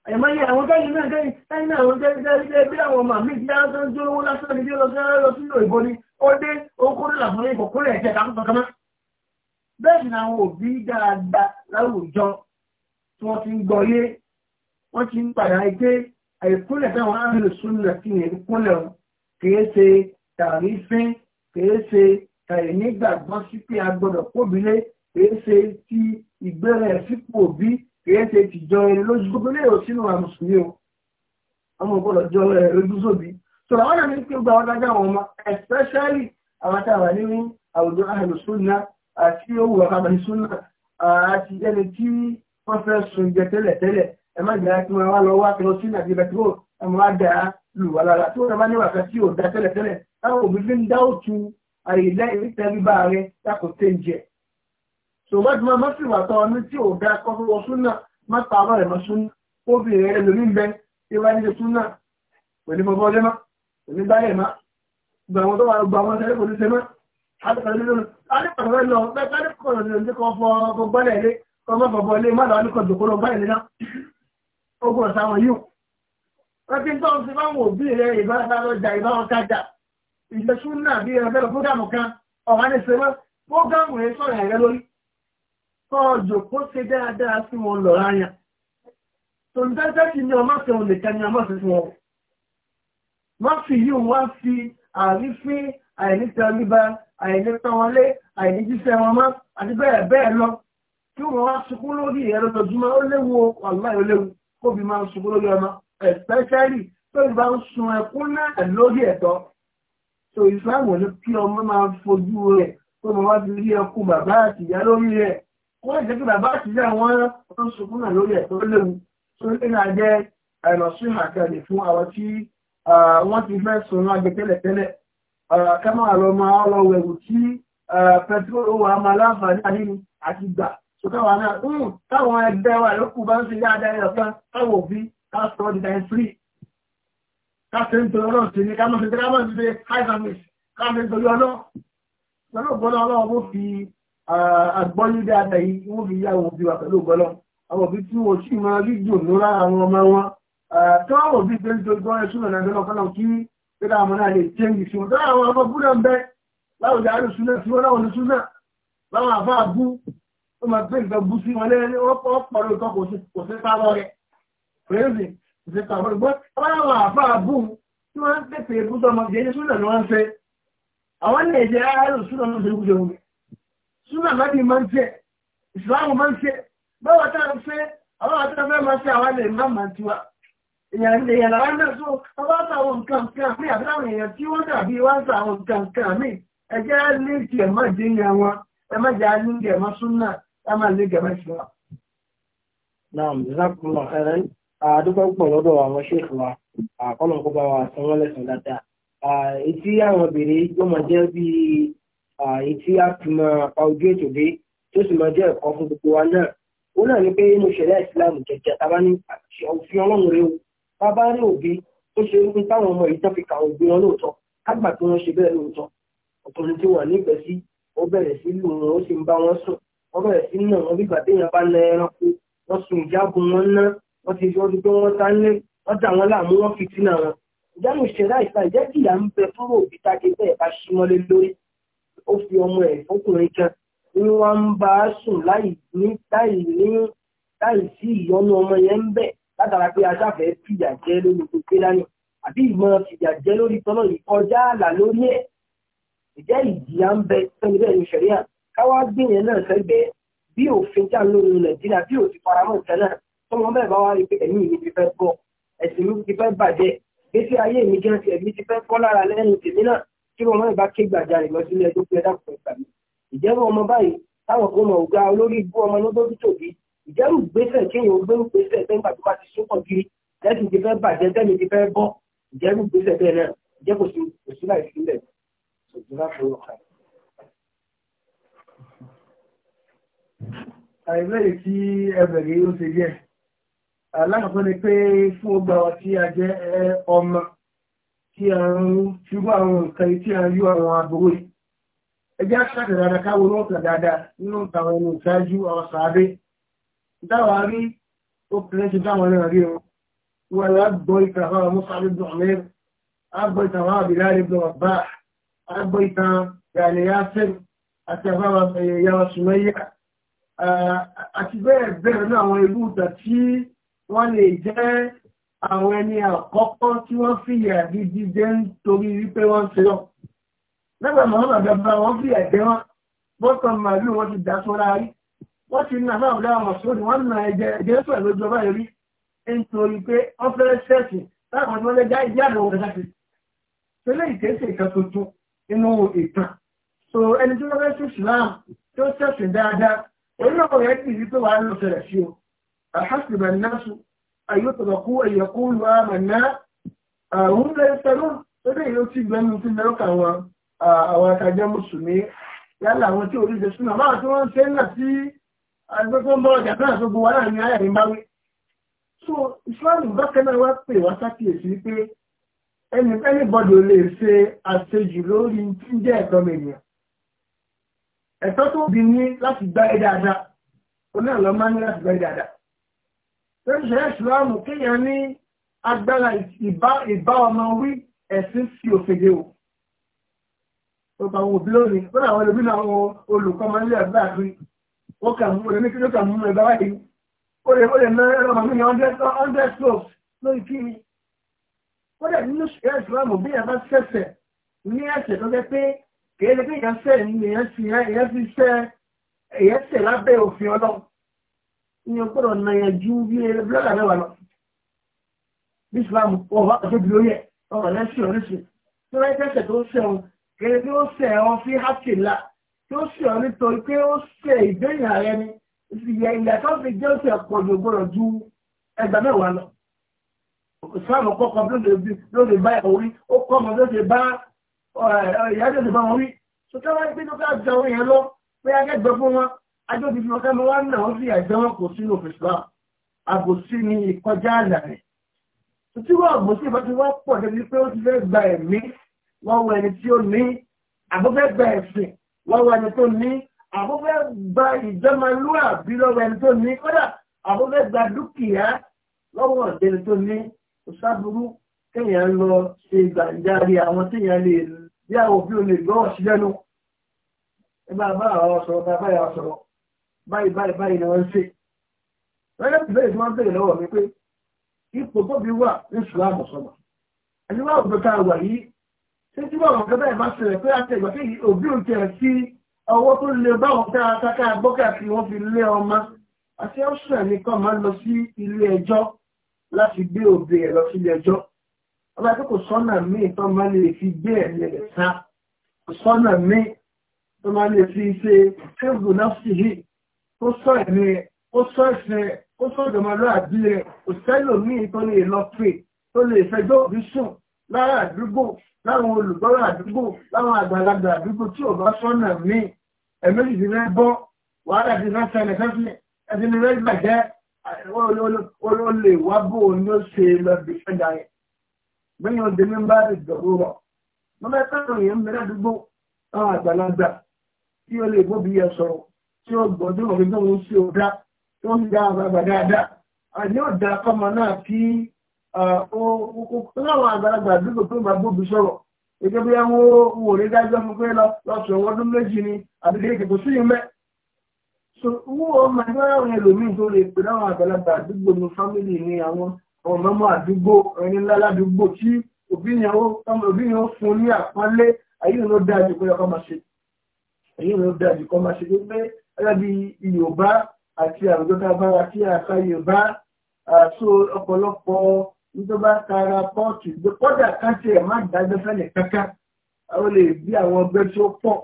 àyàmáyé àwọn tẹ́yìn náà tẹ́yìn tẹ́yìn náà àwọn tẹ́yìn tẹ́yìn tẹ́yìn bí àwọn ọmọ mi ti dá tó ń dúró wọn lásán ní bí lọ sẹ́rẹ́ lọ sílò ìbò ni ó dé okòrò làfún ẹ̀kọ́ kó lẹ̀ ẹ̀kẹ́ dákúntàn kan náà. bẹ́ẹ̀ sì ni àwọn òbí dáadáa láwùjọ tí wọ́n ti ń gbọ́ yé wọ́n ti ń padà ike àìkúnlẹ̀ táwọn áhùn súnlẹ̀ sí yẹn kúnlẹ̀ o kìí ṣe tàrífín kìí ṣe tàìnígbàgbọ́ sí pé agbọ́dọ̀ kóbilé kìí ṣe ti ìgbẹ́rẹ̀ sípò bíi kìí ṣe ti jọ ẹni lójú gbogbo lè ò sínú àwọn mùsùlùmí o ọmọ ọgbọ́dọ̀ jọ ẹrú sóbi tó làwọn náà ní pé gba ọdá já àwọn ọmọ especially àwọn àtàwà nínú àwùjọ ahlu sunna àti owó àkàbà ní sunna àti ẹni tí wọ́n fẹ́ sun jẹ tẹ́lẹ̀ tẹ́lẹ̀ ẹ má jẹ́ kí wọ́n wá lọ wá kí lọ sí nàìjíríà bẹ̀tírò ẹ má dà á lù wà lára tí wọ́n bá ní wàkà tí ò dá tẹ́lẹ̀ tẹ́lẹ̀ táwọn òbí fi ń dá òtún àyè lẹ́yìn tẹ́lẹ̀ bá rẹ̀ dákò tẹ́ ń jẹ́ ṣùgbọ́n tí wọ́n sì wà tọ́ ní tí ò dá kọ́kọ́ súnà má ta ọ̀rọ̀ rẹ̀ mọ́ súnà obìnrin ẹlòmí bẹ ìwà ní ṣe súnà pẹ̀lú fọ́fọ́ ọjọ́ má pẹ̀lú báyẹ̀ má gbà wọn tó wà gbà wọn sẹ́yẹ́ kò ní ṣe má alẹ́kọ̀ọ́ lọ bẹ́ẹ̀ alẹ́kọ̀ọ́ lọ sí kọ́ fọ́ ọkọ̀ gbọ́lẹ̀ ilé kọ́ mọ́ fọ́fọ́ ilé má lọ alẹ́kọ̀ọ́ dòkòrò báyìí nínú ogun ọ̀sán wọn yìí wọ́n ti ń tọ́ sí báwọn òbí rẹ̀ ìbára ẹ̀rẹ́ lórí ọjọ́ kó ṣe dáadáa sí wọn lọ ráyà tó ń dájá kí ní ọmọ sẹ́wọ̀n nìkan ni ọmọ sẹ́wọ̀n wọn wọ́n fi yíò wọ́n fi àrífín àìnítẹríba àìnítọ́wọlé àìníjíṣẹ́ wọn mọ́ àti bẹ́ẹ̀ bẹ́ẹ̀ lọ kí wọ́n wá sunkún lórí ẹ̀rọ lọ́júmọ́ ó léwu wàláì ó léwu kóbi máa ń sunkún lórí ọmọ especially tó ìbá ń sun ẹkún náà lórí ẹ̀tọ́ so ìsìláàmù ní kí ọmọ máa fojú rẹ̀ tó mọ̀ wá sí rí ẹkún bàbá àtìyá lórí rẹ̀ wọ́n jẹ́ kí bàbá àtijọ́ àwọn ọ̀rọ̀ sunkún náà lórí ẹ̀tọ́ léwu tó lè náà jẹ́ àìlọ́sí àkàlẹ̀ fún àwọn tí wọ́n ti fẹ́ sọ̀rọ̀ àgbẹ̀ tẹ́lẹ̀tẹ́lẹ̀ kẹ́mọ́ àlọ́ máa lọ wẹ̀wù tí pẹtrol wà máa láǹfààní àníní àti gbà tó káwọn náà ń hmm, káwọn ẹgbẹ́ wa lókù bá ń ṣe dáadáa ẹ̀rọ kan káwọn òbí ká sọ ọ́ di time free ká ṣe ń torí ọlọ́run sí ni ká máa ṣe ká máa ṣe high service ká ṣe ń torí ọlọ́run àgbọ́yé dáadáa yìí wọ́n fi yá àwọn òbí wa pẹ̀lú ògbọ́lọ́ àwọn òbí tí wọ́n sì máa rí dùnú lára àwọn ọmọ wọn tí wọ́n òbí pé nítorí gbọ́n ẹ̀sùn náà lọ́nà kọ́nà kí pẹ̀lú àwọn náà lè jẹ́ ìṣe wọn tọ́lá àwọn ọmọ búrẹ́ ń bẹ láwùjọ àrùsùn náà tí wọ́n láwọn oníṣùn náà láwọn àfa ó máa gbé nǹkan bú sí wọn lẹ́yìn wọ́n pọ̀ pọ̀lú ìtọ́ kò sí pàrọ̀ rẹ̀ pẹ̀lú kò sí pàrọ̀ rẹ̀ gbọ́n láwọn àfa àbú tí wọ́n ń pèpè ìbúsọ̀mọ̀ jẹ́ ìṣúná ni wọ́n ń fẹ́ àwọn ilé súnà lábì máa ń jẹ́ ìsìláàmù máa ń ṣe báwa tá à ń fẹ́ àwọn àti ọ̀fẹ́ máa ṣe àwọn ilẹ̀ máa máa tiwa èèyàn làwọn náà tó ọba àtàwọn nǹkan kan mí àti àwọn èèyàn tí wọ́n dàbí wá ń sàwọn nǹkan kan mí ẹ jẹ́ ní ti ẹ̀ má dín ní wọn ẹ má jẹ́ ní ti ẹ̀ má súnà ẹ má lé gẹ̀mẹ́ sí wa. naam jazakumullah khairan àdúgbò pọ̀ lọ́dọ̀ àwọn ṣèkì wa àkọlọ̀ kó bá wa sanwó lẹ́sìn dáadáa ètí èyí tí a fi mọ ojú ètò dé tó sì máa jẹ́ ẹ̀kọ́ fún gbogbo wa náà ó náà ní pé inú ìṣẹ̀lẹ̀ ìsìláàmù jẹjẹ tá a bá ní òfin ọlọ́run rẹ o tá a bá rí òbí tó ṣe ń táwọn ọmọ yìí tán fi kà òbí wọn lóòótọ́ kágbà tí wọ́n ṣe bẹ́ẹ̀ lóòótọ́ ọkùnrin tí wọ́n nífẹ̀ẹ́ sí ó bẹ̀rẹ̀ sí lù wọn ó sì ń bá wọn sùn wọ́n bẹ̀rẹ̀ sí náà wọn bígbà téèyàn bá na ẹranko wọ́n sun ìjágun wọn ná wọ́n ti wọ́n ti pé wọ́n tá wọ́n ó fi ọmọ ẹ̀ fọkùnrin kan ni wọ́n ń bá a sùn láì ní láì ní láì sí ìyọnu ọmọ yẹn ń bẹ̀ látara pé aṣáfẹ́ fìyà jẹ lórí gbogbo dání àbí ìmọ̀ fìyà jẹ lórí tọ́lọ́ ìkọjá àlà lórí ẹ̀ ìjẹ́ ìjìyà ń bẹ sẹ́ni bẹ́ẹ̀ ní sẹ̀ríà káwá gbé yẹn náà sẹ́gbẹ́ bí òfin jà lórí nàìjíríà bí ò ti faramọ́ ìtẹ́ náà tó wọn bẹ́ẹ̀ bá wá rí pé ẹ̀mí mi ti fẹ́ bọ̀ ẹ̀sìn mi ti fẹ́ bàjẹ́ gbèsè ayé mi gan ti ẹ̀mí ti fẹ́ bọ́ lára lẹ́nu tèmi náà tí wọn máa bá ké gbàjarè lọ sílé ẹjọ́ pé ẹ̀dá kan ìgbà mi ìjẹ́rú ọmọ báyìí táwọn kan mọ̀ ọ̀gá olórí ibú ọmọ lọ́dọ́dún tòbí ìjẹ́rú gbèsè kéèyàn gbẹ́rù gbèsè tẹ́gbà tó bá ti sókàn kiri lẹ́sìn ti fẹ́ bàjẹ́ tẹ́mi ti fẹ́ bọ́ ìjẹ́rú gbèsè bẹ́ẹ̀ náà ìjẹ́ kò sí kò sí láì sílẹ̀ ṣòjúlá fún ọkàn. àìbẹ̀rẹ̀ tí ẹbẹ̀rẹ̀ ó ṣe díẹ̀ alákọ̀ọ́ ni pé fún ọgbà wa tí a jẹ́ ọmọ tí a ń ṣubú àwọn nǹkan tí a ń yú àwọn aburú yìí ẹjẹ́ àṣàkè dáadáa káwọn ní ọ̀tà dáadáa nínú àwọn ẹni ìṣáájú àwọn sàábé dáwà rí obìnrin ti dáwọn náà rí wọn wọn lọ gbọ́ ìtàn àwọn mọ́sàábé dọ̀mẹ́r àgbọ̀ ìtàn àwọn àbílá rẹ̀ bọ̀ bá àgbọ̀ ìtàn yàlẹ̀ yáfẹ́ àti àwọn yàwọ̀ sùmẹ́yà àti bẹ́ẹ̀ bẹ́ẹ̀ náà àwọn ìlú ìtàn tí wọ́n lè jẹ́ àwọn ẹni àkọ́kọ́ tí wọ́n fìyà gidi jẹ nítorí wípé wọ́n ṣe lọ. lẹ́gbẹ̀ẹ́ mọ̀ọ́nà dọ́gba wọ́n fìyà jẹ wọn wọ́n kan màálù wọ́n ti dá sọ́ra rí wọ́n ti nà fáwọn ọ̀dọ́ àwọn sórí wọ́n nà ẹ̀jẹ̀ ẹ̀jẹ̀ sọ̀rọ̀ lójú ọba yẹn rí nítorí pé wọ́n fẹ́ ṣẹ́ẹ̀sì táwọn tí wọ́n lè já ìdí àdánwò rẹ̀ láti. tẹ́lẹ̀ ìkéṣe ìkan tuntun so ẹni tí wọ́n fẹ́ sí Islam tó ṣẹ̀sìn dáadáa onílọ̀kọ̀ yẹn kì í rí pé wàá lọ sẹ̀rẹ̀ sí o أن يطلقوا أن يقولوا آمنا هم لا يفتنون lórí èyí ó ti gbẹnu tí mẹ́rọ́kà àwọn àwọn akajẹ́ mùsùlùmí yálà àwọn tí orí jésù náà máa tí wọ́n ń ṣe ń jẹ́ ẹ̀tọ́ mẹ́nìyàn. ẹ̀tọ́ tó bí ní láti gbá ẹ dáadáa onáà ní láti gbá ẹ dáadáa tẹ́ṣẹ̀ ìsìláàmù kéèyàn ní agbára ìbá ọmọ wí ẹ̀sìn sí òfèdè o ó bá wọn òbí lónìí ó láwọn olóbí náà wọn olùkọ́ máa ń lé àgbà rí ó kà mú olè ní kí ló kà mú ẹ̀dá wáyé ó lè ó lè ná ẹ̀rọ màmí ní hundred strokes lórí kí ni ó dẹ̀ nínú ṣẹ̀ṣẹ̀ ìsìláàmù bí ẹ̀ bá ṣẹ̀ṣẹ̀ ní ẹ̀ṣẹ̀ tó jẹ́ pé kèé lè kéèyàn ṣẹ̀ ní èèyàn ṣẹ̀ lábẹ́ òfin ọlọ́run ní ọgbọ́dọ̀ náà ju bí blọ́dà mẹ́wàá lọ bí islam ọba àjọbí lórí ẹ̀ ọ̀rọ̀ lẹ́sìn oríṣìí tí wọ́n tẹ́sẹ̀ tó ṣẹ̀ wọn kéré tí ó ṣẹ̀ wọn fi hàkì ńlá tí ó ṣẹ̀ wọn nítorí pé ó ṣẹ̀ ìbéyìn ààrẹ ni ìyẹ ìyà tó fi jẹ́ oṣù ẹ̀pọ̀ ju ọgbọ́dọ̀ ju ẹgbà mẹ́wàá lọ islam kọ́kọ́ lóde bá ẹ̀wọ̀ rí ó kọ́ ọmọ lóde bá ìyá lóde bá wọn rí ajọ́ ti fi ọ̀tẹ́ lọ wá ń náà sí àìjọ́wọ́ kò sínú òfìsìlá àgòsí ni ìkọjá àlà rẹ̀ tí wọ́n àgòsí ìbá ti wọ́n pọ̀ débi pé ó ti fẹ́ gba ẹ̀mí wọ́n wọ ẹni tí ó ní àbúfẹ́ gba ẹ̀sìn wọ́n wọ ẹni tó ní àbúfẹ́ gba ìjọmọlúwàbí lọ́wọ́ ẹni tó ní kódà àbúfẹ́ gba dúkìá lọ́wọ́ ẹni tó ní òṣàbùrú kéèyàn lọ ṣe gbàǹjarì àwọn téèyàn lè bí àwọn òbí ò lè gbọ́ ọ̀ṣílẹ́nu ẹ bá bá àwọn sọ̀rọ̀ bá bá yà sọ̀rọ̀ báyìí báyìí báyìí ni wọ́n ń ṣe. Lọ́jọ́ tí bẹ́ẹ̀ tí wọ́n bèèrè lọ́wọ́ mi pé ipò bóbi wà ní Sùlámù sọ́mà. Ẹni wá òbí ta wà yìí, ṣé tí wọ́n kọ́ bẹ́ẹ̀ bá ṣẹlẹ̀ pé àti ìgbà tí òbí ò tẹ̀ sí ọwọ́ tó lè báwọn tá a káká gbọ́kà kí wọ́n fi lé ọmọ. Àti ọ̀sùn ẹ̀mí kan máa ń lọ sí ilé ẹjọ́ láti gbé òbí ẹ̀ lọ sí ilé ẹjọ́. Ọba tó kò sọ́nà míì tó máa lè fi gbé ẹ̀mí rẹ̀ sá. Kò sọ́nà míì tó máa lè fi ṣe ṣéègùn náà sì yìí ó sọ ẹ̀mí rẹ̀ ó sọ ẹ̀sẹ̀ rẹ̀ ó sọ ìdọ̀mọlúàbí rẹ̀ kò sẹ́lò míì tó lè lọ pè tó lè fẹjọ́ òbí sùn lára àdúgbò láwọn olùgbọ́rọ̀ àdúgbò láwọn àgbàlagbà àdúgbò tí ò bá sọ́nà míì ẹ̀mí sì ti fẹ́ bọ́ wàhálà ti fẹ́ sẹ́lẹ̀ fẹ́fẹ́ ẹ̀sìn ni rẹ́ gbàjẹ́ olè wá bò ní ó ṣe lọ bí fẹ́dà yẹn gbẹ́yìn òde mi bá rè dọ̀rọ̀ rọ̀ mọ́mọ́ ẹ̀ká tí ó gbọ́dọ̀ orí tó ń ṣe ọ̀dá tó ń dá àgbàgbà dáadáa àní ọ̀dà kọ́mọ náà kí láwọn àgbàlagbà dúró tó ń bá gbóbi sọ̀rọ̀ gẹ́gẹ́ bí wọ́n wò lé dájọ́ fún pé lọ́sọ̀ ọdún méjì ni àbíké kò sí ìmẹ́ owó ọmọ ẹgbẹ́ àwọn ẹlòmíín tó lè pè láwọn àgbàlagbà àdúgbò ní fámìlì ni àwọn ọmọọmọ àdúgbò ẹni ńlá ládùúgbò tí òbí yẹn ó fún ní àpọ́nlé ayé ló dáa jù kó yẹ kó máa ṣe ayé ló dáa jù kó máa ṣe pé ẹbí Yorùbá àti àwùjọ tá a bára kí àṣà Yorùbá àṣọ ọ̀pọ̀lọpọ̀ nítorí bá tara pọ́ọ̀tù kódà káṣí ẹ̀ má dájọ́ fẹ́lẹ̀ kankan ó lè bí àwọn ọgbẹ́ tí ó pọ̀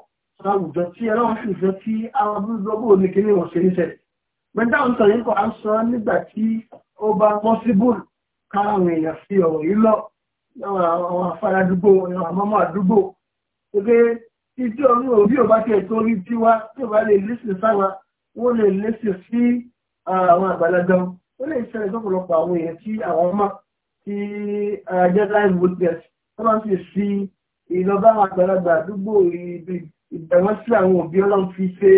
láwùjọ tí ẹ lọ́wọ́ sì fẹ́ kí àwọn abúlé bò ní kíní wọ̀n ṣe níṣẹ́ mẹ́ta ń sọ yín kọ́ à ń sọ nígbà tí ó bá pọ́síbùl káwọn èèyàn fi ọ̀rọ̀ yìí lọ àwọn afárá àdúgbò àwọn àmọ́mọ́ àdúgbò pé ìdí ọ̀run òbí ò bá tiẹ̀ torí tí wá tí ò bá lè lẹ́sìn sáwa wọ́n lè lẹ́sìn sí àwọn àgbàlagbà ó lè ṣẹlẹ̀ lọ́pọ̀lọpọ̀ àwọn èèyàn tí àwọn ọmọ tí deadline woodness tó máa ń fi sí ìlọ́ba àwọn àgbàlagbà àdúgbò ìbẹ̀wọ́n sí àwọn òbí ọlọ́run fi ṣe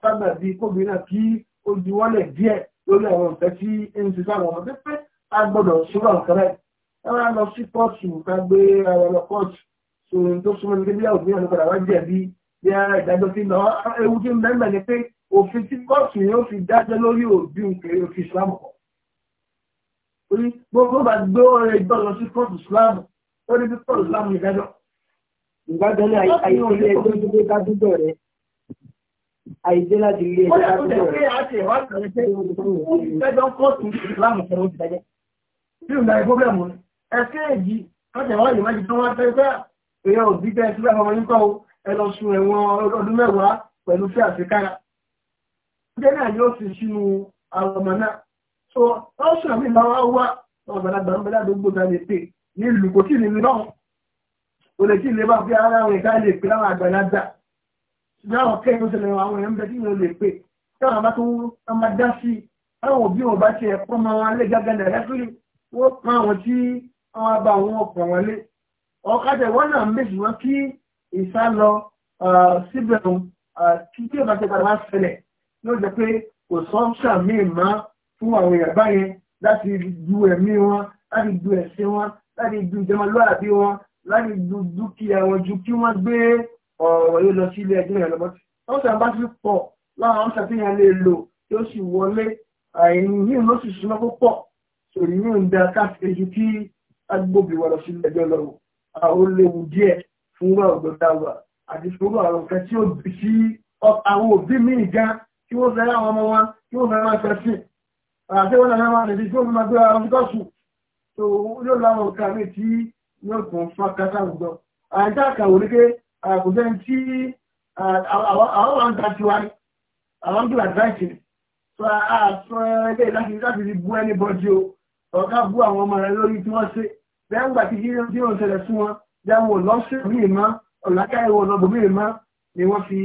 sábà bí kóbìnrin náà kí ó ju wọ́lẹ̀ díẹ̀ lórí àwọn ìfẹ́ tí ń ti sáwọn ọmọ pé pé a gbọ́dọ̀ sọ́rọ̀ nǹkan rẹ̀ ẹ wá lọ sí kóòtù ká gbé ara lọ kóòtù ohun tó súnmọ́ ní bí àwòrán ìyàwó padà wá jẹ̀bi bí ara ìdájọ́ sí ìgbà ewu tí ń bẹ́ẹ̀ bẹ́ẹ̀ ni pé òfin tí kóòtù yóò fi dájọ́ lórí òbí nkèrè òfin islam kọ̀. orí gbogbo bá gbé ọ̀rẹ́ ìgbọ́ lọ sí kóòtù islam ó ní bí kóòtù islam ní ìdájọ́. ìgbàgbọ́ ní àìsílẹ̀ ẹgbẹ́ tó gbé dádúgbò rẹ̀ àìsílẹ̀ láti ilé ẹgbẹ́ dádúgbò rẹ̀. ó yẹ kó tẹ̀ pé ìdájọ́ kóòtù islam èèyàn òbí jẹ́ ìsúlẹ̀ ọmọ yín kọ́ o sun ẹ̀wọ̀n ọdún mẹ́wàá pẹ̀lú fẹ́ àṣekára. Jẹ́ náà yóò fi sínú ọmọ náà. So ọ́sùn àmì ìlà wa wá ọ̀gbàlagbà ń bẹ ládùúgbò náà lè pè ní ìlú kò tí ì nílò náà. O lè kí ilé bá fi ara rìn ká lè pè láwọn àgbàlagbà. Ṣùgbọ́n àwọn kẹ́yìn oṣù lẹ́wọ̀n àwọn èèyàn ń bẹ tí ìlú lè pè. Táwọn àbá tó wọ́n i. Táwọn òbí wọn bá ti ẹ̀kọ́ máa wọn lé gágá nàìjíríà wọ́n pa àwọn tí wọ́n ọ̀kadà wọn náà méjì wọn kí ìsálọ síbẹ̀ kí bí ọba tẹ́gbàdà wá ṣẹlẹ̀ yóò jẹ́ pé kò sọ́ńṣà míì má fún àwọn èèyàn báyẹn láti du ẹ̀mí wọn láti du ẹ̀sìn wọn láti du ìjọmọlúwàbí wọn láti du dúkìá wọn ju kí wọ́n gbé ọ̀rọ̀ yóò lọ sí ilé ẹjọ́ yẹn lọ́mọ́ tí wọ́n sàn bá ti pọ̀ láwọn ọ̀sán tí yẹn lè lò tí ó sì wọlé àìní yìí ló sì súnmọ́ púpọ̀ sòrí yìí ń da káàkiri ju kí agbóbi wà lọ sí ẹjọ́ lọ́wọ́ ó léwu díẹ̀ fún wa ògbódáwà àti fún àwọn nǹkan tí ó bí sí àwọn òbí míì gan kí wọ́n fẹ́ràn àwọn ọmọ wọn kí wọ́n fẹ́ràn ẹ̀fẹ́ sí àti wọ́n náà máa nìdí tí wọ́n máa gbé ara wọn kọ́sù tó yóò láwọn nǹkan mi tí yóò tún fún akásá àwùjọ àìsá àkàwò ní pé àkùnjẹ́ tí àwọn wà ń ta tiwa ni àwọn tó àdáìsì tó àtọ́ ẹgbẹ́ láti bú ẹni bọ́dí o bẹ́ẹ̀ ń gbà tí yíò ń ṣẹlẹ̀ sí wọn jáwọ́ lọ́sùn mí mọ́ ọ̀làkà ìwọ̀ lọ́gbọ̀n mí mọ́ ni wọ́n fi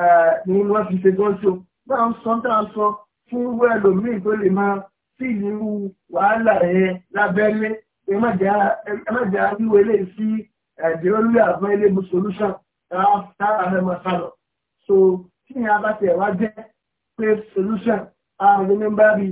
eh, ni wọ́n fi ṣe gọ́ńṣó náà ń sọ tá a sọ fún wẹ́ẹ̀ lòmíì tó lè máa sí ìlú wàhálà ẹ̀ lábẹ́lé ẹ má jẹ́ àríwọ̀ ilé sí ẹ̀dẹ̀ orí àbọ̀ ilé bu solution tára rẹ̀ máa sálọ. so tí ìyẹn bá tẹ̀ wá jẹ́ pé solution àwọn oníbàárì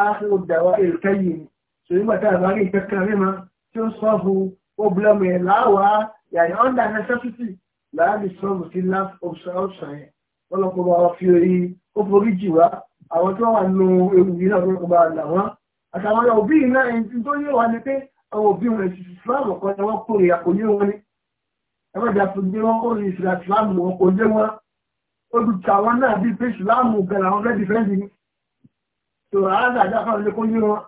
àwọn ìdáwà èrò kẹ́yìn so nígbà tá a bá rí ìkẹ́kẹ́ rẹ̀ máa tí ó sọ́ọ̀bù problem yẹn láwàá yàrá under necessity láàbì sọ́ọ̀bù sí last option option yẹn ọlọ́pọ̀ bá wa fi orí ó forí jì wá àwọn tí wọ́n wà nù ewu yìí náà ọlọ́pọ̀ bá là wọ́n àtàwọn òbí yìí náà ẹni tó yé wa ni pé àwọn òbí wọn ti ti Islam kan ni wọ́n kórè àkóyé wọn ni ẹgbẹ́ ìjà tó gbé wọn kórè ìsìlẹ̀ Islam wọn kò lé wọn olùkà wọn náà bíi pé Islam gan àwọn fẹ́ẹ́ dìfẹ́ǹdì ni tòrò àádọ́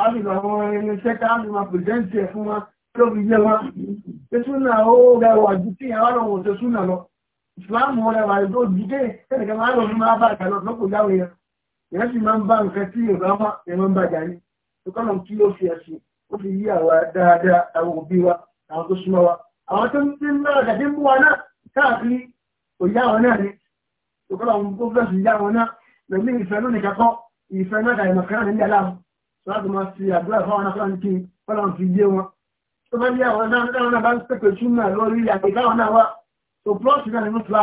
a sì lọ àwọn irinṣẹ́ ká sì máa pèsèǹtì ẹ̀ fún wa tó fi yé wa pé súnà ó rẹwà ju kí àwọn ọ̀rọ̀ òṣè súnà lọ ìsìláàmù rẹwà ètò òjìdé ẹnìkan máa lọ fún máa bá ìgbà lọ lọ́pọ̀ ìyáwó yẹn ìyẹn sì máa ń bá nǹkan tí yorùbá wà ẹ̀ máa ń bàjá ní ìkọ́nà kí ó fi ẹ̀sìn ó fi yí àwa dáadáa àwọn òbí wa àwọn tó súnmọ́ wa àwọn tó ń tí ń lọ́rọ̀ tàbí mú wa náà káàkiri òyá wọn láti máa fi àdúrà fáwọn afẹ́ǹkì fọ́lọ́n fi yé wọn tó bá yé àwọn náà náà bá ń pèpè túnmọ̀ lórí àgbègbè àwọn náà wá so plus náà nínú tla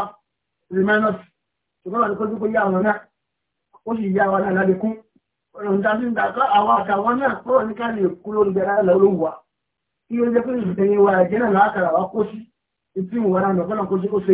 reminus ṣùgbọ́n àwọn akójú kó yá àwọn náà ó sì yá àwọn náà ládekún ọ̀rọ̀ ìdásí ìdàkọ́ àwọn àtàwọn náà kúrò ní ká lè kú lórí gbẹ̀rẹ̀ àlọ́ ló wà kí ó jẹ́ pé ìṣẹ̀yìn wa ẹ̀jẹ̀ náà láàkàrà wá kó sí ìtì ìwọ̀n náà lọ́kọ́ náà kó sí kó ṣe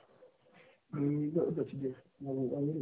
ní ọjọ́ ti jẹ́ àwọn ọmọ